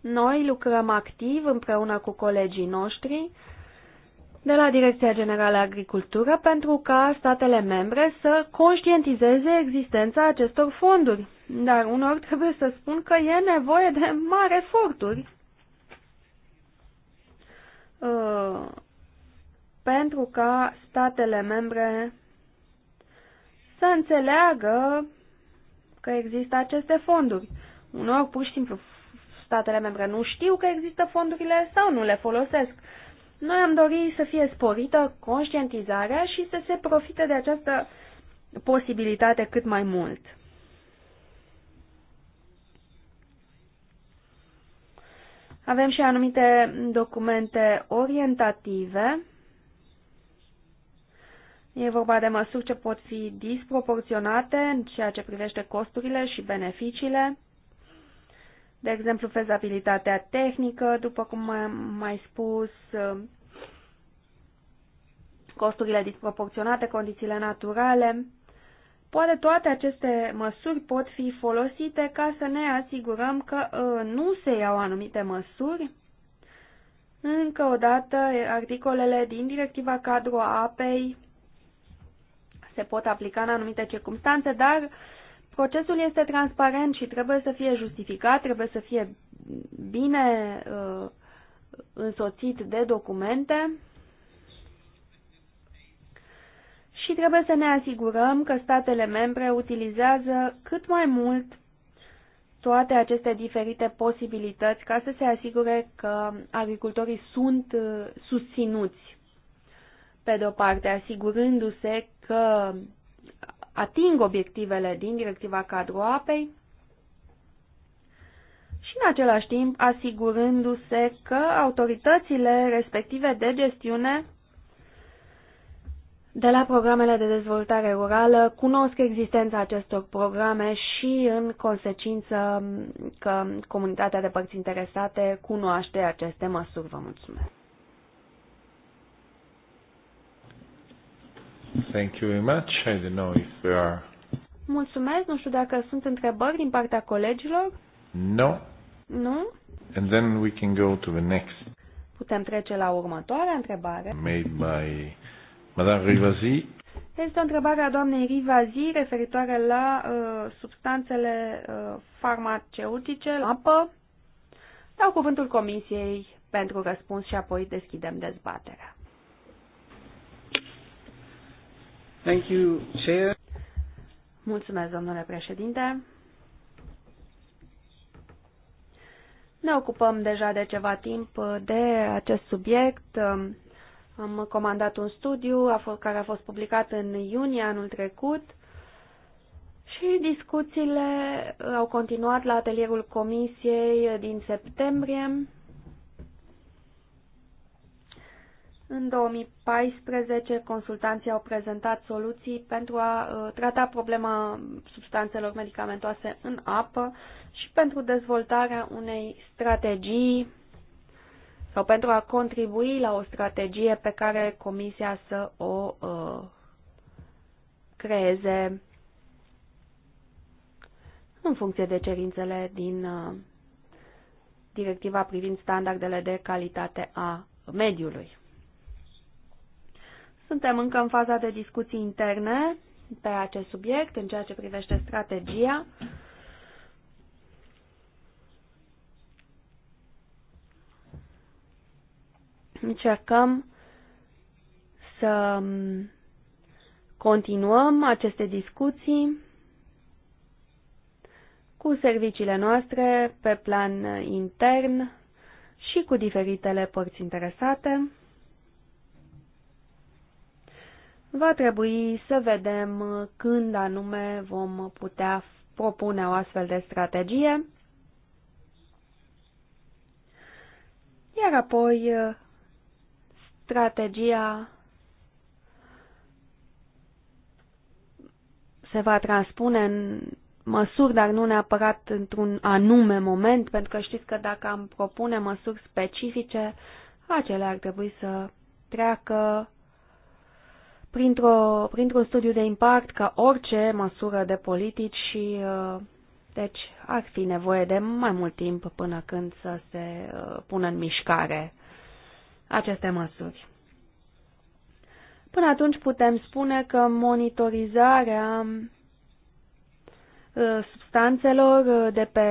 Noi lucrăm activ împreună cu colegii noștri de la Direcția Generală Agricultură pentru ca statele membre să conștientizeze existența acestor fonduri dar unor trebuie să spun că e nevoie de mari eforturi uh, pentru ca statele membre să înțeleagă că există aceste fonduri. Unor, pur și simplu, statele membre nu știu că există fondurile sau nu le folosesc. Noi am dorit să fie sporită conștientizarea și să se profite de această posibilitate cât mai mult. Avem și anumite documente orientative. E vorba de măsuri ce pot fi disproporționate în ceea ce privește costurile și beneficiile. De exemplu, fezabilitatea tehnică, după cum am mai spus, costurile disproporționate, condițiile naturale. Poate toate aceste măsuri pot fi folosite ca să ne asigurăm că uh, nu se iau anumite măsuri? Încă o dată, articolele din directiva cadru a apei se pot aplica în anumite circunstanțe, dar procesul este transparent și trebuie să fie justificat, trebuie să fie bine uh, însoțit de documente. și trebuie să ne asigurăm că statele membre utilizează cât mai mult toate aceste diferite posibilități ca să se asigure că agricultorii sunt uh, susținuți, pe de o parte, asigurându-se că ating obiectivele din directiva cadru apei și, în același timp, asigurându-se că autoritățile respective de gestiune de la programele de dezvoltare rurală cunosc existența acestor programe și, în consecință, că comunitatea de părți interesate cunoaște aceste măsuri. Vă mulțumesc! Thank you very much. I don't know if there are... Mulțumesc. Nu știu dacă sunt întrebări din partea colegilor. No. Nu? And then we can go to the next. Putem trece la următoarea întrebare. Made by Madame Rivasi. Este o întrebare a doamnei Rivazi referitoare la uh, substanțele uh, farmaceutice, apă. Dau cuvântul Comisiei pentru răspuns și apoi deschidem dezbaterea. Thank you, Chair. Mulțumesc, domnule președinte. Ne ocupăm deja de ceva timp de acest subiect. Uh, am comandat un studiu a fost, care a fost publicat în iunie anul trecut și discuțiile au continuat la atelierul comisiei din septembrie. În 2014, consultanții au prezentat soluții pentru a uh, trata problema substanțelor medicamentoase în apă și pentru dezvoltarea unei strategii sau pentru a contribui la o strategie pe care Comisia să o uh, creeze în funcție de cerințele din uh, directiva privind standardele de calitate a mediului. Suntem încă în faza de discuții interne pe acest subiect, în ceea ce privește strategia. Uh, Încercăm să continuăm aceste discuții cu serviciile noastre pe plan intern și cu diferitele părți interesate. Va trebui să vedem când anume vom putea propune o astfel de strategie, iar apoi strategia se va transpune în măsuri, dar nu neapărat într-un anume moment, pentru că știți că dacă am propune măsuri specifice, acelea ar trebui să treacă printr-o, printr-un studiu de impact ca orice măsură de politici și uh, deci ar fi nevoie de mai mult timp până când să se uh, pună în mișcare aceste măsuri. Până atunci putem spune că monitorizarea uh, substanțelor uh, de pe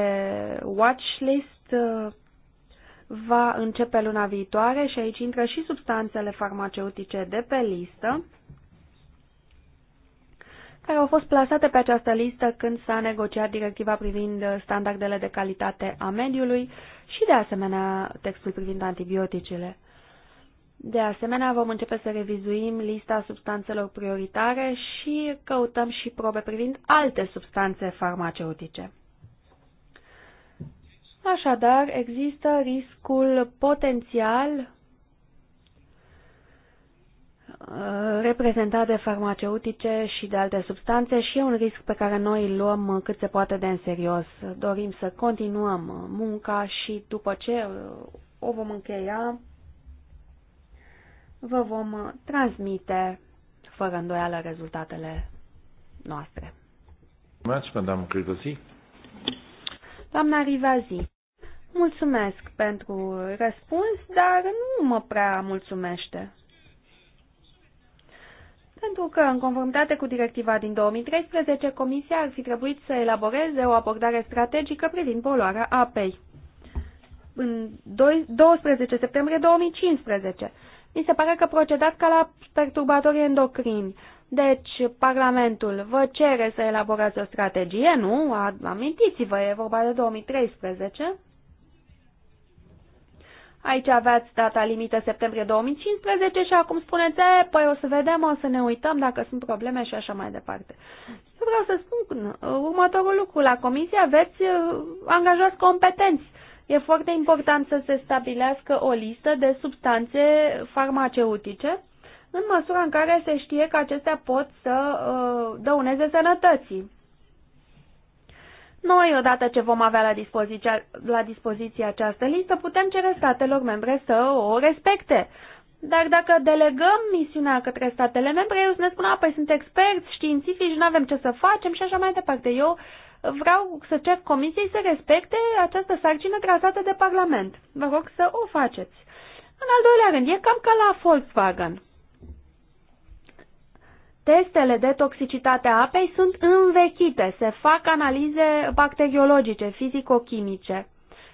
watchlist uh, va începe luna viitoare și aici intră și substanțele farmaceutice de pe listă care au fost plasate pe această listă când s-a negociat directiva privind standardele de calitate a mediului și, de asemenea, textul privind antibioticele. De asemenea, vom începe să revizuim lista substanțelor prioritare și căutăm și probe privind alte substanțe farmaceutice. Așadar, există riscul potențial uh, reprezentat de farmaceutice și de alte substanțe și e un risc pe care noi îl luăm cât se poate de în serios. Dorim să continuăm munca și după ce uh, o vom încheia, vă vom uh, transmite fără îndoială rezultatele noastre. Mulțumesc, madame Rivazi. Doamna Rivazi, mulțumesc pentru răspuns, dar nu mă prea mulțumește. Pentru că, în conformitate cu directiva din 2013, Comisia ar fi trebuit să elaboreze o abordare strategică privind poluarea apei. În 12 septembrie 2015, mi se pare că procedați ca la perturbatorii endocrini. Deci, Parlamentul vă cere să elaborați o strategie, nu? Amintiți-vă, e vorba de 2013. Aici aveați data limită septembrie 2015 și acum spuneți, păi o să vedem, o să ne uităm dacă sunt probleme și așa mai departe. Eu vreau să spun următorul lucru. La comisie aveți uh, angajați competenți E foarte important să se stabilească o listă de substanțe farmaceutice în măsura în care se știe că acestea pot să uh, dăuneze sănătății. Noi, odată ce vom avea la dispoziție, la dispoziție această listă, putem cere statelor membre să o respecte. Dar dacă delegăm misiunea către statele membre, eu să ne spun, a, păi sunt experți științifici, nu avem ce să facem și așa mai departe. Eu vreau să cer comisiei să respecte această sarcină trasată de Parlament. Vă rog să o faceți. În al doilea rând, e cam ca la Volkswagen. Testele de toxicitate a apei sunt învechite, se fac analize bacteriologice, fizico-chimice.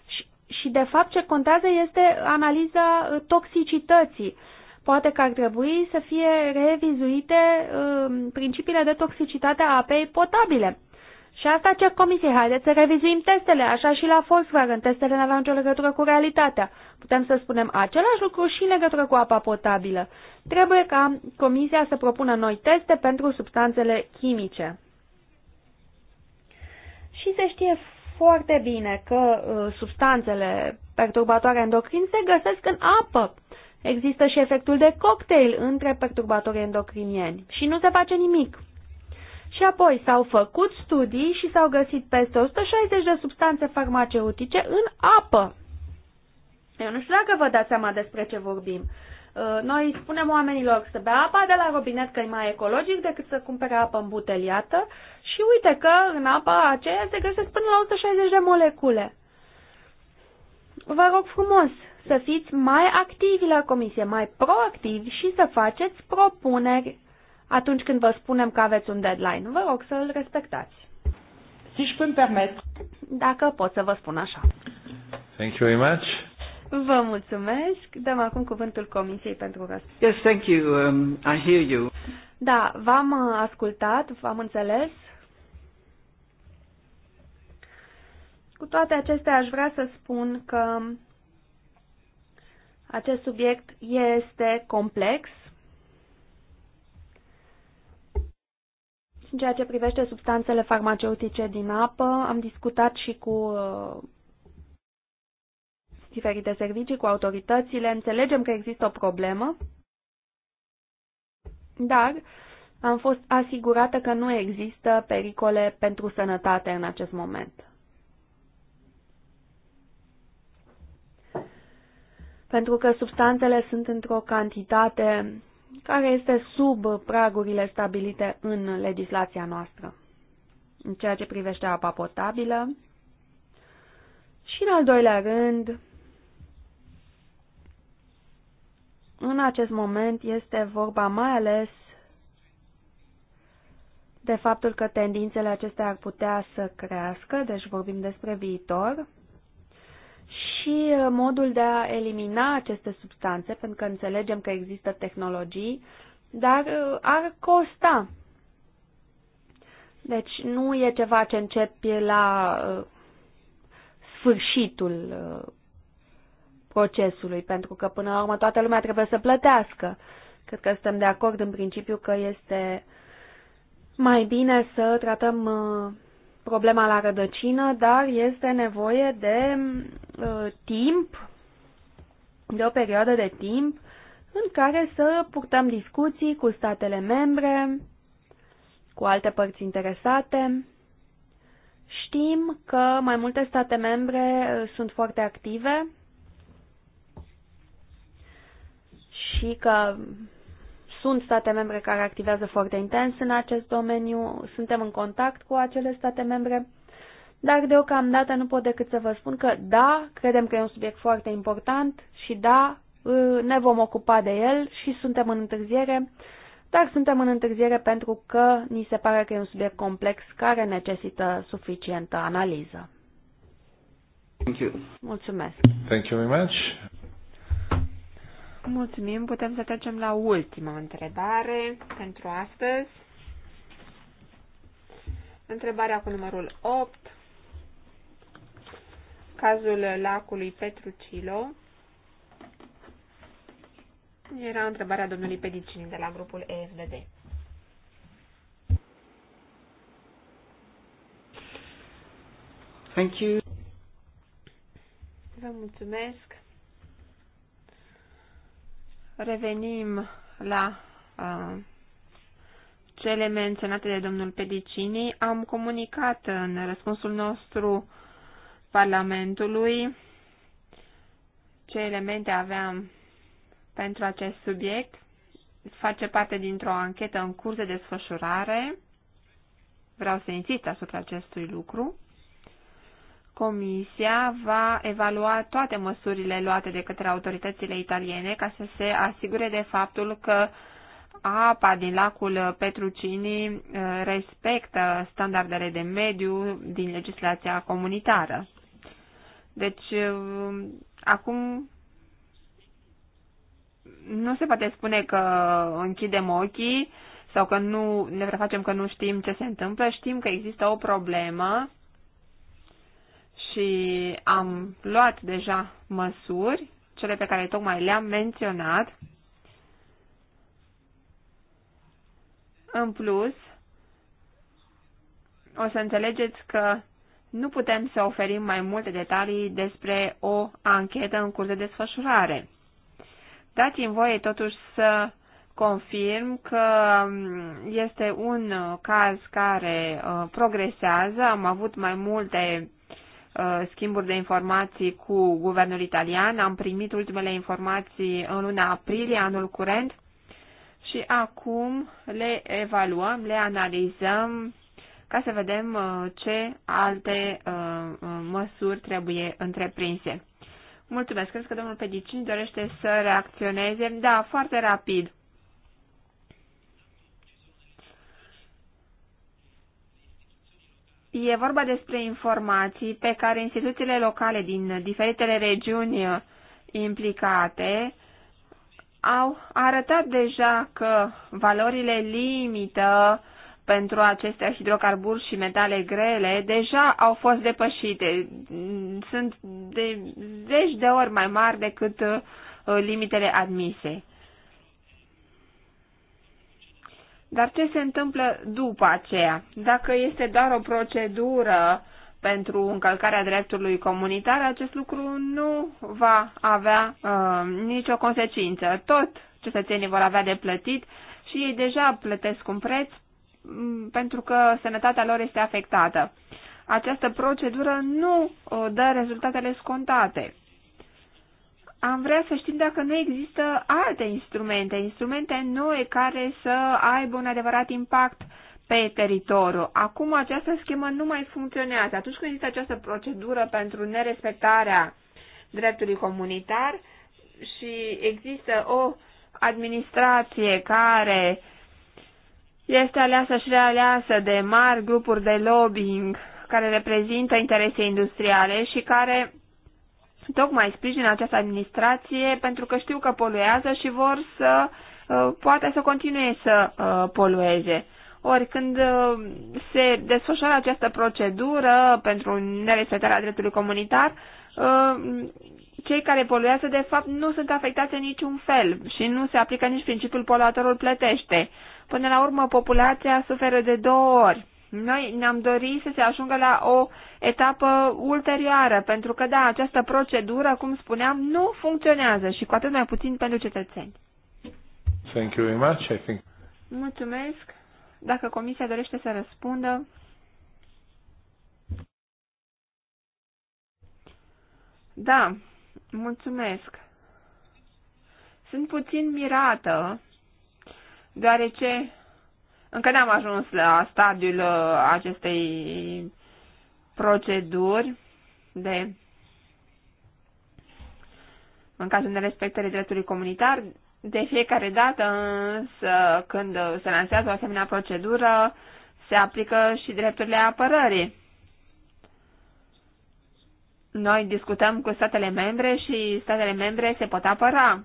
Și, și de fapt ce contează este analiza uh, toxicității. Poate că ar trebui să fie revizuite uh, principiile de toxicitate a apei potabile. Și asta ce comisie? Haideți să revizuim testele, așa și la Volkswagen. Testele nu aveau nicio legătură cu realitatea. Putem să spunem același lucru și în legătură cu apa potabilă. Trebuie ca comisia să propună noi teste pentru substanțele chimice. Și se știe foarte bine că uh, substanțele perturbatoare endocrin se găsesc în apă. Există și efectul de cocktail între perturbatorii endocrinieni și nu se face nimic. Și apoi s-au făcut studii și s-au găsit peste 160 de substanțe farmaceutice în apă. Eu nu știu dacă vă dați seama despre ce vorbim. Uh, noi spunem oamenilor să bea apa de la robinet că e mai ecologic decât să cumpere apă îmbuteliată și uite că în apa aceea se găsesc până la 160 de molecule. Vă rog frumos să fiți mai activi la comisie, mai proactivi și să faceți propuneri atunci când vă spunem că aveți un deadline. Vă rog să îl respectați. Si je peux me permettre. Dacă pot să vă spun așa. Thank you very much. Vă mulțumesc. Dăm acum cuvântul Comisiei pentru răspuns. Yes, thank you. Um, I hear you. Da, v-am uh, ascultat, v-am înțeles. Cu toate acestea, aș vrea să spun că acest subiect este complex În ceea ce privește substanțele farmaceutice din apă, am discutat și cu uh, diferite servicii, cu autoritățile. Înțelegem că există o problemă, dar am fost asigurată că nu există pericole pentru sănătate în acest moment. Pentru că substanțele sunt într-o cantitate care este sub pragurile stabilite în legislația noastră, în ceea ce privește apa potabilă. Și în al doilea rând, în acest moment este vorba mai ales de faptul că tendințele acestea ar putea să crească, deci vorbim despre viitor, și uh, modul de a elimina aceste substanțe, pentru că înțelegem că există tehnologii, dar uh, ar costa. Deci nu e ceva ce începi la uh, sfârșitul procesului, pentru că până la urmă toată lumea trebuie să plătească. Cred că suntem de acord în principiu că este mai bine să tratăm problema la rădăcină, dar este nevoie de uh, timp, de o perioadă de timp în care să purtăm discuții cu statele membre, cu alte părți interesate. Știm că mai multe state membre uh, sunt foarte active și că sunt state membre care activează foarte intens în acest domeniu, suntem în contact cu acele state membre, dar deocamdată nu pot decât să vă spun că da, credem că e un subiect foarte important și da, ă, ne vom ocupa de el și suntem în întârziere, dar suntem în întârziere pentru că ni se pare că e un subiect complex care necesită suficientă analiză. Thank you. Mulțumesc. Thank you very much. Mulțumim. Putem să trecem la ultima întrebare pentru astăzi. Întrebarea cu numărul 8. Cazul lacului Petrucilo. Era întrebarea domnului Pedicini de la grupul EFDD. Thank you. Vă mulțumesc. Revenim la cele menționate de domnul Pedicini. Am comunicat în răspunsul nostru Parlamentului ce elemente aveam pentru acest subiect. Face parte dintr-o anchetă în curs de desfășurare. Vreau să insist asupra acestui lucru. Comisia va evalua toate măsurile luate de către autoritățile italiene ca să se asigure de faptul că apa din lacul Petrucini eh, respectă standardele de mediu din legislația comunitară. Deci, eh, acum nu se poate spune că închidem ochii sau că nu ne prefacem că nu știm ce se întâmplă, știm că există o problemă și am luat deja măsuri, cele pe care tocmai le-am menționat. În plus, o să înțelegeți că nu putem să oferim mai multe detalii despre o anchetă în curs de desfășurare. Dați-mi voie totuși să confirm că mm, este un caz care uh, progresează. Am avut mai multe Uh, schimburi de informații cu guvernul italian. Am primit ultimele informații în luna aprilie, anul curent, și acum le evaluăm, le analizăm ca să vedem uh, ce alte uh, măsuri trebuie întreprinse. Mulțumesc. Cred că domnul Pedicini dorește să reacționeze. Da, foarte rapid. E vorba despre informații pe care instituțiile locale din diferitele regiuni uh, implicate au arătat deja că valorile limită pentru aceste hidrocarburi și metale grele deja au fost depășite. Mm, sunt de zeci de ori mai mari decât uh, limitele admise. Dar ce se întâmplă după aceea? Dacă este doar o procedură pentru încălcarea dreptului comunitar, acest lucru nu va avea uh, nicio consecință. Tot cetățenii vor avea de plătit și ei deja plătesc un preț mm, pentru că sănătatea lor este afectată. Această procedură nu uh, dă rezultatele scontate am vrea să știm dacă nu există alte instrumente, instrumente noi care să aibă un adevărat impact pe teritoriu. Acum această schemă nu mai funcționează. Atunci când există această procedură pentru nerespectarea dreptului comunitar și există o administrație care este aleasă și realeasă de mari grupuri de lobbying care reprezintă interese industriale și care tocmai sprijin această administrație pentru că știu că poluează și vor să uh, poate să continue să uh, polueze. Ori când uh, se desfășoară această procedură pentru nerespectarea dreptului comunitar, cei care poluează de fapt nu sunt afectați în niciun fel și nu se aplică nici principiul poluatorul plătește. Până la urmă, populația suferă de două ori noi ne-am dorit să se ajungă la o etapă ulterioară, pentru că, da, această procedură, cum spuneam, nu funcționează și cu atât mai puțin pentru cetățeni. Thank you very much, I think. Mulțumesc. Dacă comisia dorește să răspundă. Da, mulțumesc. Sunt puțin mirată, deoarece încă n-am ajuns la stadiul uh, acestei proceduri de în cazul respectării dreptului comunitar. De fiecare dată însă când se lansează o asemenea procedură se aplică și drepturile apărării. Noi discutăm cu statele membre și statele membre se pot apăra.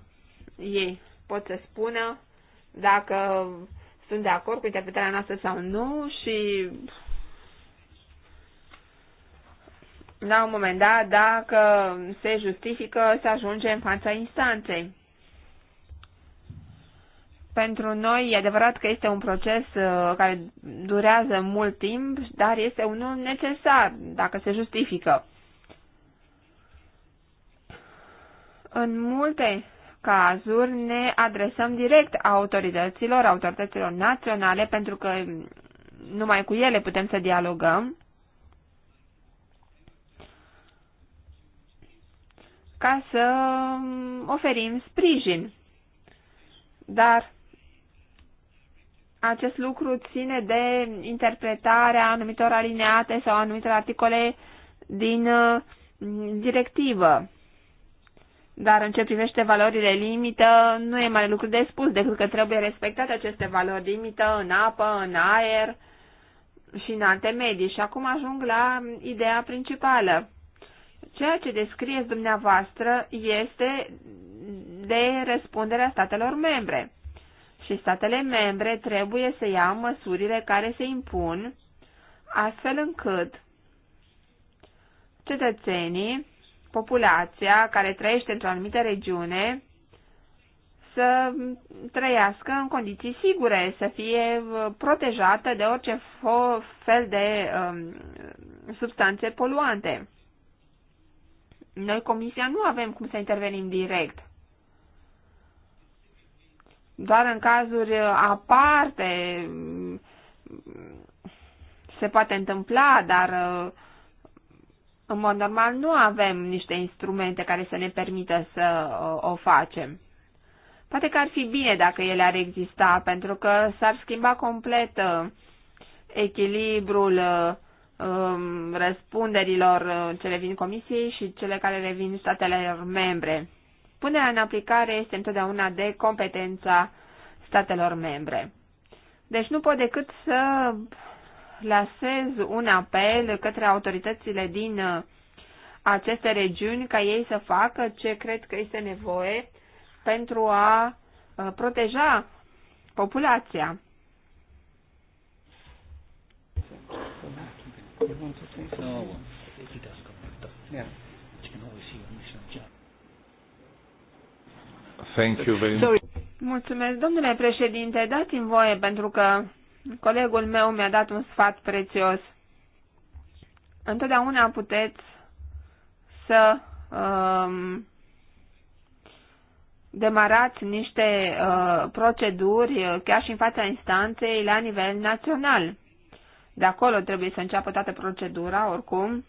Ei pot să spună dacă sunt de acord cu interpretarea noastră sau nu și la un moment dat, dacă se justifică, se ajunge în fața instanței. Pentru noi e adevărat că este un proces uh, care durează mult timp, dar este unul necesar dacă se justifică. În multe cazuri ne adresăm direct autorităților, autorităților naționale, pentru că numai cu ele putem să dialogăm, ca să oferim sprijin. Dar acest lucru ține de interpretarea anumitor alineate sau anumitor articole din uh, directivă. Dar în ce privește valorile limită, nu e mai lucru de spus decât că trebuie respectate aceste valori limită în apă, în aer și în alte medii. Și acum ajung la ideea principală. Ceea ce descrieți dumneavoastră este de răspunderea statelor membre. Și statele membre trebuie să ia măsurile care se impun, astfel încât cetățenii populația care trăiește într-o anumită regiune să trăiască în condiții sigure, să fie uh, protejată de orice fel de um, substanțe poluante. Noi, Comisia, nu avem cum să intervenim direct. Doar în cazuri uh, aparte mm, se poate întâmpla, dar uh, în mod normal nu avem niște instrumente care să ne permită să o facem. Poate că ar fi bine dacă ele ar exista, pentru că s-ar schimba complet uh, echilibrul uh, um, răspunderilor uh, ce vin comisiei și cele care le vin statelor membre. Punerea în aplicare este întotdeauna de competența statelor membre. Deci nu pot decât să lasez un apel către autoritățile din uh, aceste regiuni ca ei să facă ce cred că este nevoie pentru a uh, proteja populația. Thank you very much. Mulțumesc, domnule președinte. Dați-mi voie pentru că Colegul meu mi-a dat un sfat prețios. Întotdeauna puteți să um, demarați niște uh, proceduri uh, chiar și în fața instanței la nivel național. De acolo trebuie să înceapă toată procedura, oricum.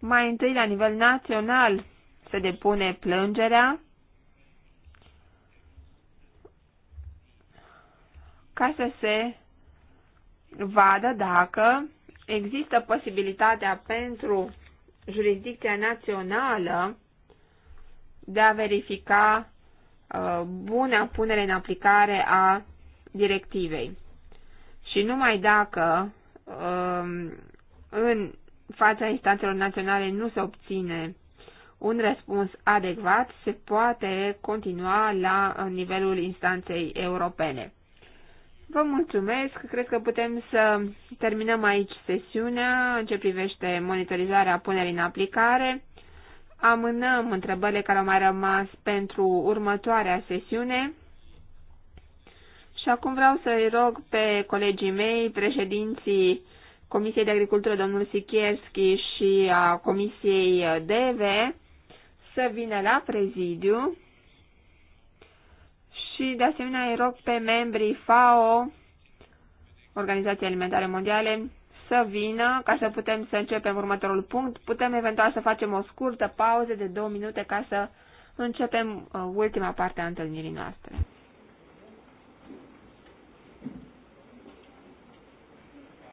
Mai întâi, la nivel național, se depune plângerea ca să se vadă dacă există posibilitatea pentru jurisdicția națională de a verifica bună uh, buna punere în aplicare a directivei. Și numai dacă um, în fața instanțelor naționale nu se obține un răspuns adecvat, se poate continua la nivelul instanței europene. Vă mulțumesc. Cred că putem să terminăm aici sesiunea în ce privește monitorizarea punerii în aplicare. Amânăm întrebările care au mai rămas pentru următoarea sesiune. Și acum vreau să-i rog pe colegii mei, președinții Comisiei de Agricultură, domnul Sikierski și a Comisiei DV, să vină la prezidiu și de asemenea îi rog pe membrii FAO, Organizația Alimentare Mondiale, să vină ca să putem să începem următorul punct. Putem eventual să facem o scurtă pauză de două minute ca să începem uh, ultima parte a întâlnirii noastre.